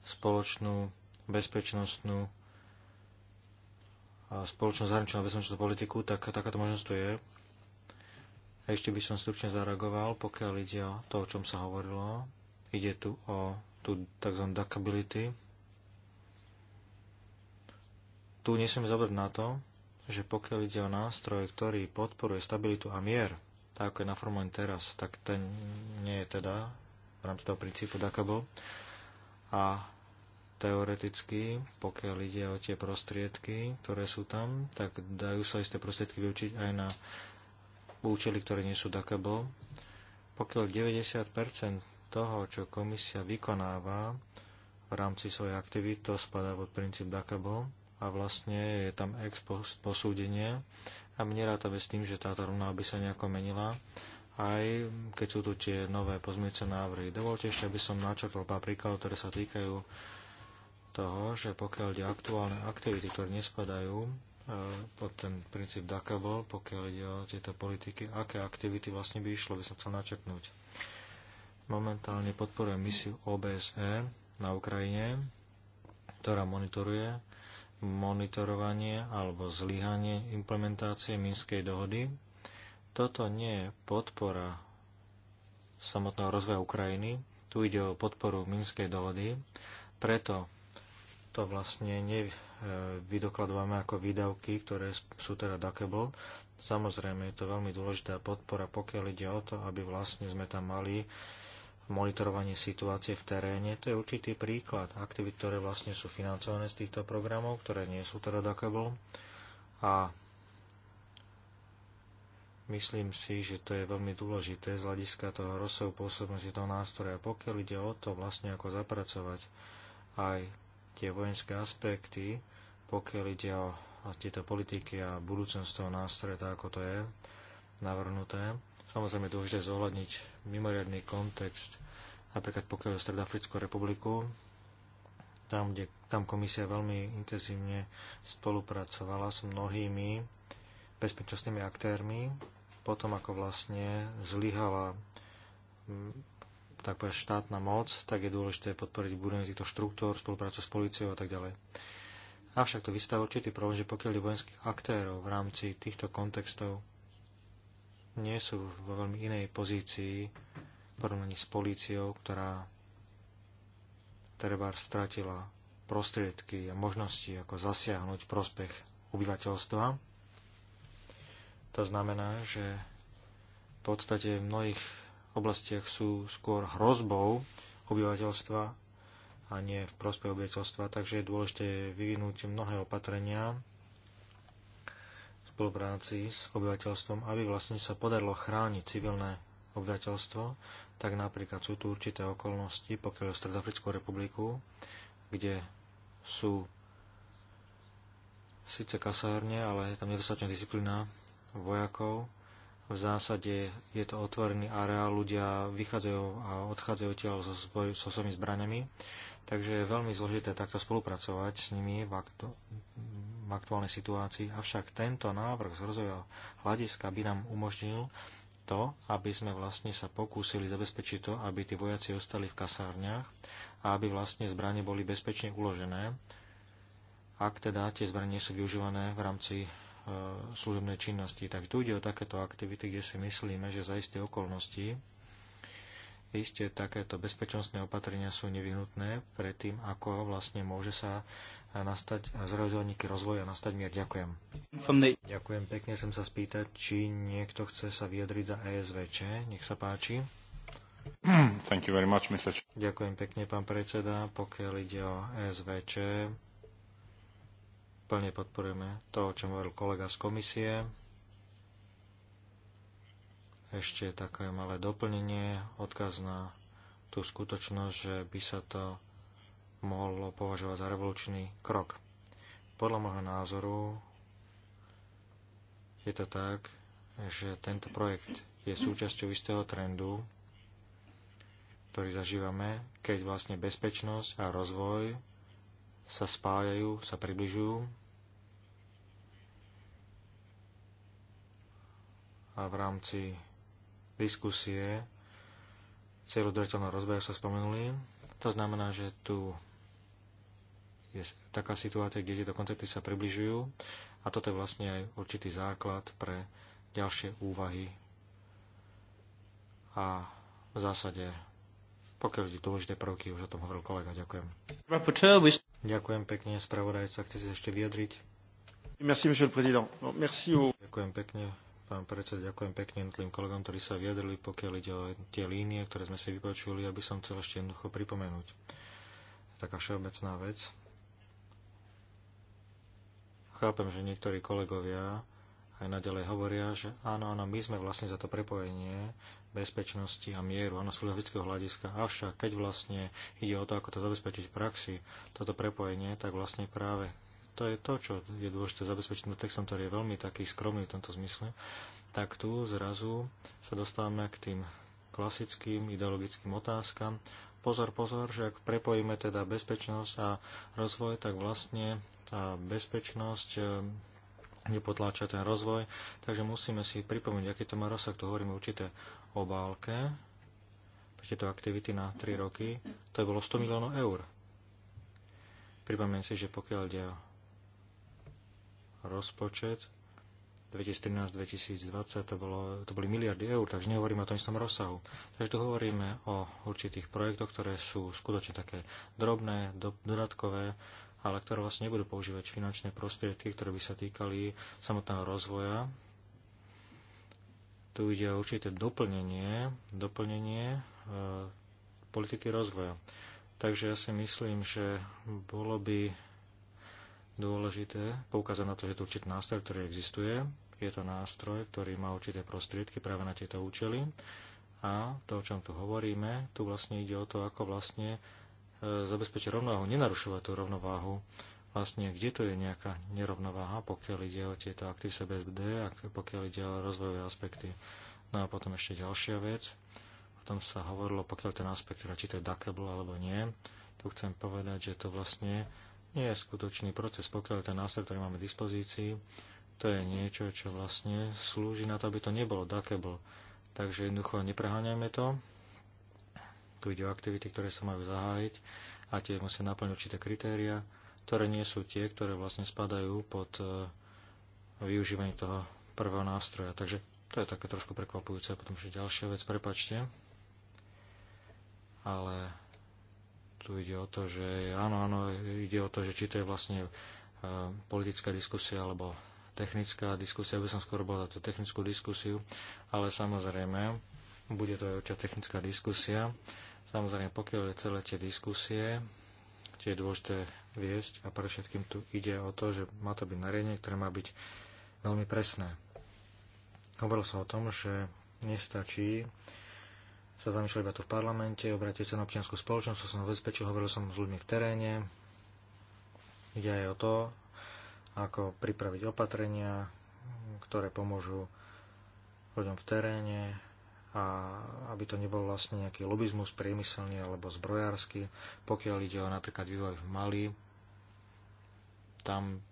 spoločnú bezpečnostnú spoločnú zahraničnú a bezpečnostnú politiku, tak takáto možnosť tu je. A ešte by som stručne zareagoval, pokiaľ ide o to, o čom sa hovorilo. Ide tu o tú tzv. duckability. Tu nesmieme zabrať na to, že pokiaľ ide o nástroj, ktorý podporuje stabilitu a mier, tak ako je naformulovaný teraz, tak ten nie je teda v rámci toho princípu duckable. A teoreticky, pokiaľ ide o tie prostriedky, ktoré sú tam, tak dajú sa isté prostriedky vyučiť aj na účely, ktoré nie sú DACABO. Pokiaľ 90% toho, čo komisia vykonáva v rámci svojej aktivity, to spadá pod princíp DACABO a vlastne je tam ex posúdenie a my nerátame s tým, že táto rovná by sa nejako menila aj keď sú tu tie nové pozmiece návrhy. Dovolte ešte, aby som načrtol pár príkladov, ktoré sa týkajú toho, že pokiaľ ide aktuálne aktivity, ktoré nespadajú e, pod ten princíp DACABL, pokiaľ ide o tieto politiky, aké aktivity vlastne by išlo, by som chcel načrtnúť. Momentálne podporujem misiu OBSE na Ukrajine, ktorá monitoruje monitorovanie alebo zlyhanie implementácie Minskej dohody. Toto nie je podpora samotného rozvoja Ukrajiny, tu ide o podporu Minskej dohody, preto to vlastne nevydokladujeme e, ako výdavky, ktoré sú teda duckable. Samozrejme je to veľmi dôležitá podpora, pokiaľ ide o to, aby vlastne sme tam mali monitorovanie situácie v teréne. To je určitý príklad aktivít, ktoré vlastne sú financované z týchto programov, ktoré nie sú teda duckable. A myslím si, že to je veľmi dôležité z hľadiska toho rozsahu pôsobnosti toho nástroja. Pokiaľ ide o to vlastne, ako zapracovať aj tie vojenské aspekty, pokiaľ ide o tieto politiky a budúcnosť toho nástroja, tak ako to je navrhnuté. Samozrejme, dôležité zohľadniť mimoriadný kontext, napríklad pokiaľ o Stredafrickú republiku, tam, kde, tam komisia veľmi intenzívne spolupracovala s mnohými bezpečnostnými aktérmi, potom ako vlastne zlyhala tak povedať, štátna moc, tak je dôležité podporiť budovanie týchto štruktúr, spoluprácu s policiou a tak ďalej. Avšak to vystáva určitý problém, že pokiaľ vojenských aktérov v rámci týchto kontextov nie sú vo veľmi inej pozícii v porovnaní s políciou, ktorá treba stratila prostriedky a možnosti, ako zasiahnuť prospech obyvateľstva. To znamená, že v podstate v mnohých oblastiach sú skôr hrozbou obyvateľstva a nie v prospech obyvateľstva, takže je dôležité vyvinúť mnohé opatrenia v spolupráci s obyvateľstvom, aby vlastne sa podarilo chrániť civilné obyvateľstvo, tak napríklad sú tu určité okolnosti, pokiaľ o Stredoafrickú republiku, kde sú síce kasárne, ale je tam nedostatočná disciplína vojakov v zásade je to otvorený areál, ľudia vychádzajú a odchádzajú tiaľ so, so svojimi zbraniami, takže je veľmi zložité takto spolupracovať s nimi v, aktu, v aktuálnej situácii. Avšak tento návrh z rozvoja hľadiska by nám umožnil to, aby sme vlastne sa pokúsili zabezpečiť to, aby tí vojaci ostali v kasárniach a aby vlastne zbranie boli bezpečne uložené, ak teda tie zbranie sú využívané v rámci E, služobnej činnosti. Tak tu ide o takéto aktivity, kde si myslíme, že za isté okolnosti isté takéto bezpečnostné opatrenia sú nevyhnutné pred tým, ako vlastne môže sa nastať zrealizovať rozvoja a nastať mier. Ďakujem. Ďakujem pekne. som sa spýtať, či niekto chce sa vyjadriť za ESVČ. Nech sa páči. Thank you very much, Mr. Ďakujem pekne, pán predseda. Pokiaľ ide o ESVČ, Plne podporujeme to, o čom hovoril kolega z komisie. Ešte také malé doplnenie, odkaz na tú skutočnosť, že by sa to mohlo považovať za revolučný krok. Podľa môjho názoru je to tak, že tento projekt je súčasťou istého trendu, ktorý zažívame, keď vlastne bezpečnosť a rozvoj sa spájajú, sa približujú a v rámci diskusie cieľ udržateľného rozvoja sa spomenuli. To znamená, že tu je taká situácia, kde tieto koncepty sa približujú a toto je vlastne aj určitý základ pre ďalšie úvahy a v zásade pokiaľ ide dôležité prvky, už o tom hovoril kolega, ďakujem. Ďakujem pekne, spravodajca, chce sa ešte vyjadriť. Merci, monsieur le président. No, merci au... Ďakujem pekne, pán predseda, ďakujem pekne tým kolegom, ktorí sa vyjadrili, pokiaľ ide o tie línie, ktoré sme si vypočuli, aby som chcel ešte jednoducho pripomenúť. Taká všeobecná vec. Chápem, že niektorí kolegovia aj naďalej hovoria, že áno, áno, my sme vlastne za to prepojenie bezpečnosti a mieru, áno, z filozofického hľadiska. Avšak, keď vlastne ide o to, ako to zabezpečiť v praxi, toto prepojenie, tak vlastne práve to je to, čo je dôležité zabezpečiť no textom, ktorý je veľmi taký skromný v tomto zmysle, tak tu zrazu sa dostávame k tým klasickým ideologickým otázkam. Pozor, pozor, že ak prepojíme teda bezpečnosť a rozvoj, tak vlastne tá bezpečnosť e, nepotláča ten rozvoj, takže musíme si pripomínať, aký to má rozsah, tu hovoríme určité obálke tieto aktivity na 3 roky, to je bolo 100 miliónov eur. Pripomínam si, že pokiaľ ide o rozpočet 2013-2020, to, bolo, to boli miliardy eur, takže nehovoríme o tom istom rozsahu. Takže tu hovoríme o určitých projektoch, ktoré sú skutočne také drobné, do, dodatkové, ale ktoré vlastne nebudú používať finančné prostriedky, ktoré by sa týkali samotného rozvoja tu ide o určité doplnenie, doplnenie e, politiky rozvoja. Takže ja si myslím, že bolo by dôležité poukázať na to, že je to určitý nástroj, ktorý existuje. Je to nástroj, ktorý má určité prostriedky práve na tieto účely. A to, o čom tu hovoríme, tu vlastne ide o to, ako vlastne e, zabezpečiť rovnováhu, nenarušovať tú rovnováhu vlastne, kde tu je nejaká nerovnováha, pokiaľ ide o tieto akty CBD, a pokiaľ ide o rozvojové aspekty. No a potom ešte ďalšia vec. O tom sa hovorilo, pokiaľ ten aspekt, teda či to je duckable alebo nie. Tu chcem povedať, že to vlastne nie je skutočný proces. Pokiaľ ten nástroj, ktorý máme v dispozícii, to je niečo, čo vlastne slúži na to, aby to nebolo duckable. Takže jednoducho nepreháňajme to. Tu ide o aktivity, ktoré sa majú zahájiť a tie musia naplniť určité kritéria ktoré nie sú tie, ktoré vlastne spadajú pod e, využívanie toho prvého nástroja. Takže to je také trošku prekvapujúce. A potom ešte ďalšia vec, prepačte. Ale tu ide o to, že áno, áno, ide o to, že či to je vlastne e, politická diskusia alebo technická diskusia, by som skôr bol za tú technickú diskusiu, ale samozrejme, bude to aj technická diskusia. Samozrejme, pokiaľ je celé tie diskusie, tie dôležité viesť a pre všetkým tu ide o to, že má to byť nariadenie, ktoré má byť veľmi presné. Hovoril som o tom, že nestačí sa zamýšľať iba tu v parlamente, obrátiť sa na občianskú spoločnosť, som zabezpečil, hovoril som s ľuďmi v teréne. Ide aj o to, ako pripraviť opatrenia, ktoré pomôžu ľuďom v teréne a aby to nebol vlastne nejaký lobizmus priemyselný alebo zbrojársky, pokiaľ ide o napríklad vývoj v Mali, tam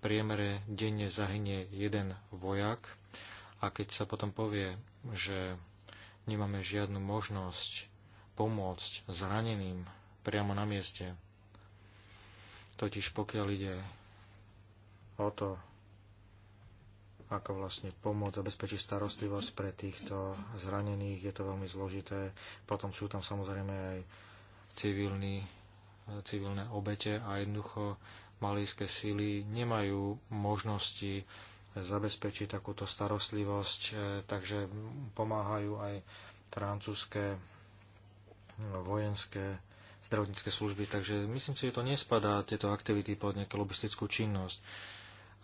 priemere denne zahynie jeden vojak a keď sa potom povie, že nemáme žiadnu možnosť pomôcť zraneným priamo na mieste, totiž pokiaľ ide o to, ako vlastne pomôcť zabezpečiť starostlivosť pre týchto zranených, je to veľmi zložité. Potom sú tam samozrejme aj civilní, civilné obete a jednoducho malíske síly nemajú možnosti zabezpečiť takúto starostlivosť, e, takže pomáhajú aj francúzske no, vojenské zdravotnícke služby, takže myslím si, že to nespadá tieto aktivity pod nejakú lobistickú činnosť.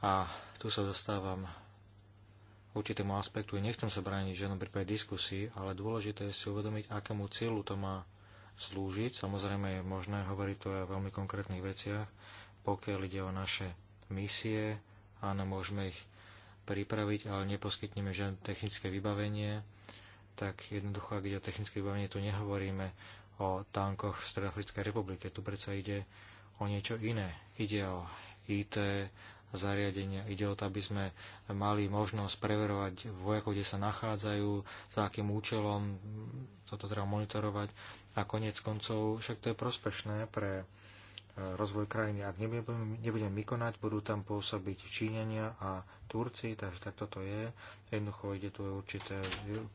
A tu sa dostávam určitému aspektu. Nechcem sa brániť v žiadnom prípade diskusii, ale dôležité je si uvedomiť, akému cieľu to má slúžiť. Samozrejme je možné hovoriť to aj o veľmi konkrétnych veciach, pokiaľ ide o naše misie. Áno, môžeme ich pripraviť, ale neposkytneme žiadne technické vybavenie. Tak jednoducho, ak ide o technické vybavenie, tu nehovoríme o tankoch v Stredoafrickej republike. Tu predsa ide o niečo iné. Ide o IT, zariadenia. Ide o to, aby sme mali možnosť preverovať vojakov, kde sa nachádzajú, za akým účelom, toto treba monitorovať. A konec koncov však to je prospešné pre rozvoj krajiny. Ak nebudeme, nebudeme my konať, budú tam pôsobiť Číňania a Turci, takže takto to je. Jednoducho ide tu určité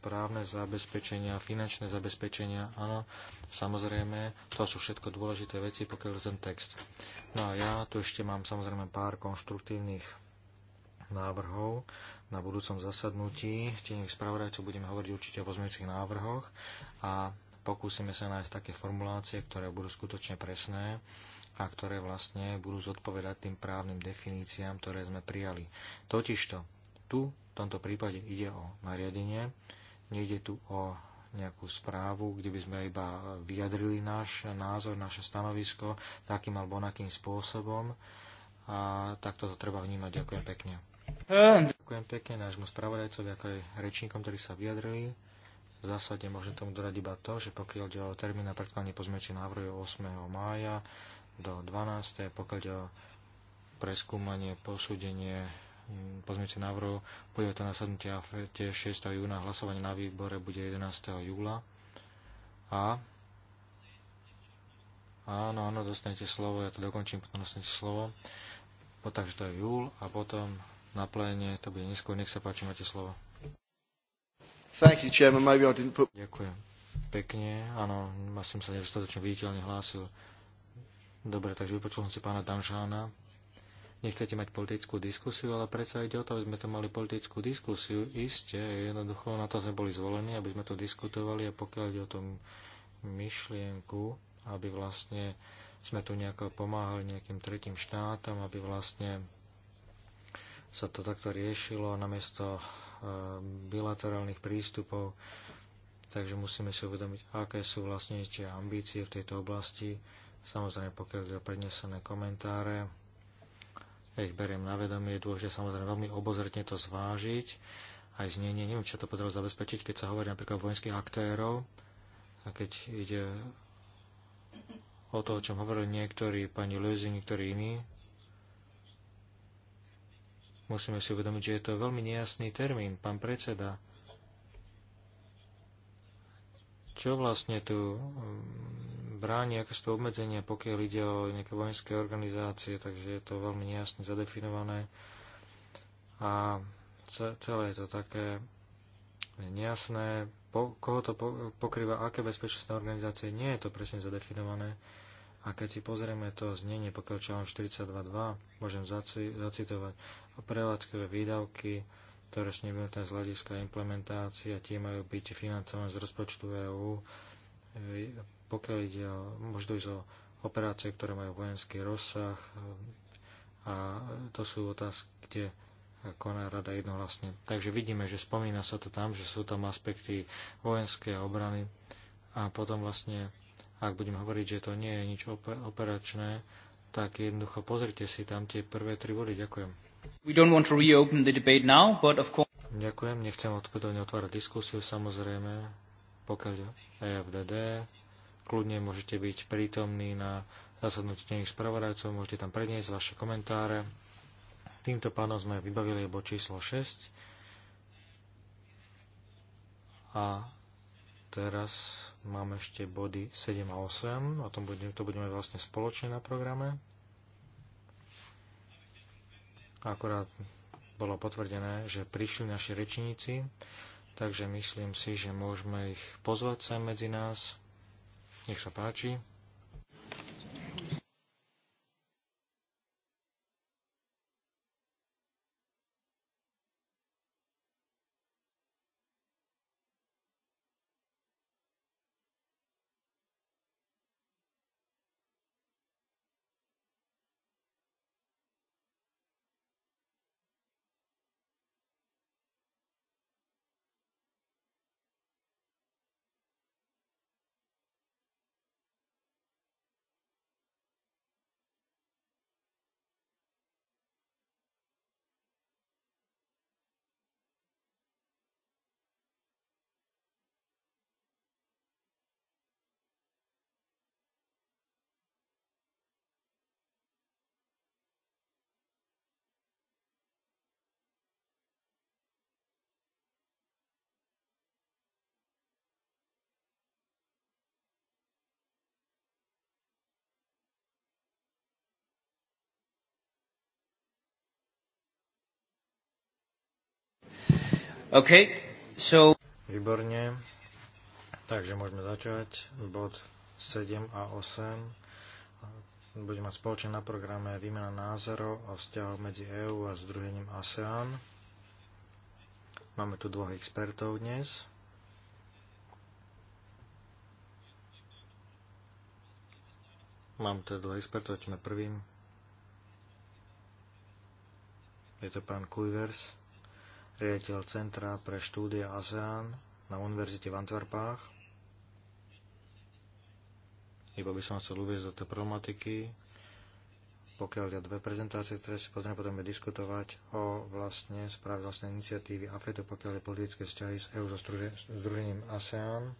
právne zabezpečenia, finančné zabezpečenia, áno, samozrejme, to sú všetko dôležité veci, pokiaľ je ten text. No a ja tu ešte mám samozrejme pár konštruktívnych návrhov. Na budúcom zasadnutí ich spravodajcov budeme hovoriť určite o pozmeňujúcich návrhoch a pokúsime sa nájsť také formulácie, ktoré budú skutočne presné a ktoré vlastne budú zodpovedať tým právnym definíciám, ktoré sme prijali. Totižto, tu v tomto prípade ide o nariadenie, nejde tu o nejakú správu, kde by sme iba vyjadrili náš názor, naše stanovisko takým alebo onakým spôsobom a takto to treba vnímať. Ďakujem pekne. Ďakujem pekne nášmu spravodajcovi, ako aj rečníkom, ktorí sa vyjadrili. V zásade môžem tomu dodať iba to, že pokiaľ ide o termín na predkladanie pozmeňujúcich návrhov 8. mája, do 12. pokiaľ ide o preskúmanie, posúdenie mm, pozmeňujúce návrhu, Bude to nasadnutie tiež 6. júna, hlasovanie na výbore bude 11. júla. A áno, áno, dostanete slovo, ja to dokončím, potom dostanete slovo. Po, takže to je júl a potom na pléne to bude neskôr. Nech sa páči, máte slovo. Thank you, Chairman. Maybe I didn't put... Ďakujem pekne. Áno, asi som sa nedostatočne viditeľne hlásil. Dobre, takže vypočul som si pána Danšána. Nechcete mať politickú diskusiu, ale predsa ide o to, aby sme to mali politickú diskusiu. Isté, jednoducho na to sme boli zvolení, aby sme to diskutovali a pokiaľ ide o tom myšlienku, aby vlastne sme tu nejako pomáhali nejakým tretím štátom, aby vlastne sa to takto riešilo namiesto e, bilaterálnych prístupov. Takže musíme si uvedomiť, aké sú vlastne tie ambície v tejto oblasti Samozrejme, pokiaľ je prednesené komentáre, ja ich beriem na vedomie, je dôležité samozrejme veľmi obozretne to zvážiť, aj znenie, neviem, čo to podarilo zabezpečiť, keď sa hovorí napríklad o vojenských aktérov, a keď ide o to, o čom hovorili niektorí, pani Lösing, niektorí iní, musíme si uvedomiť, že je to veľmi nejasný termín, pán predseda. Čo vlastne tu bráni aké sú to obmedzenia, pokiaľ ide o nejaké vojenské organizácie, takže je to veľmi nejasne zadefinované. A celé je to také nejasné, po, koho to pokrýva, aké bezpečnostné organizácie, nie je to presne zadefinované. A keď si pozrieme to znenie, pokiaľ čo 42.2, môžem zaci, zacitovať, prevádzkové výdavky, ktoré sú nevyhnuté z hľadiska implementácie a tie majú byť financované z rozpočtu EÚ pokiaľ ide o, možno ísť o operácie, ktoré majú vojenský rozsah a to sú otázky, kde koná rada jednohlasne. Takže vidíme, že spomína sa to tam, že sú tam aspekty vojenské obrany a potom vlastne, ak budem hovoriť, že to nie je nič operačné, tak jednoducho pozrite si tam tie prvé tri body. Ďakujem. We don't want to reopen the debate now, but of course... Ďakujem, nechcem odpovedovne otvárať diskusiu, samozrejme, pokiaľ EFDD, Kľudne môžete byť prítomní na zasadnutí tených spravodajcov, môžete tam predniesť vaše komentáre. Týmto pánom sme vybavili bod číslo 6. A teraz máme ešte body 7 a 8. O tom budeme, to budeme vlastne spoločne na programe. Akorát bolo potvrdené, že prišli naši rečníci, takže myslím si, že môžeme ich pozvať sa medzi nás. Nech sa páči. OK, so... Výborne. Takže môžeme začať. Bod 7 a 8. Budeme mať spoločne na programe výmena názorov o vzťahoch medzi EÚ a združením ASEAN. Máme tu dvoch expertov dnes. Mám tu dvoch expertov, začneme prvým. Je to pán Kujvers riaditeľ Centra pre štúdie ASEAN na Univerzite v Antwerpách. Iba by som chcel uvieť do tej problematiky, pokiaľ ja dve prezentácie, ktoré si potrebujeme potom diskutovať o vlastne správe vlastnej iniciatívy AFETO, pokiaľ je politické vzťahy s EU so združením ASEAN.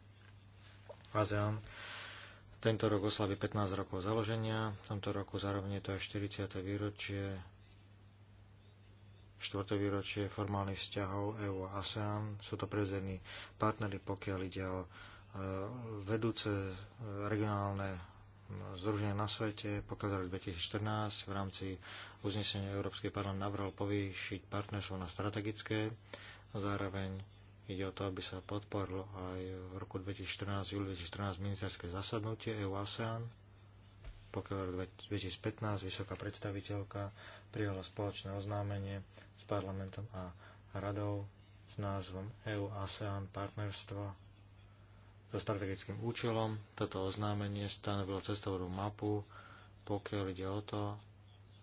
ASEAN tento rok oslaví 15 rokov založenia, v tomto roku zároveň je to aj 40. výročie štvrté výročie formálnych vzťahov EU a ASEAN. Sú to prezidentní partnery, pokiaľ ide o e, vedúce e, regionálne združenia na svete, pokiaľ 2014 v rámci uznesenia Európskej parlament navrhol povýšiť partnerstvo na strategické. Zároveň ide o to, aby sa podporilo aj v roku 2014, júli 2014 ministerské zasadnutie EU-ASEAN pokiaľ rok 2015 vysoká predstaviteľka prijala spoločné oznámenie s parlamentom a radou s názvom EU-ASEAN partnerstvo so strategickým účelom. Toto oznámenie stanovilo cestovnú mapu, pokiaľ ide o to,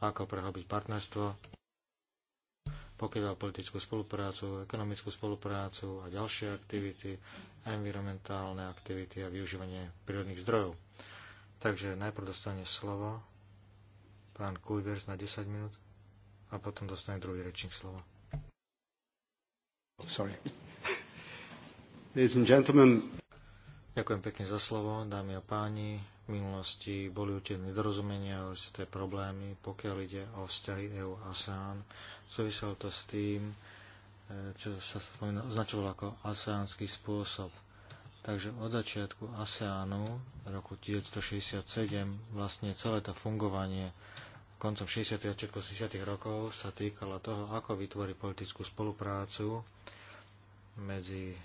ako prehlbiť partnerstvo, pokiaľ o politickú spoluprácu, ekonomickú spoluprácu a ďalšie aktivity, environmentálne aktivity a využívanie prírodných zdrojov. Takže najprv dostane slovo pán Kujvers na 10 minút a potom dostane druhý rečník slovo. Sorry. Ladies and gentlemen. Ďakujem pekne za slovo, dámy a páni. V minulosti boli určite nedorozumenia, určité problémy, pokiaľ ide o vzťahy EU a ASEAN. Súviselo to s tým, e, čo sa označovalo ako ASEANský spôsob Takže od začiatku ASEANu v roku 1967 vlastne celé to fungovanie koncom 60. a začiatku 60. rokov sa týkalo toho, ako vytvoriť politickú spoluprácu medzi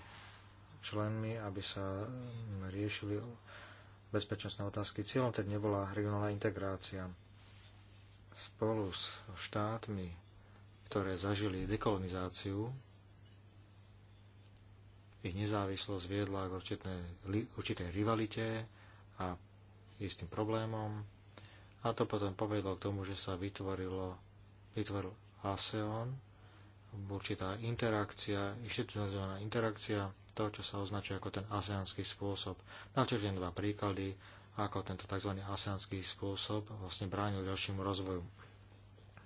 členmi, aby sa riešili bezpečnostné otázky. Cieľom tedy nebola regionálna integrácia. Spolu s štátmi, ktoré zažili dekolonizáciu, ich nezávislosť viedla k určitej rivalite a istým problémom. A to potom povedlo k tomu, že sa vytvorilo, vytvoril ASEAN, určitá interakcia, inštitucionalizovaná interakcia, to, čo sa označuje ako ten aseánsky spôsob. Načrtujem dva príklady, ako tento tzv. aseánsky spôsob vlastne bránil ďalšiemu rozvoju.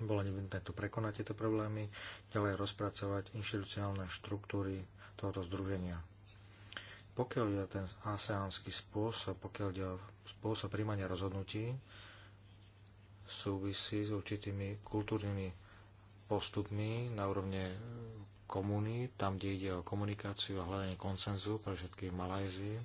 Bolo nevinné tu prekonať tieto problémy, ďalej rozpracovať inštitucionálne štruktúry tohoto združenia. Pokiaľ ide o ten aseánsky spôsob, pokiaľ ide o spôsob príjmania rozhodnutí, súvisí s určitými kultúrnymi postupmi na úrovne komuny, tam, kde ide o komunikáciu a hľadanie koncenzu pre všetky v Malajzii.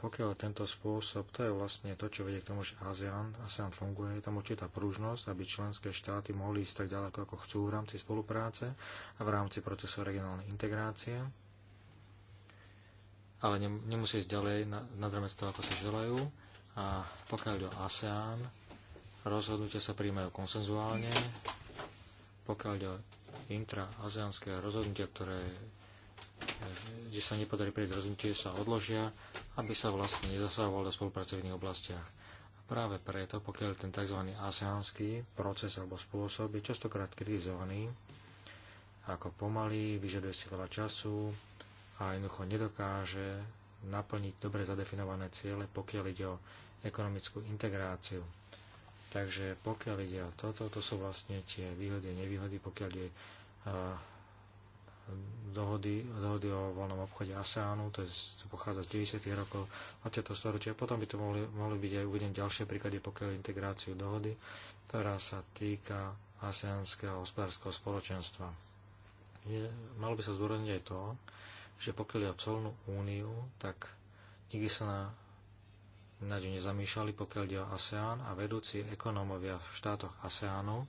Pokiaľ tento spôsob, to je vlastne to, čo vedie k tomu, že ASEAN, ASEAN funguje, je tam určitá pružnosť, aby členské štáty mohli ísť tak ďaleko, ako chcú v rámci spolupráce a v rámci procesu regionálnej integrácie ale nemusí ísť ďalej nad rámec toho, ako si želajú. A pokiaľ ide o ASEAN, rozhodnutia sa príjmajú konsenzuálne. Pokiaľ ide o intra-azeánske rozhodnutia, ktoré, eh, kde sa nepodarí prieť rozhodnutie, sa odložia, aby sa vlastne nezasahovalo do spolupráce v iných oblastiach. A práve preto, pokiaľ ten tzv. aseánsky proces alebo spôsob je častokrát kritizovaný, ako pomalý, vyžaduje si veľa času, a jednoducho nedokáže naplniť dobre zadefinované ciele, pokiaľ ide o ekonomickú integráciu. Takže pokiaľ ide o toto, to sú vlastne tie výhody a nevýhody, pokiaľ je dohody, dohody o voľnom obchode ASEANu, to, je, to pochádza z 90. rokov 20. storočia. Potom by to mohli, mohli byť aj uvedené ďalšie príklady, pokiaľ integráciu dohody, ktorá sa týka ASEANského hospodárskeho spoločenstva. Je, malo by sa zdôrazniť aj to, že pokiaľ je o colnú úniu, tak nikdy sa na, na ňu nezamýšľali, pokiaľ ide o ASEAN a vedúci ekonómovia v štátoch ASEANu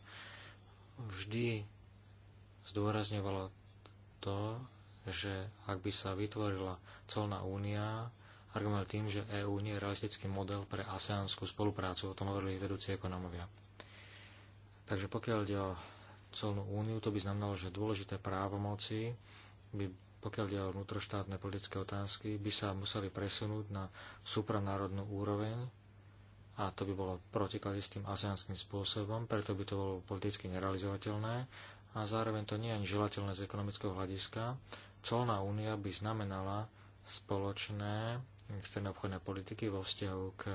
vždy zdôrazňovalo to, že ak by sa vytvorila colná únia, argument tým, že EÚ nie je realistický model pre aseánskú spoluprácu, o tom hovorili vedúci ekonómovia. Takže pokiaľ ide o colnú úniu, to by znamenalo, že dôležité právomoci by pokiaľ ide o vnútroštátne politické otázky, by sa museli presunúť na supranárodnú úroveň a to by bolo protiklade s tým aseanským spôsobom, preto by to bolo politicky nerealizovateľné a zároveň to nie je ani želateľné z ekonomického hľadiska. Colná únia by znamenala spoločné externé obchodné politiky vo vzťahu k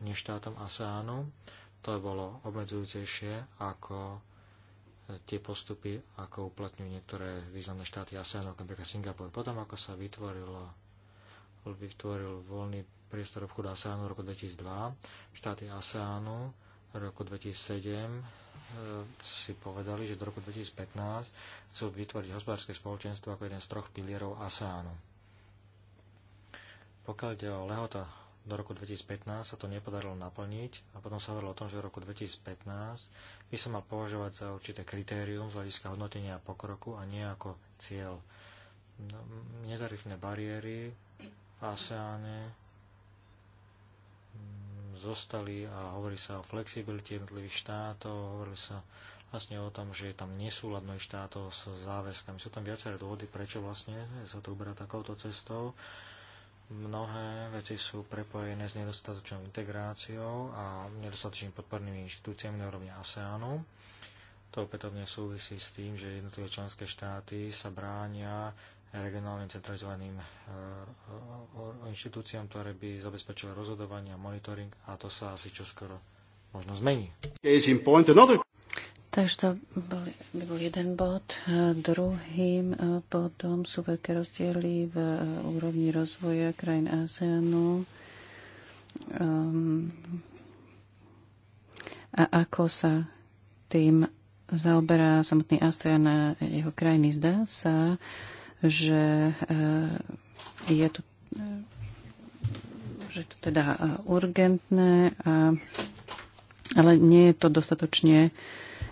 neštátom ASEANu. To je bolo obmedzujúcejšie ako tie postupy, ako uplatňujú niektoré významné štáty ASEAN, ako napríklad Singapur. Potom, ako sa vytvorilo, vytvoril voľný priestor obchodu ASEANu v roku 2002, štáty ASEANu v roku 2007 e, si povedali, že do roku 2015 chcú vytvoriť hospodárske spoločenstvo ako jeden z troch pilierov ASEANu. Pokiaľ ide o lehota do roku 2015 sa to nepodarilo naplniť a potom sa hovorilo o tom, že v roku 2015 by sa mal považovať za určité kritérium z hľadiska hodnotenia pokroku a nie ako cieľ. No, nezarifné bariéry v ASEANe mm, zostali a hovorí sa o flexibilite jednotlivých štátov, hovorí sa vlastne o tom, že je tam nesúlad štátov s záväzkami. Sú tam viaceré dôvody, prečo vlastne sa to uberá takouto cestou mnohé veci sú prepojené s nedostatočnou integráciou a nedostatočnými podpornými inštitúciami na úrovni ASEANu. To opätovne súvisí s tým, že jednotlivé členské štáty sa bránia regionálnym centralizovaným e, inštitúciám, ktoré by zabezpečovali rozhodovanie a monitoring a to sa asi čoskoro možno zmení. Takže to bol, by bol jeden bod. E, druhým e, bodom sú veľké rozdiely v e, úrovni rozvoja krajín ASEANu. Um, a ako sa tým zaoberá samotný ASEAN a jeho krajiny. Zdá sa, že je to, že to teda urgentné, a, ale nie je to dostatočne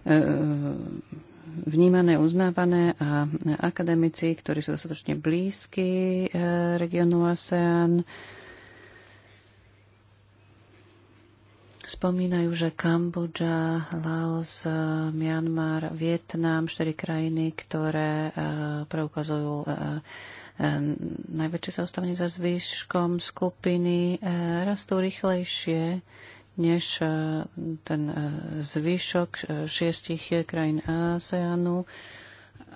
E, vnímané, uznávané a akademici, ktorí sú dostatočne blízki e, regionu ASEAN, spomínajú, že Kambodža, Laos, e, Myanmar, Vietnam, štyri krajiny, ktoré preukazujú najväčšie zaostávanie za zvýškom skupiny, rastú rýchlejšie než e, ten e, zvyšok e, šiestich krajín ASEANu.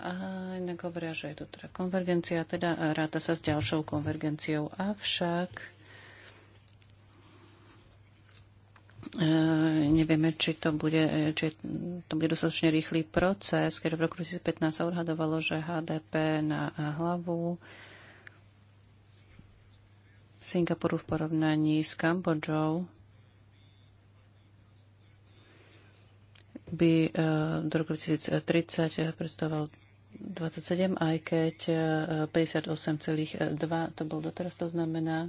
A inak hovoria, že je to teda konvergencia, teda ráta sa s ďalšou konvergenciou. Avšak nevieme, či to bude, či to bude dostatočne rýchly proces, keď v roku 2015 sa odhadovalo, že HDP na hlavu Singapuru v porovnaní s Kambodžou by e, do roku 2030 predstavoval 27, aj keď 58,2 e, to bol doteraz, to znamená,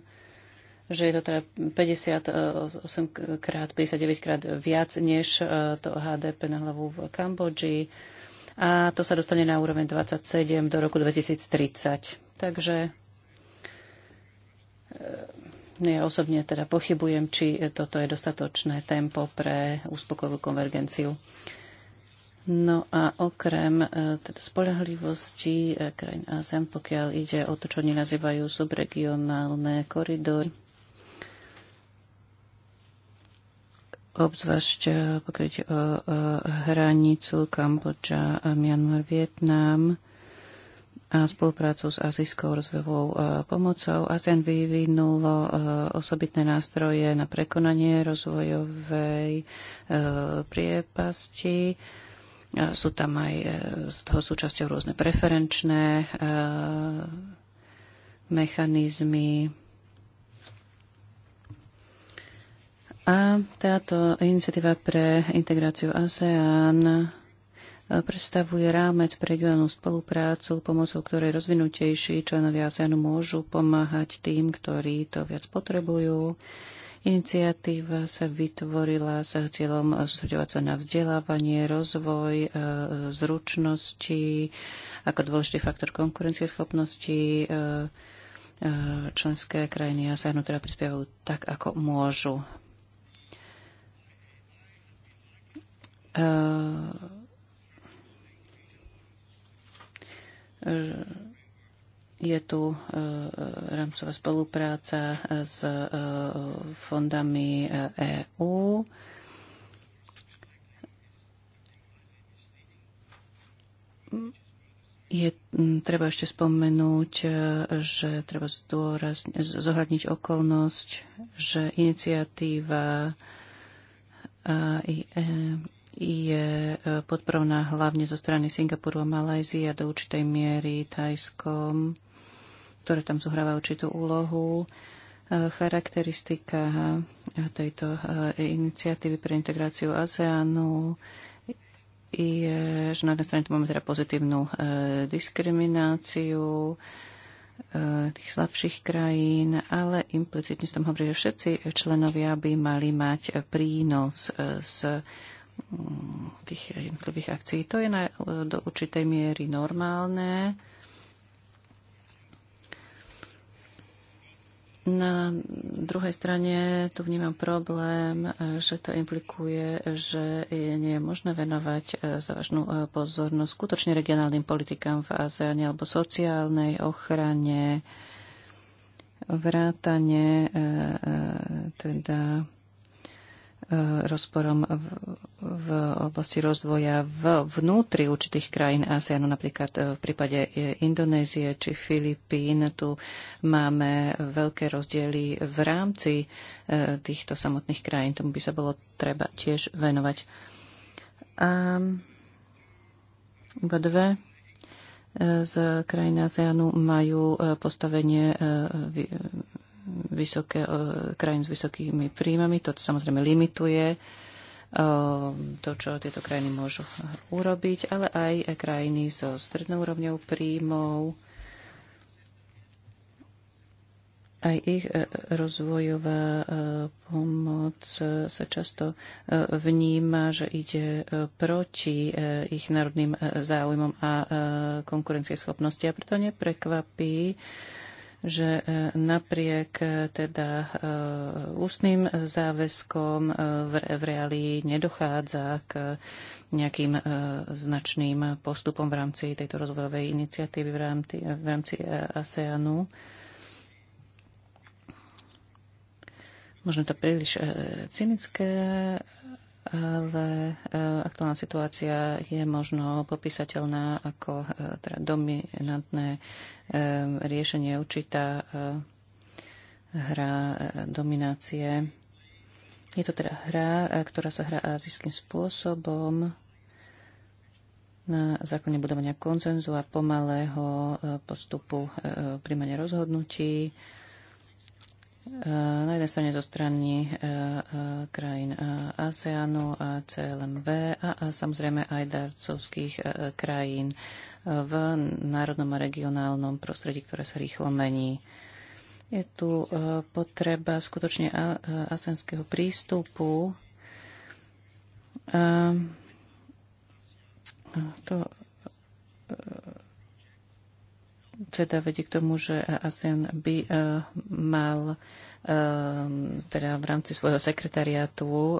že je to teda 58 krát, 59 krát viac než e, to HDP na hlavu v Kambodži a to sa dostane na úroveň 27 do roku 2030. Takže No ja osobne teda pochybujem, či toto je dostatočné tempo pre úspokojovú konvergenciu. No a okrem e, teda spolahlivosti e, krajín ASEAN, pokiaľ ide o to, čo oni nazývajú subregionálne koridory, obzvlášť e, pokiaľ ide o, o hranicu Kambodža, Myanmar, Vietnam, a spoluprácu s azijskou rozvojovou e, pomocou. ASEAN vyvinulo e, osobitné nástroje na prekonanie rozvojovej e, priepasti. Sú tam aj z toho súčasťou rôzne preferenčné mechanizmy. A táto iniciatíva pre integráciu ASEAN E, predstavuje rámec pre regionálnu spoluprácu, pomocou ktorej rozvinutejší členovia ASEANu môžu pomáhať tým, ktorí to viac potrebujú. Iniciatíva sa vytvorila s cieľom sústredovať sa na vzdelávanie, rozvoj, e, zručnosti ako dôležitý faktor konkurencieschopnosti. E, členské krajiny a sa teda prispievajú tak, ako môžu. je tu e, rámcová spolupráca e, s e, fondami EÚ. Je treba ešte spomenúť, že treba zohľadniť okolnosť, že iniciatíva je e, podporovaná hlavne zo strany Singapuru a Malajzie a do určitej miery Tajskom, ktoré tam zohráva určitú úlohu. E, charakteristika e, tejto iniciatívy pre integráciu ASEANu je, že na jednej strane tu máme teda pozitívnu diskrimináciu, tých slabších krajín, ale implicitne som hovorí, že všetci členovia by mali mať prínos z tých jednotlivých akcií. To je na, do určitej miery normálne. Na druhej strane tu vnímam problém, že to implikuje, že je nie je možné venovať eh, závažnú eh, pozornosť skutočne regionálnym politikám v ASEANe alebo sociálnej ochrane, vrátane eh, teda Eh, rozporom v, v oblasti rozvoja v, vnútri určitých krajín ASEANu, napríklad eh, v prípade eh, Indonézie či Filipín. Tu máme veľké rozdiely v rámci týchto samotných krajín. Tomu by sa bolo treba tiež venovať. A iba dve z krajín ASEANu majú postavenie vysoké, e, krajín s vysokými príjmami. To samozrejme limituje e, to, čo tieto krajiny môžu urobiť, ale aj krajiny so strednou úrovňou príjmov. Aj ich e, rozvojová pomoc sa často vníma, že ide proti ich národným záujmom a konkurencieschopnosti. A preto neprekvapí, že e, napriek e, teda e, ústnym záväzkom v reálii nedochádza k nejakým značným postupom v rámci tejto rozvojovej iniciatívy v rámci, v rámci ASEANu. Možno to príliš cynické, ale e, aktuálna situácia je možno popísateľná ako e, teda dominantné e, riešenie, určitá hra dominácie. Je to teda hra, ktorá sa hrá azijským spôsobom na základe budovania koncenzu a pomalého postupu príjmania rozhodnutí E, na jednej strane zo strany e, e, krajín ASEANu a CLMV a, samozrejme aj darcovských krajín v národnom a regionálnom prostredí, ktoré sa rýchlo mení. Je tu potreba skutočne asenského prístupu. To teda vedie k tomu, že ASEAN by eh, mal eh, teda v rámci svojho sekretariátu eh,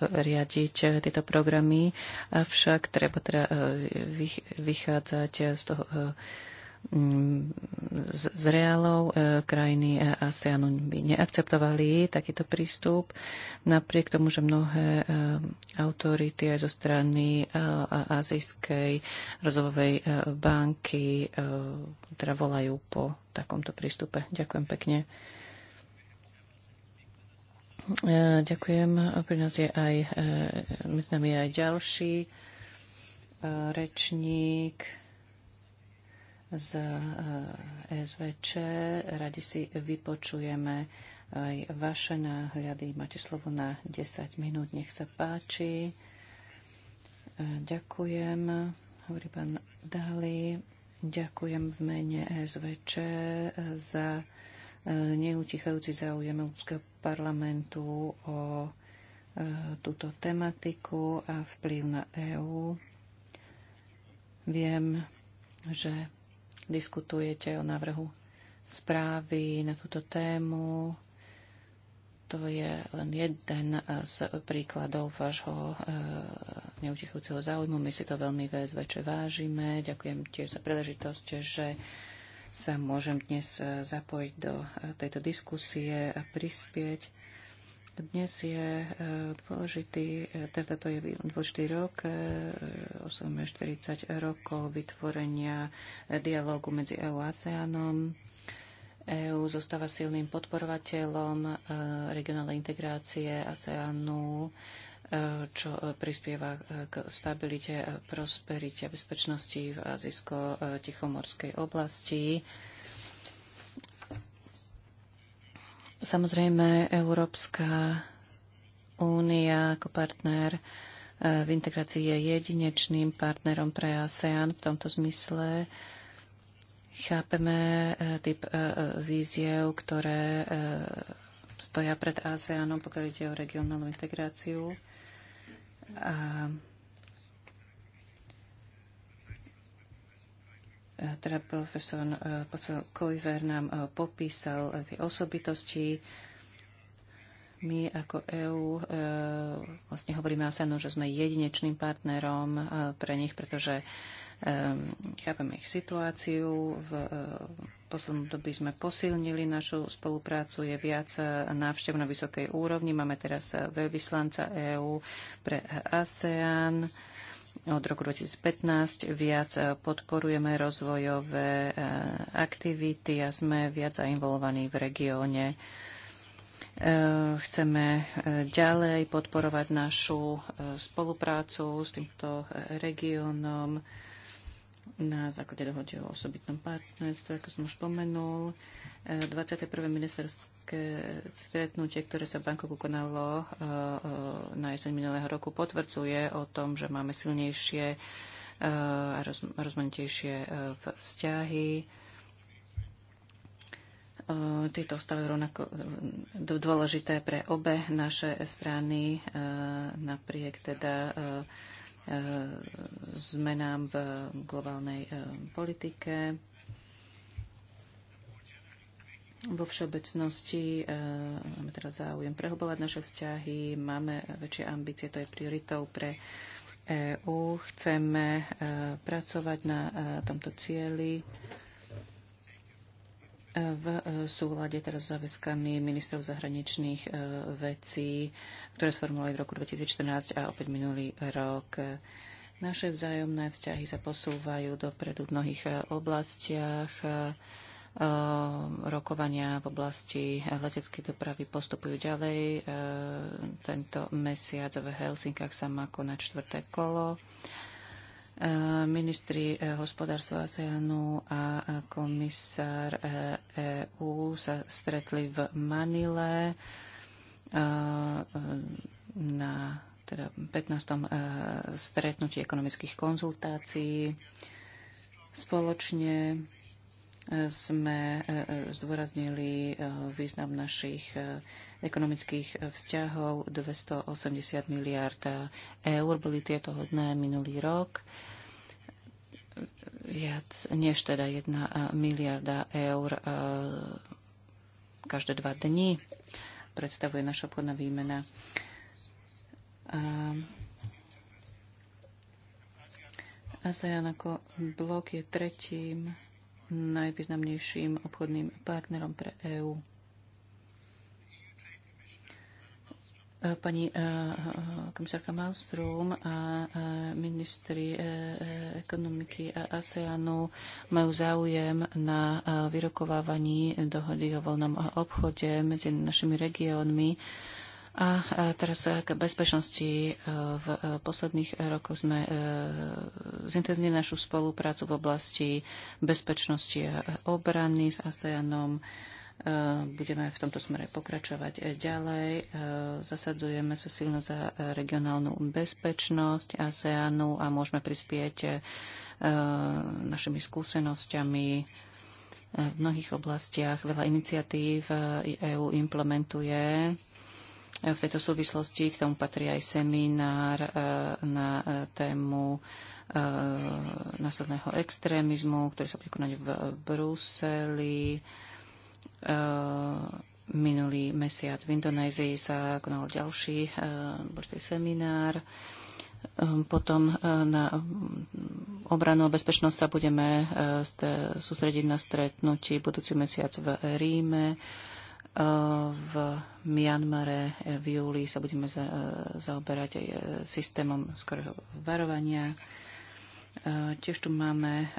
riadiť tieto programy, avšak treba teda vychádzať z toho Mm, z, z reálov e, krajiny e, ASEANu by neakceptovali takýto prístup, napriek tomu, že mnohé e, autority aj zo strany e, Azijskej rozvojovej e, banky e, teda volajú po takomto prístupe. Ďakujem pekne. Ďakujem. Pri nás je aj, medzi nami je aj ďalší rečník z e, SVČ. Radi si vypočujeme aj vaše náhľady. Máte slovo na 10 minút. Nech sa páči. E, ďakujem. Hovorí pán Dali. Ďakujem v mene SVČ e, za neutichajúci záujem Európskeho parlamentu o túto tematiku a vplyv na EÚ. Viem, že diskutujete o návrhu správy na túto tému. To je len jeden eh, z príkladov vášho eh, neutichujúceho záujmu. My si to veľmi väčšie vážime. Ďakujem tiež za príležitosť, že sa môžem dnes eh, zapojiť do tejto diskusie a prispieť. Dnes je e, dôležitý, e, teda to je dôležitý rok, 840 e, rokov vytvorenia dialógu medzi EU a ASEANom. EU zostáva silným podporovateľom regionálnej integrácie ASEANu, čo prispieva k stabilite, prosperite a bezpečnosti v azijsko-tichomorskej oblasti Samozrejme, Európska únia ako partner eh, v integrácii je jedinečným partnerom pre ASEAN v tomto zmysle. Chápeme eh, typ eh, víziev, ktoré stoja pred ASEANom, pokiaľ ide o regionálnu integráciu. A Eh, teda profesor, eh, profesor Kojver nám eh, popísal tie osobitosti. My ako EÚ vlastne hovoríme Asanu, no, že sme jedinečným partnerom pre nich, pretože chápeme ich situáciu. V poslednom dobi sme posilnili našu spoluprácu. Je viac návštev na vysokej úrovni. Máme teraz veľvyslanca EÚ pre ASEAN od roku 2015 viac podporujeme rozvojové e, aktivity a sme viac zainvolovaní v regióne e, chceme e, ďalej podporovať našu spoluprácu s týmto regiónom na základe dohody o osobitnom partnerstve, ako som už spomenul. 21. ministerské stretnutie, ktoré sa v Bankoku konalo e, e, na jeseň minulého roku, potvrdzuje o tom, že máme silnejšie e, a rozmanitejšie vzťahy. Tieto stavy rovnako dôležité pre obe naše strany, napriek teda zmenám v globálnej politike vo všeobecnosti e, máme teraz záujem prehobovať naše vzťahy, máme väčšie ambície, to je prioritou pre EÚ. Chceme e, pracovať na e, tomto cieli v súlade teraz s záväzkami ministrov zahraničných vecí, ktoré sformulovali v roku 2014 a opäť minulý rok. Naše vzájomné vzťahy sa posúvajú dopredu v mnohých oblastiach. E, Ehm, rokovania v oblasti leteckej dopravy postupujú ďalej. Ehm, tento mesiac v Helsinkách sa má konať čtvrté kolo. Ehm, ministri eh, hospodárstva ASEANu a eh, komisár EÚ eh, e sa stretli v Manile na teda 15. stretnutí ekonomických konzultácií. Spoločne sme e, e, zdôraznili e, význam našich ekonomických vzťahov. 280 miliard eur boli tieto hodné minulý rok. Viac než teda 1 miliarda eur každé dva dni predstavuje naša obchodná výmena. A ASEAN ako blok je tretím najvýznamnejším obchodným partnerom pre EÚ. E, pani e, e, komisárka Malmström a ministri ekonomiky a ASEANu majú záujem na vyrokovávaní dohody o voľnom obchode medzi našimi regiónmi a teraz e, k bezpečnosti. E, v e, posledných rokoch sme zintenzívnili našu spoluprácu v oblasti bezpečnosti a obrany s ASEANom. Budeme v tomto smere pokračovať ďalej. Zasadzujeme sa silno za regionálnu bezpečnosť ASEANu a môžeme prispieť našimi skúsenosťami v mnohých oblastiach. Veľa iniciatív EÚ implementuje v tejto súvislosti k tomu patrí aj seminár e, na e, tému e, následného extrémizmu, ktorý sa bude konať v Bruseli. Minulý mesiac v Indonézii sa konal ďalší seminár. Potom na obranu a bezpečnosť sa budeme sústrediť na stretnutí budúci mesiac v Ríme v Mianmare v júli sa budeme e, zaoberať aj e, systémom skorého varovania. E, tiež tu máme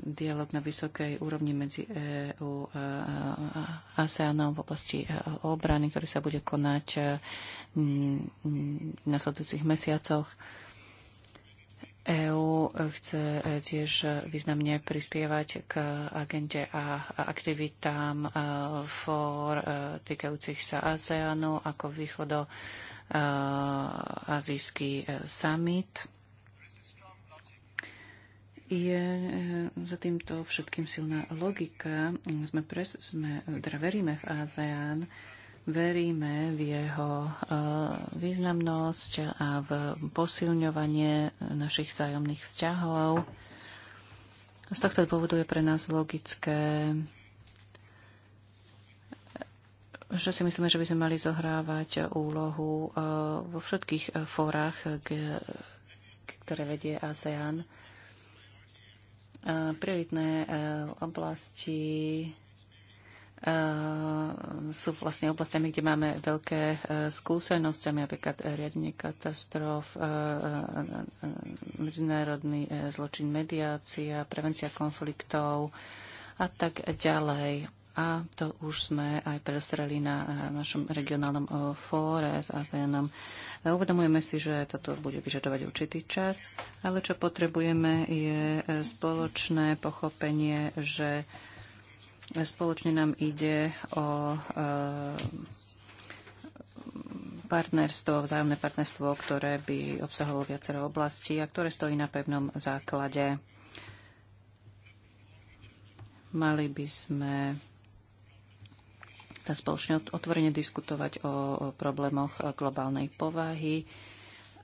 dialog na vysokej úrovni medzi EU a ASEANom v oblasti obrany, ktorý sa bude konať v nasledujúcich mesiacoch. EÚ chce e, tiež významne prispievať k agende a aktivitám e, for e, týkajúcich sa ASEANu ako východo azijský summit. Je za týmto všetkým silná logika. Sme, pres, sme teda veríme v ASEAN, Veríme v jeho e, významnosť a v posilňovanie našich vzájomných vzťahov. Z tohto dôvodu je pre nás logické, že si myslíme, že by sme mali zohrávať úlohu e, vo všetkých e, fórach, ktoré vedie ASEAN. Prioritné oblasti Ehm, sú vlastne oblastiami, kde máme veľké e, skúsenosti, napríklad e, riadenie katastrof, e, medzinárodný zločin, mediácia, prevencia konfliktov a tak ďalej. A to už sme aj predostreli na našom regionálnom fóre s ASEANom. Uvedomujeme si, že toto bude vyžadovať určitý čas, ale čo potrebujeme je spoločné pochopenie, že Spoločne nám ide o e, partnerstvo, vzájomné partnerstvo, ktoré by obsahovalo viacero oblastí a ktoré stojí na pevnom základe. Mali by sme tá spoločne otvorene diskutovať o, o problémoch e, globálnej povahy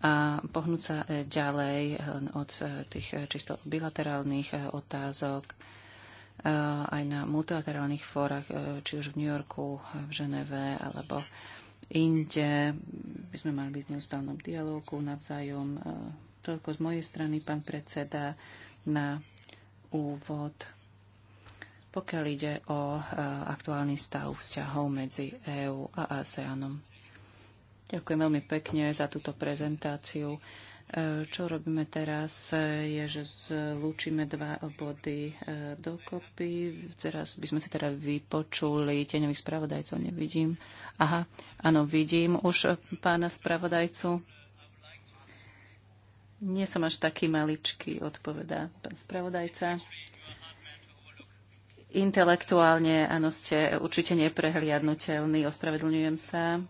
a pohnúť sa e, ďalej od tých čisto bilaterálnych otázok Eh, aj na multilaterálnych fórach, eh, či už v New Yorku, v Ženeve alebo inde. By sme mali byť v neustálnom dialógu navzájom. Eh, toľko z mojej strany, pán predseda, na úvod. Pokiaľ ide o aktuálny stav vzťahov medzi EÚ a ASEANom. Ďakujem veľmi pekne za túto prezentáciu. Čo robíme teraz e, je, že zlúčime dva body e, dokopy. Teraz by sme si teda vypočuli tieňových spravodajcov. Nevidím. Aha, áno, vidím už pána spravodajcu. Nie som až taký maličký, odpovedá pán spravodajca. Intelektuálne, áno, ste určite neprehliadnutelní, ospravedlňujem sa.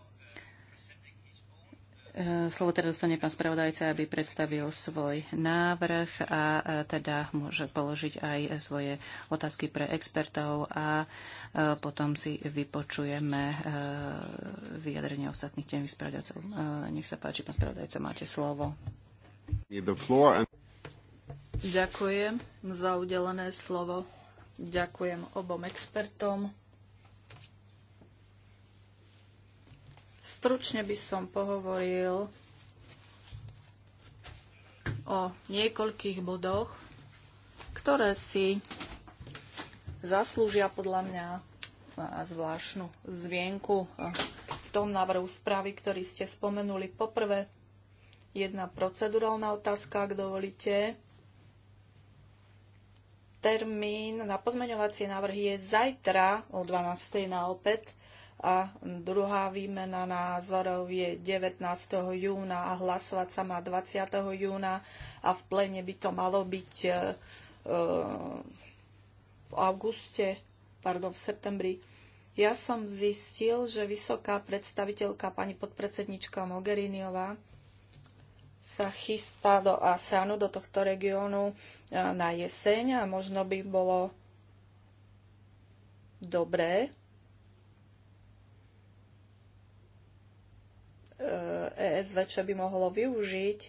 E, slovo teda dostane pán spravodajca, aby predstavil svoj návrh a e, teda môže položiť aj svoje otázky pre expertov a e, potom si vypočujeme vyjadrenie ostatných tém spravodajcov. Nech sa páči, pán spravodajca, máte slovo. Ďakujem za udelené slovo. Ďakujem obom expertom. Stručne by som pohovoril o niekoľkých bodoch, ktoré si zaslúžia podľa mňa zvláštnu zvienku v tom návrhu správy, ktorý ste spomenuli. Poprvé, jedna procedurálna otázka, ak dovolíte. Termín na pozmeňovacie návrhy je zajtra o 12.00 na opäť a druhá výmena názorov je 19. júna a hlasovať sa má 20. júna a v plene by to malo byť e, e, v auguste, pardon, v septembri. Ja som zistil, že vysoká predstaviteľka pani podpredsednička Mogheriniová sa chystá do ASEANu, do tohto regiónu e, na jeseň a možno by bolo dobré, ESVČ e by mohlo využiť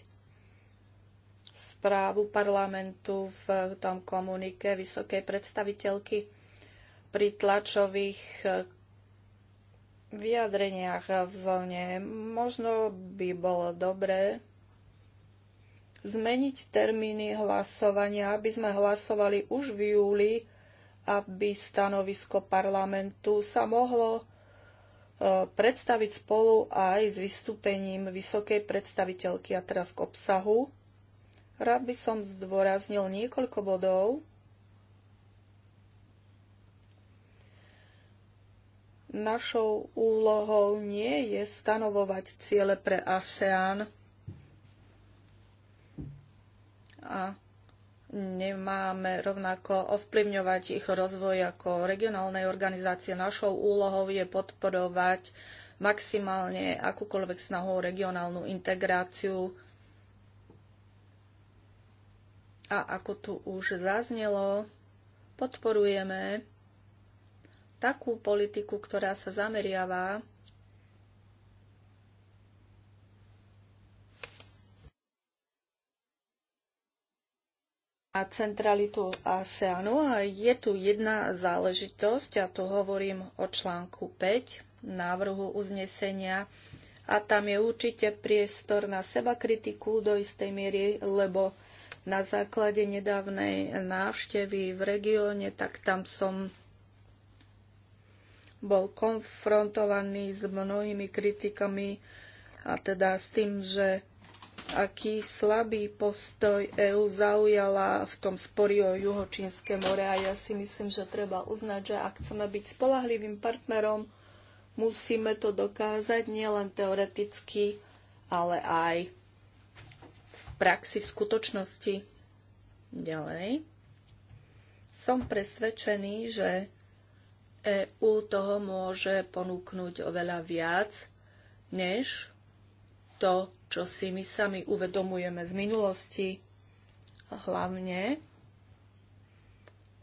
správu parlamentu v tom komunike vysokej predstaviteľky pri tlačových e, vyjadreniach v zóne. Možno by bolo dobré zmeniť termíny hlasovania, aby sme hlasovali už v júli, aby stanovisko parlamentu sa mohlo predstaviť spolu aj s vystúpením vysokej predstaviteľky. A teraz k obsahu. Rád by som zdôraznil niekoľko bodov. Našou úlohou nie je stanovovať ciele pre ASEAN a nemáme rovnako ovplyvňovať ich rozvoj ako regionálnej organizácie. Našou úlohou je podporovať maximálne akúkoľvek snahu o regionálnu integráciu. A ako tu už zaznelo, podporujeme takú politiku, ktorá sa zameriava a centralitu ASEANu. A je tu jedna záležitosť, a tu hovorím o článku 5 návrhu uznesenia, a tam je určite priestor na seba kritiku do istej miery, lebo na základe nedávnej návštevy v regióne, tak tam som bol konfrontovaný s mnohými kritikami a teda s tým, že aký slabý postoj EÚ zaujala v tom spori o Juhočínske more a ja si myslím, že treba uznať, že ak chceme byť spolahlivým partnerom, musíme to dokázať nielen teoreticky, ale aj v praxi, v skutočnosti. Ďalej. Som presvedčený, že EÚ toho môže ponúknuť oveľa viac, než to čo si my sami uvedomujeme z minulosti. Hlavne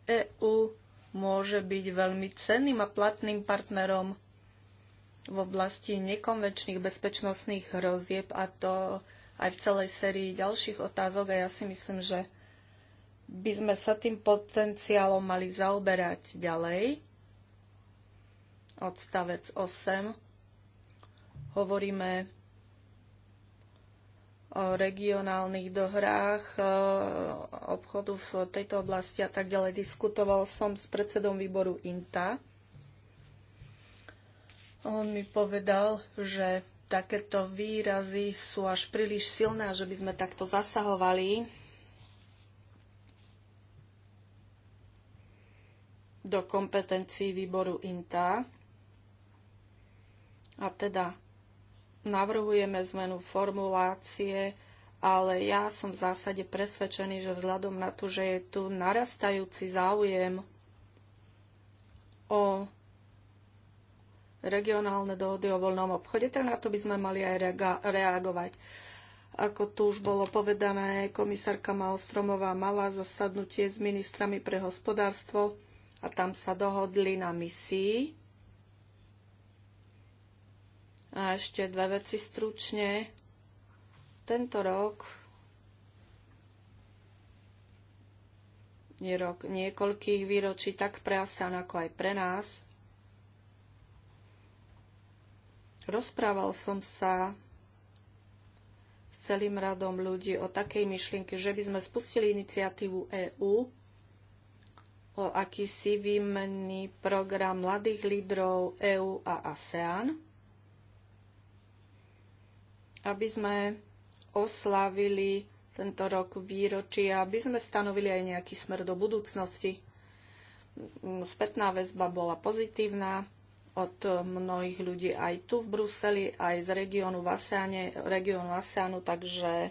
EÚ môže byť veľmi cenným a platným partnerom v oblasti nekonvenčných bezpečnostných hrozieb a to aj v celej sérii ďalších otázok a ja si myslím, že by sme sa tým potenciálom mali zaoberať ďalej. Odstavec 8. Hovoríme regionálnych dohrách, e, obchodu v tejto oblasti a tak ďalej. Diskutoval som s predsedom výboru INTA. On mi povedal, že takéto výrazy sú až príliš silné, že by sme takto zasahovali do kompetencií výboru INTA. A teda Navrhujeme zmenu formulácie, ale ja som v zásade presvedčený, že vzhľadom na to, že je tu narastajúci záujem o regionálne dohody o voľnom obchode, tak na to by sme mali aj reagovať. Ako tu už bolo povedané, komisárka Malstromová mala zasadnutie s ministrami pre hospodárstvo a tam sa dohodli na misii a ešte dve veci stručne. Tento rok je rok niekoľkých výročí tak pre Asan, ako aj pre nás. Rozprával som sa s celým radom ľudí o takej myšlienke, že by sme spustili iniciatívu EÚ o akýsi výmenný program mladých lídrov EÚ a ASEAN aby sme oslavili tento rok výročí a aby sme stanovili aj nejaký smer do budúcnosti. Mm, spätná väzba bola pozitívna od mnohých ľudí aj tu v Bruseli, aj z regiónu Vasáne, regiónu Vasánu, takže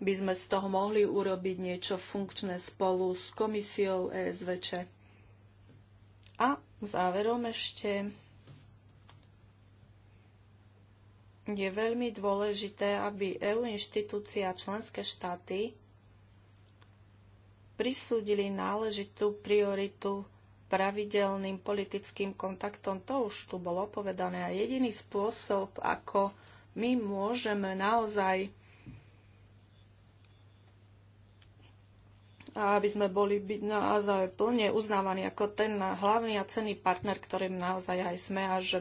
by sme z toho mohli urobiť niečo funkčné spolu s komisiou ESVČ. A Záverom ešte je veľmi dôležité, aby EU inštitúcia a členské štáty prisúdili náležitú prioritu pravidelným politickým kontaktom. To už tu bolo povedané. A jediný spôsob, ako my môžeme naozaj a aby sme boli byť naozaj plne uznávaní ako ten hlavný a cenný partner, ktorým naozaj aj sme a že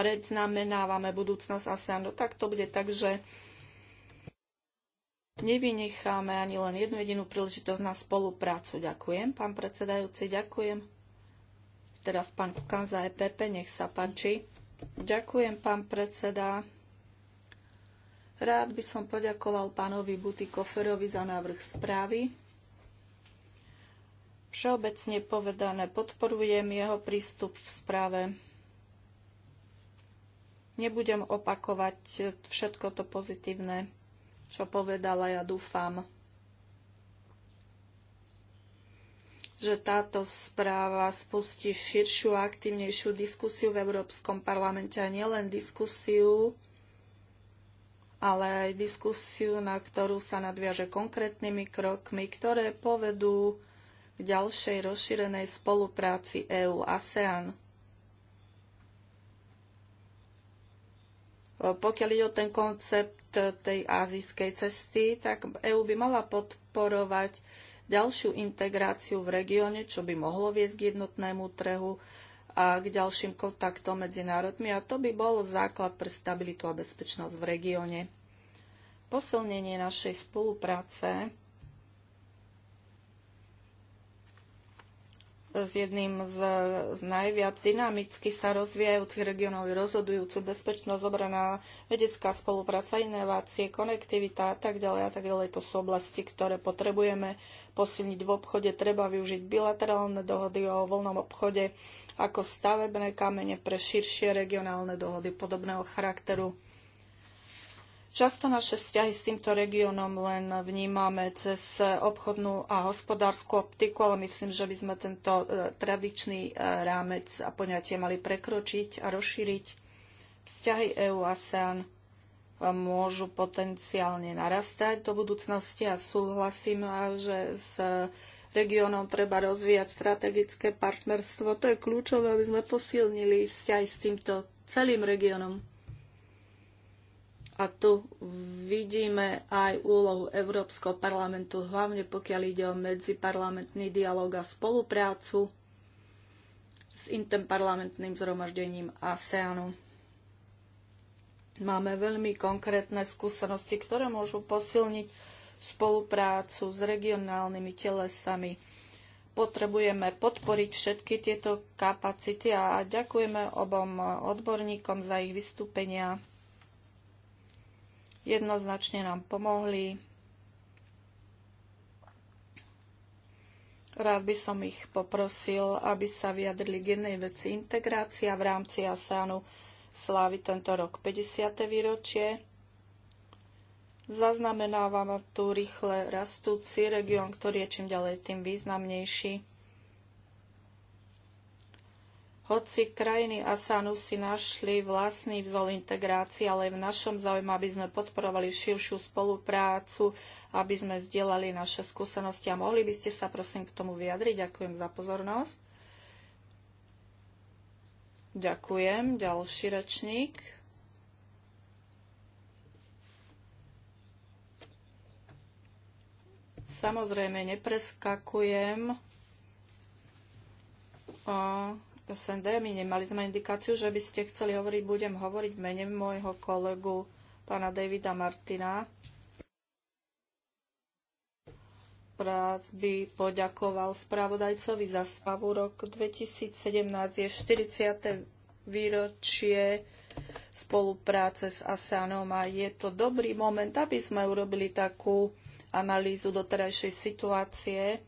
predznamenávame budúcnosť ASEAN. No tak to bude tak, že nevynecháme ani len jednu jedinú príležitosť na spoluprácu. Ďakujem, pán predsedajúci, ďakujem. Teraz pán Kukan za EPP, nech sa páči. Ďakujem, pán predseda. Rád by som poďakoval pánovi Butikoferovi za návrh správy. Všeobecne povedané podporujem jeho prístup v správe. Nebudem opakovať všetko to pozitívne, čo povedala, ja dúfam, že táto správa spustí širšiu a aktívnejšiu diskusiu v Európskom parlamente a nielen diskusiu, ale aj diskusiu, na ktorú sa nadviaže konkrétnymi krokmi, ktoré povedú k ďalšej rozšírenej spolupráci EU-ASEAN. Pokiaľ ide o ten koncept tej azijskej cesty, tak EÚ by mala podporovať ďalšiu integráciu v regióne, čo by mohlo viesť k jednotnému trhu a k ďalším kontaktom medzi národmi a to by bol základ pre stabilitu a bezpečnosť v regióne. Posilnenie našej spolupráce s jedným z, z najviac dynamicky sa rozvíjajúcich regionov rozhodujúcu bezpečnosť, obrana, vedecká spolupráca, inovácie, konektivita a tak ďalej a tak ďalej. To sú oblasti, ktoré potrebujeme posilniť v obchode. Treba využiť bilaterálne dohody o voľnom obchode ako stavebné kamene pre širšie regionálne dohody podobného charakteru. Často naše vzťahy s týmto regiónom len vnímame cez obchodnú a hospodárskú optiku, ale myslím, že by sme tento e, tradičný e, rámec a poňatie mali prekročiť a rozšíriť. Vzťahy EU-ASEAN e, môžu potenciálne narastať do budúcnosti a súhlasím, že s regiónom treba rozvíjať strategické partnerstvo. To je kľúčové, aby sme posilnili vzťahy s týmto celým regiónom. A tu vidíme aj úlohu Európskeho parlamentu, hlavne pokiaľ ide o medziparlamentný dialog a spoluprácu s interparlamentným zhromaždením ASEANu. Máme veľmi konkrétne skúsenosti, ktoré môžu posilniť spoluprácu s regionálnymi telesami. Potrebujeme podporiť všetky tieto kapacity a ďakujeme obom odborníkom za ich vystúpenia. Jednoznačne nám pomohli. Rád by som ich poprosil, aby sa vyjadrili k jednej veci. Integrácia v rámci ASEANu slávy tento rok 50. výročie. Zaznamenávam tu rýchle rastúci región, ktorý je čím ďalej tým významnejší. Hoci krajiny ASANu si našli vlastný vzol integrácie, ale v našom záujme, aby sme podporovali širšiu spoluprácu, aby sme zdieľali naše skúsenosti. A mohli by ste sa prosím k tomu vyjadriť? Ďakujem za pozornosť. Ďakujem. Ďalší rečník. Samozrejme, nepreskakujem. A SND. My nemali sme indikáciu, že by ste chceli hovoriť. Budem hovoriť v mene môjho kolegu pána Davida Martina. Rád by poďakoval spravodajcovi za spavu. Rok 2017 je 40. výročie spolupráce s ASEANom a je to dobrý moment, aby sme urobili takú analýzu doterajšej situácie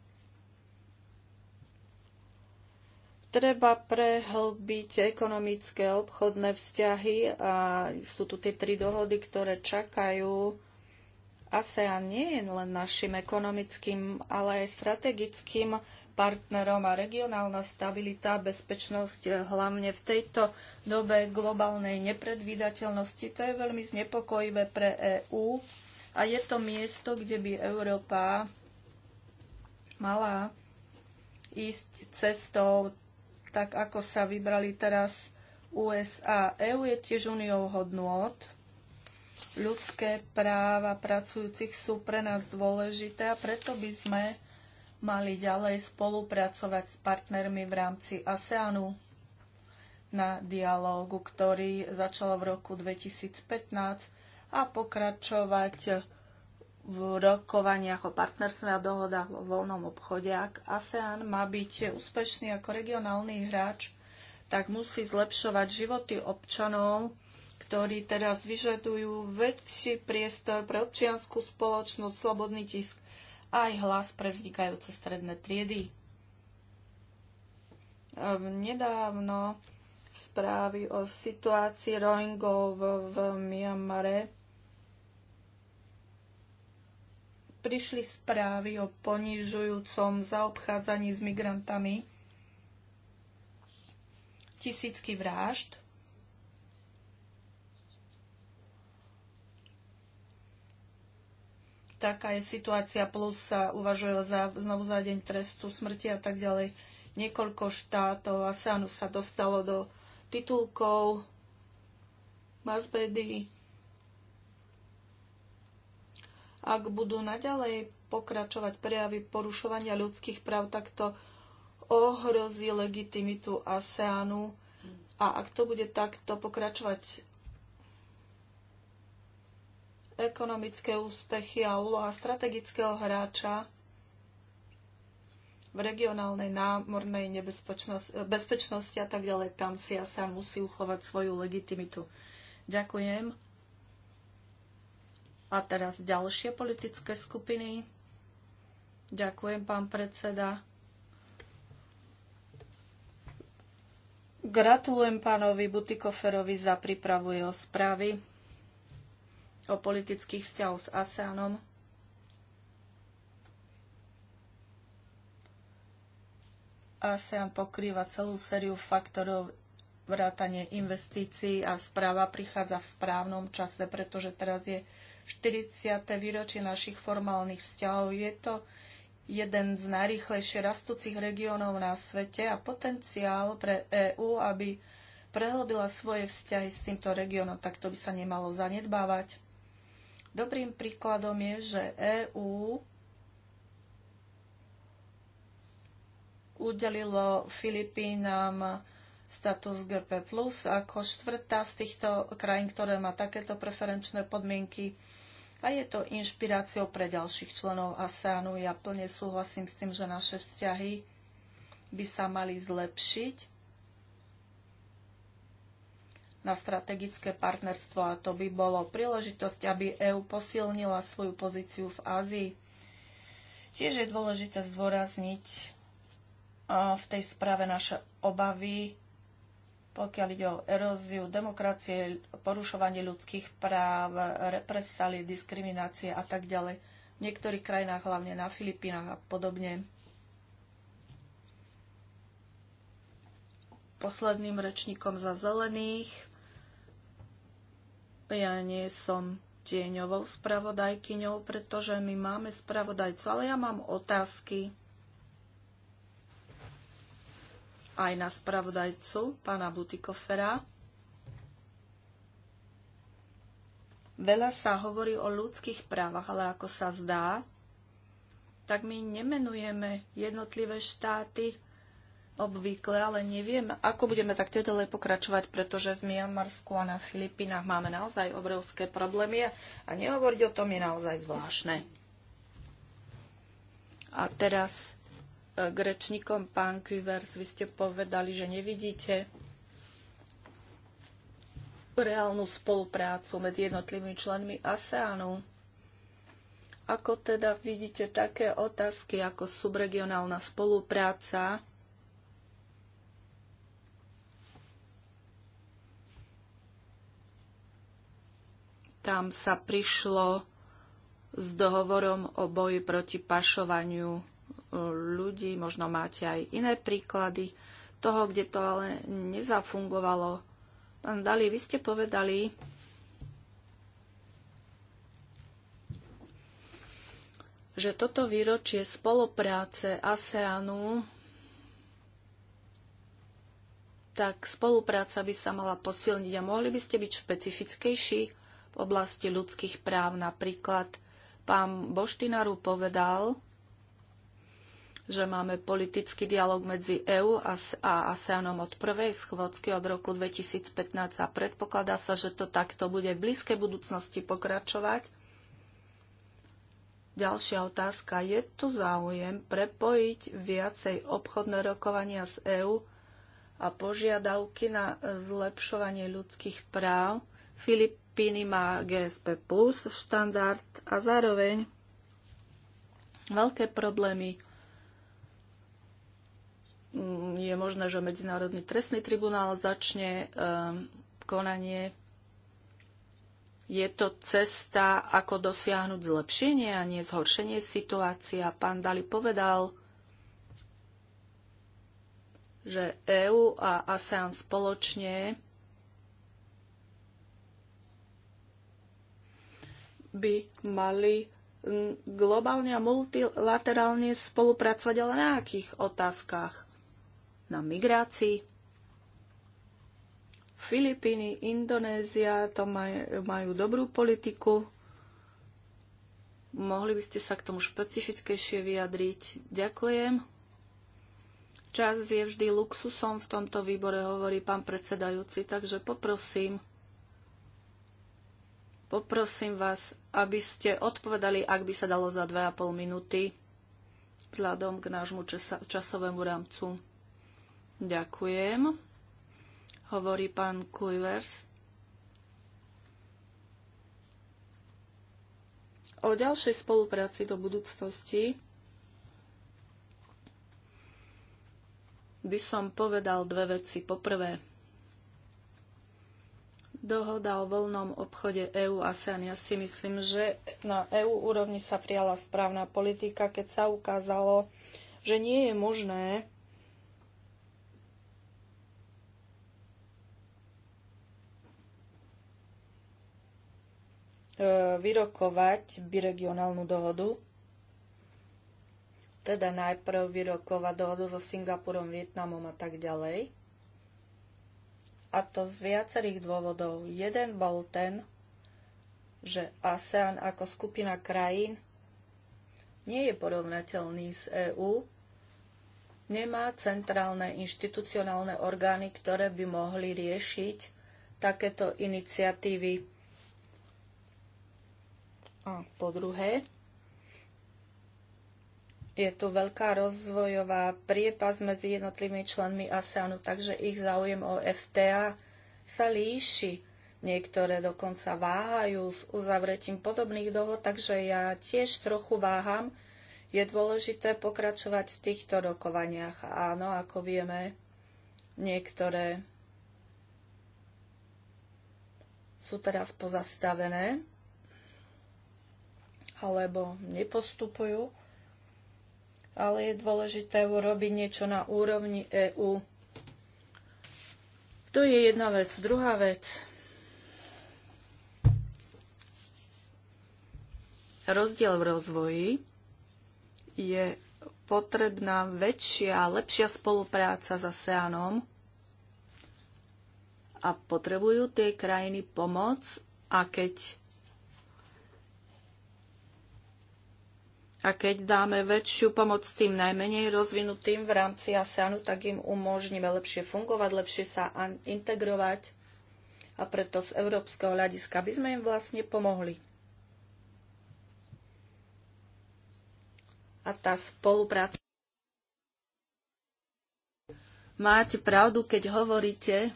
Treba prehlbiť ekonomické obchodné vzťahy a sú tu tie tri dohody, ktoré čakajú. ASEAN nie je len našim ekonomickým, ale aj strategickým partnerom a regionálna stabilita, a bezpečnosť, eh, hlavne v tejto dobe globálnej nepredvídateľnosti, to je veľmi znepokojivé pre EÚ a je to miesto, kde by Európa mala ísť cestou tak ako sa vybrali teraz USA. EU je tiež uniou hodnôt. Ľudské práva pracujúcich sú pre nás dôležité a preto by sme mali ďalej spolupracovať s partnermi v rámci ASEANu na dialógu, ktorý začal v roku 2015 a pokračovať v rokovaniach o partnerstve a dohodách o voľnom obchode. Ak ASEAN má byť úspešný ako regionálny hráč, tak musí zlepšovať životy občanov, ktorí teraz vyžadujú väčší priestor pre občianskú spoločnosť, slobodný tisk a aj hlas pre vznikajúce stredné triedy. Nedávno správy o situácii Rohingov v, v Miamare prišli správy o ponižujúcom zaobchádzaní s migrantami, tisícky vražd, taká je situácia, plus sa uvažuje za, znovu za deň trestu smrti a tak ďalej. Niekoľko štátov ASEANu sa dostalo do titulkov mass ak budú naďalej pokračovať prejavy porušovania ľudských práv, tak to ohrozí legitimitu ASEANu. A ak to bude takto pokračovať, ekonomické úspechy a úloha strategického hráča v regionálnej námornej bezpečnosti a tak ďalej, tam si ASEAN musí uchovať svoju legitimitu. Ďakujem. A teraz ďalšie politické skupiny. Ďakujem, pán predseda. Gratulujem pánovi Butikoferovi za prípravu jeho správy o politických vzťahov s ASEANom. ASEAN pokrýva celú sériu faktorov vrátanie investícií a správa prichádza v správnom čase, pretože teraz je 40. výročie našich formálnych vzťahov. Je to jeden z najrýchlejšie rastúcich regiónov na svete a potenciál pre EÚ, aby prehlbila svoje vzťahy s týmto regiónom, tak to by sa nemalo zanedbávať. Dobrým príkladom je, že EÚ udelilo Filipínam status GP+, ako štvrtá z týchto krajín, ktoré má takéto preferenčné podmienky. A je to inšpiráciou pre ďalších členov ASEANu. Ja plne súhlasím s tým, že naše vzťahy by sa mali zlepšiť na strategické partnerstvo a to by bolo príležitosť, aby EÚ posilnila svoju pozíciu v Ázii. Tiež je dôležité zdôrazniť v tej správe naše obavy pokiaľ ide o eróziu demokracie, porušovanie ľudských práv, represály, diskriminácie a tak ďalej. V niektorých krajinách, hlavne na Filipínach a podobne. Posledným rečníkom za zelených. Ja nie som tieňovou spravodajkyňou, pretože my máme spravodajcu, ale ja mám otázky aj na spravodajcu, pána Butikofera. Veľa sa hovorí o ľudských právach, ale ako sa zdá, tak my nemenujeme jednotlivé štáty obvykle, ale neviem, ako budeme takto ďalej pokračovať, pretože v Mianmarsku a na Filipínach máme naozaj obrovské problémy a nehovoriť o tom je naozaj zvláštne. A teraz E, k rečníkom. Pán Kivers, vy ste povedali, že nevidíte reálnu spoluprácu medzi jednotlivými členmi ASEANu. Ako teda vidíte také otázky ako subregionálna spolupráca, tam sa prišlo s dohovorom o boji proti pašovaniu ľudí. Možno máte aj iné príklady toho, kde to ale nezafungovalo. Pán Dali, vy ste povedali, že toto výročie spolupráce ASEANu tak spolupráca by sa mala posilniť a mohli by ste byť špecifickejší v oblasti ľudských práv. Napríklad pán Boštinaru povedal, že máme politický dialog medzi EÚ a ASEANom od prvej schôdzky od roku 2015 a predpokladá sa, že to takto bude v blízkej budúcnosti pokračovať. Ďalšia otázka. Je tu záujem prepojiť viacej obchodné rokovania z EÚ a požiadavky na zlepšovanie ľudských práv? Filipíny má GSP plus štandard a zároveň veľké problémy Mm, je možné, že Medzinárodný trestný tribunál začne ehm, konanie. Je to cesta, ako dosiahnuť zlepšenie a nie zhoršenie situácie. Pán Dali povedal, že EÚ a ASEAN spoločne by mali mm, globálne a multilaterálne spolupracovať, ale na akých otázkach? na migrácii. Filipíny, Indonézia, to maj, majú dobrú politiku. Mohli by ste sa k tomu špecifickejšie vyjadriť. Ďakujem. Čas je vždy luxusom v tomto výbore, hovorí pán predsedajúci, takže poprosím, poprosím vás, aby ste odpovedali, ak by sa dalo za 2,5 minúty vzhľadom k nášmu časovému rámcu. Ďakujem, hovorí pán Kuivers. O ďalšej spolupráci do budúcnosti by som povedal dve veci. Poprvé, dohoda o voľnom obchode EÚ A SEAN Ja si myslím, že na EÚ úrovni sa prijala správna politika, keď sa ukázalo, že nie je možné E, vyrokovať biregionálnu dohodu. Teda najprv vyrokovať dohodu so Singapurom, Vietnamom a tak ďalej. A to z viacerých dôvodov. Jeden bol ten, že ASEAN ako skupina krajín nie je porovnateľný s EÚ, nemá centrálne inštitucionálne orgány, ktoré by mohli riešiť takéto iniciatívy. A po druhé, je tu veľká rozvojová priepas medzi jednotlivými členmi ASEANu, takže ich záujem o FTA sa líši. Niektoré dokonca váhajú s uzavretím podobných dohod, takže ja tiež trochu váham. Je dôležité pokračovať v týchto rokovaniach. Áno, ako vieme, niektoré sú teraz pozastavené alebo nepostupujú, ale je dôležité urobiť niečo na úrovni EÚ. To je jedna vec. Druhá vec. Rozdiel v rozvoji je potrebná väčšia, a lepšia spolupráca s ASEANom a potrebujú tie krajiny pomoc a keď A keď dáme väčšiu pomoc tým najmenej rozvinutým v rámci ASEANu, tak im umožníme lepšie fungovať, lepšie sa integrovať. A preto z európskeho hľadiska by sme im vlastne pomohli. A tá spolupráca. Máte pravdu, keď hovoríte,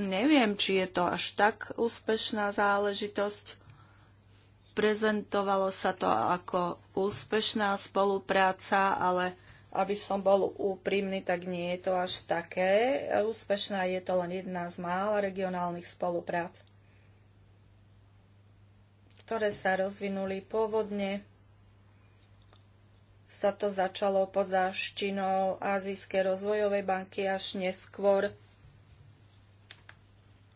neviem, či je to až tak úspešná záležitosť Prezentovalo sa to ako úspešná spolupráca, ale aby som bol úprimný, tak nie je to až také. Úspešná je to len jedna z mála regionálnych spoluprác, ktoré sa rozvinuli pôvodne. Sa to začalo pod záštinou Azijskej rozvojovej banky až neskôr.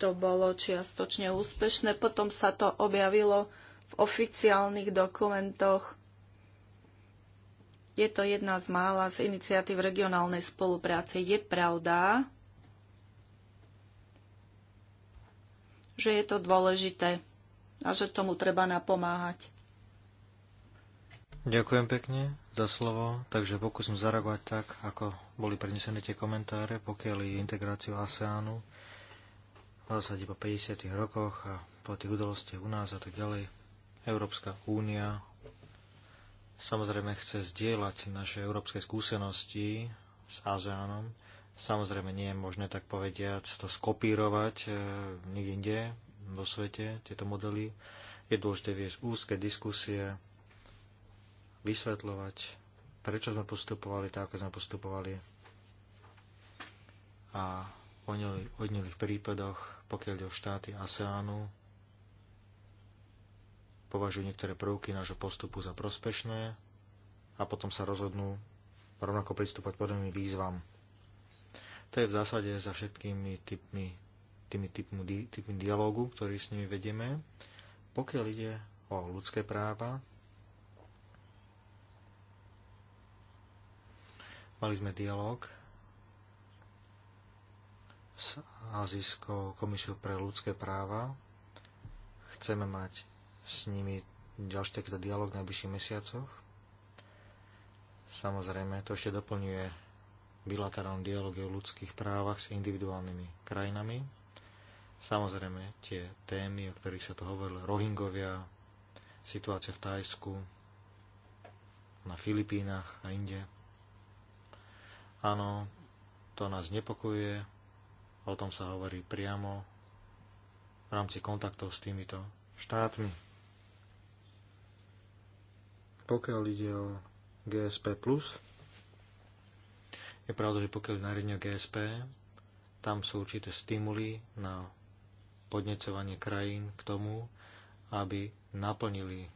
To bolo čiastočne úspešné. Potom sa to objavilo v oficiálnych dokumentoch. Je to jedna z mála z iniciatív regionálnej spolupráce. Je pravda, že je to dôležité a že tomu treba napomáhať. Ďakujem pekne za slovo, takže pokúsim zareagovať tak, ako boli prednesené tie komentáre, pokiaľ je integráciu ASEANu v zásade po 50. rokoch a po tých udalostiach u nás a tak ďalej. Európska únia samozrejme chce zdieľať naše európske skúsenosti s ASEANom. Samozrejme nie je možné, tak povediať, to skopírovať e, nikde inde vo svete, tieto modely. Je dôležité viesť úzke diskusie, vysvetľovať, prečo sme postupovali tak, ako sme postupovali a o oňolých prípadoch, pokiaľ ide o štáty ASEANu, považujú niektoré prvky nášho postupu za prospešné a potom sa rozhodnú rovnako pristúpať podobným výzvam. To je v zásade za všetkými typmi, tými typmi, typmi dialógu, ktorý s nimi vedieme. Pokiaľ ide o ľudské práva, mali sme dialog s Azijskou komisiou pre ľudské práva. Chceme mať s nimi ďalší takýto dialog v najbližších mesiacoch. Samozrejme, to ešte doplňuje bilaterálny dialog o ľudských právach s individuálnymi krajinami. Samozrejme, tie témy, o ktorých sa to hovorilo, Rohingovia, situácia v Tajsku, na Filipínach a inde. Áno, to nás nepokojuje, o tom sa hovorí priamo v rámci kontaktov s týmito štátmi. Pokiaľ ide o GSP+, je pravda, že pokiaľ nariadenie o GSP, tam sú určité stimuly na podnecovanie krajín k tomu, aby naplnili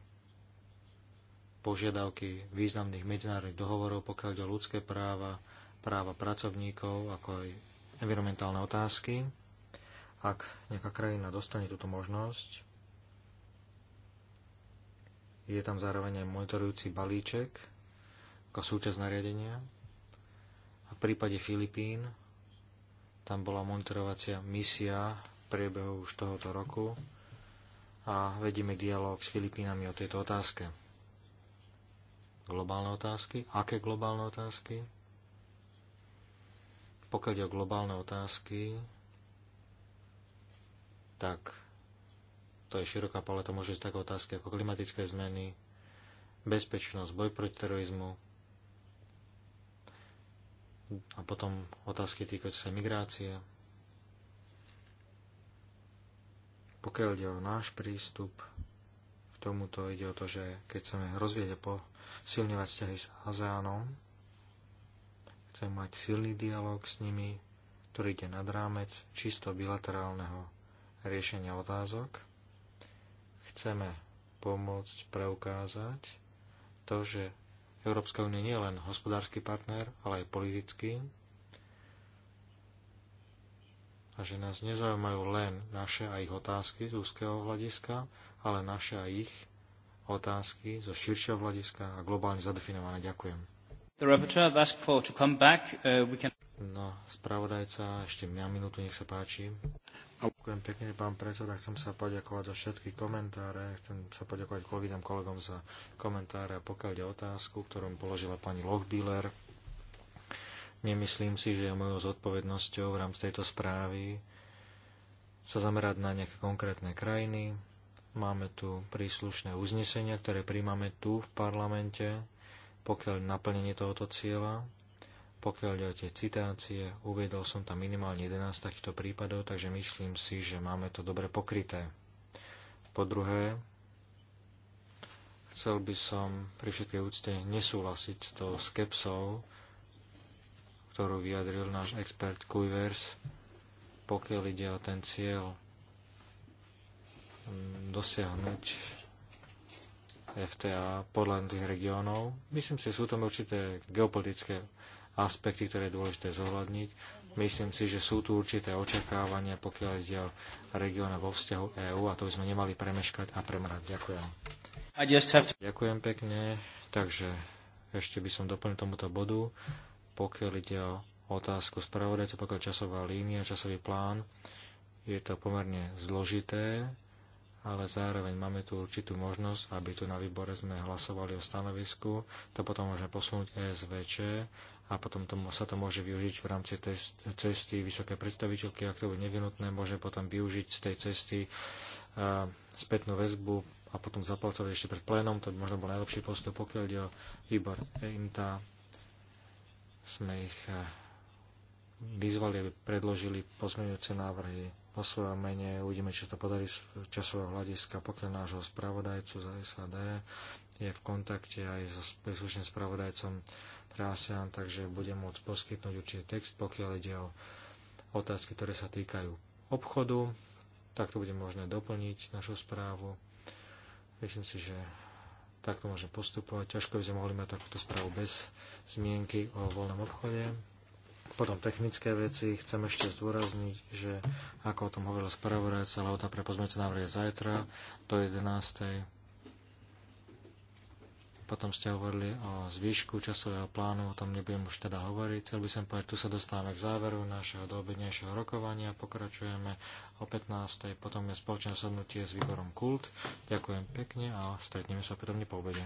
požiadavky významných medzinárodných dohovorov, pokiaľ ide o ľudské práva, práva pracovníkov, ako aj environmentálne otázky. Ak nejaká krajina dostane túto možnosť, je tam zároveň aj monitorujúci balíček ako súčasť nariadenia. A v prípade Filipín tam bola monitorovacia misia v priebehu už tohoto roku a vedieme dialog s Filipínami o tejto otázke. Globálne otázky? Aké globálne otázky? Pokiaľ je o globálne otázky, tak to je široká paleta, môže ísť také otázky ako klimatické zmeny, bezpečnosť, boj proti terorizmu a potom otázky týkajúce sa migrácie. Pokiaľ ide o náš prístup k tomuto, ide o to, že keď chceme rozvieť a posilňovať vzťahy s Azeánom, chceme mať silný dialog s nimi, ktorý ide nad rámec čisto bilaterálneho riešenia otázok. Chceme pomôcť preukázať to, že Európska únia nie je len hospodársky partner, ale aj politický a že nás nezaujímajú len naše a ich otázky z úzkeho hľadiska, ale naše a ich otázky zo širšieho hľadiska a globálne zadefinované. Ďakujem. Uh, no, spravodajca, ešte mňa minútu, nech sa páči. Ďakujem pekne, pán predseda. Chcem sa poďakovať za všetky komentáre. Chcem sa poďakovať kolegom, kolegom za komentáre. A pokiaľ ide otázku, ktorú mi položila pani Lochbiller, nemyslím si, že je mojou zodpovednosťou v rámci tejto správy sa zamerať na nejaké konkrétne krajiny. Máme tu príslušné uznesenia, ktoré príjmame tu v parlamente, pokiaľ naplnenie tohoto cieľa. Pokiaľ ide o tie citácie, uviedol som tam minimálne 11 takýchto prípadov, takže myslím si, že máme to dobre pokryté. Po druhé, chcel by som pri všetkej úcte nesúhlasiť s tou skepsou, ktorú vyjadril náš expert Kuivers, pokiaľ ide o ten cieľ mm, dosiahnuť FTA podľa tých regiónov. Myslím si, že sú tam určité geopolitické aspekty, ktoré je dôležité zohľadniť. Myslím si, že sú tu určité očakávania, pokiaľ ide o regióna vo vzťahu EÚ a to by sme nemali premeškať a premrať. Ďakujem. To... Ďakujem pekne. Takže ešte by som doplnil tomuto bodu, pokiaľ ide o otázku spravodajcu, pokiaľ časová línia, časový plán, je to pomerne zložité, ale zároveň máme tu určitú možnosť, aby tu na výbore sme hlasovali o stanovisku, to potom môžeme posunúť ESVČ a potom tomu, sa to môže využiť v rámci tej cesty vysoké predstaviteľky, ak to bude nevinutné, môže potom využiť z tej cesty uh, spätnú väzbu a potom zaplacovať ešte pred plénom, to by možno bol najlepší postup, pokiaľ ide o výbor EINTA. Sme ich e, vyzvali, aby predložili pozmeňujúce návrhy vo svojom mene. Uvidíme, či to podarí z časového hľadiska, pokiaľ nášho spravodajcu za SAD je v kontakte aj so príslušným spravodajcom pre ASEAN, takže budem môcť poskytnúť určite text, pokiaľ ide o otázky, ktoré sa týkajú obchodu. Takto bude možné doplniť našu správu. Myslím si, že takto môže postupovať. Ťažko by sme mohli mať takúto správu bez zmienky o voľnom obchode. Potom technické veci. Chcem ešte zdôrazniť, že ako o tom hovoril spravodajca, lehota pre pozmeňujúce návrhy je zajtra do 11. Potom ste hovorili o zvýšku časového plánu, o tom nebudem už teda hovoriť. Chcel by som povedať, tu sa dostávame k záveru našeho doobednejšieho rokovania. Pokračujeme o 15. Potom je spoločné sadnutie s výborom Kult. Ďakujem pekne a stretneme sa potom po obede.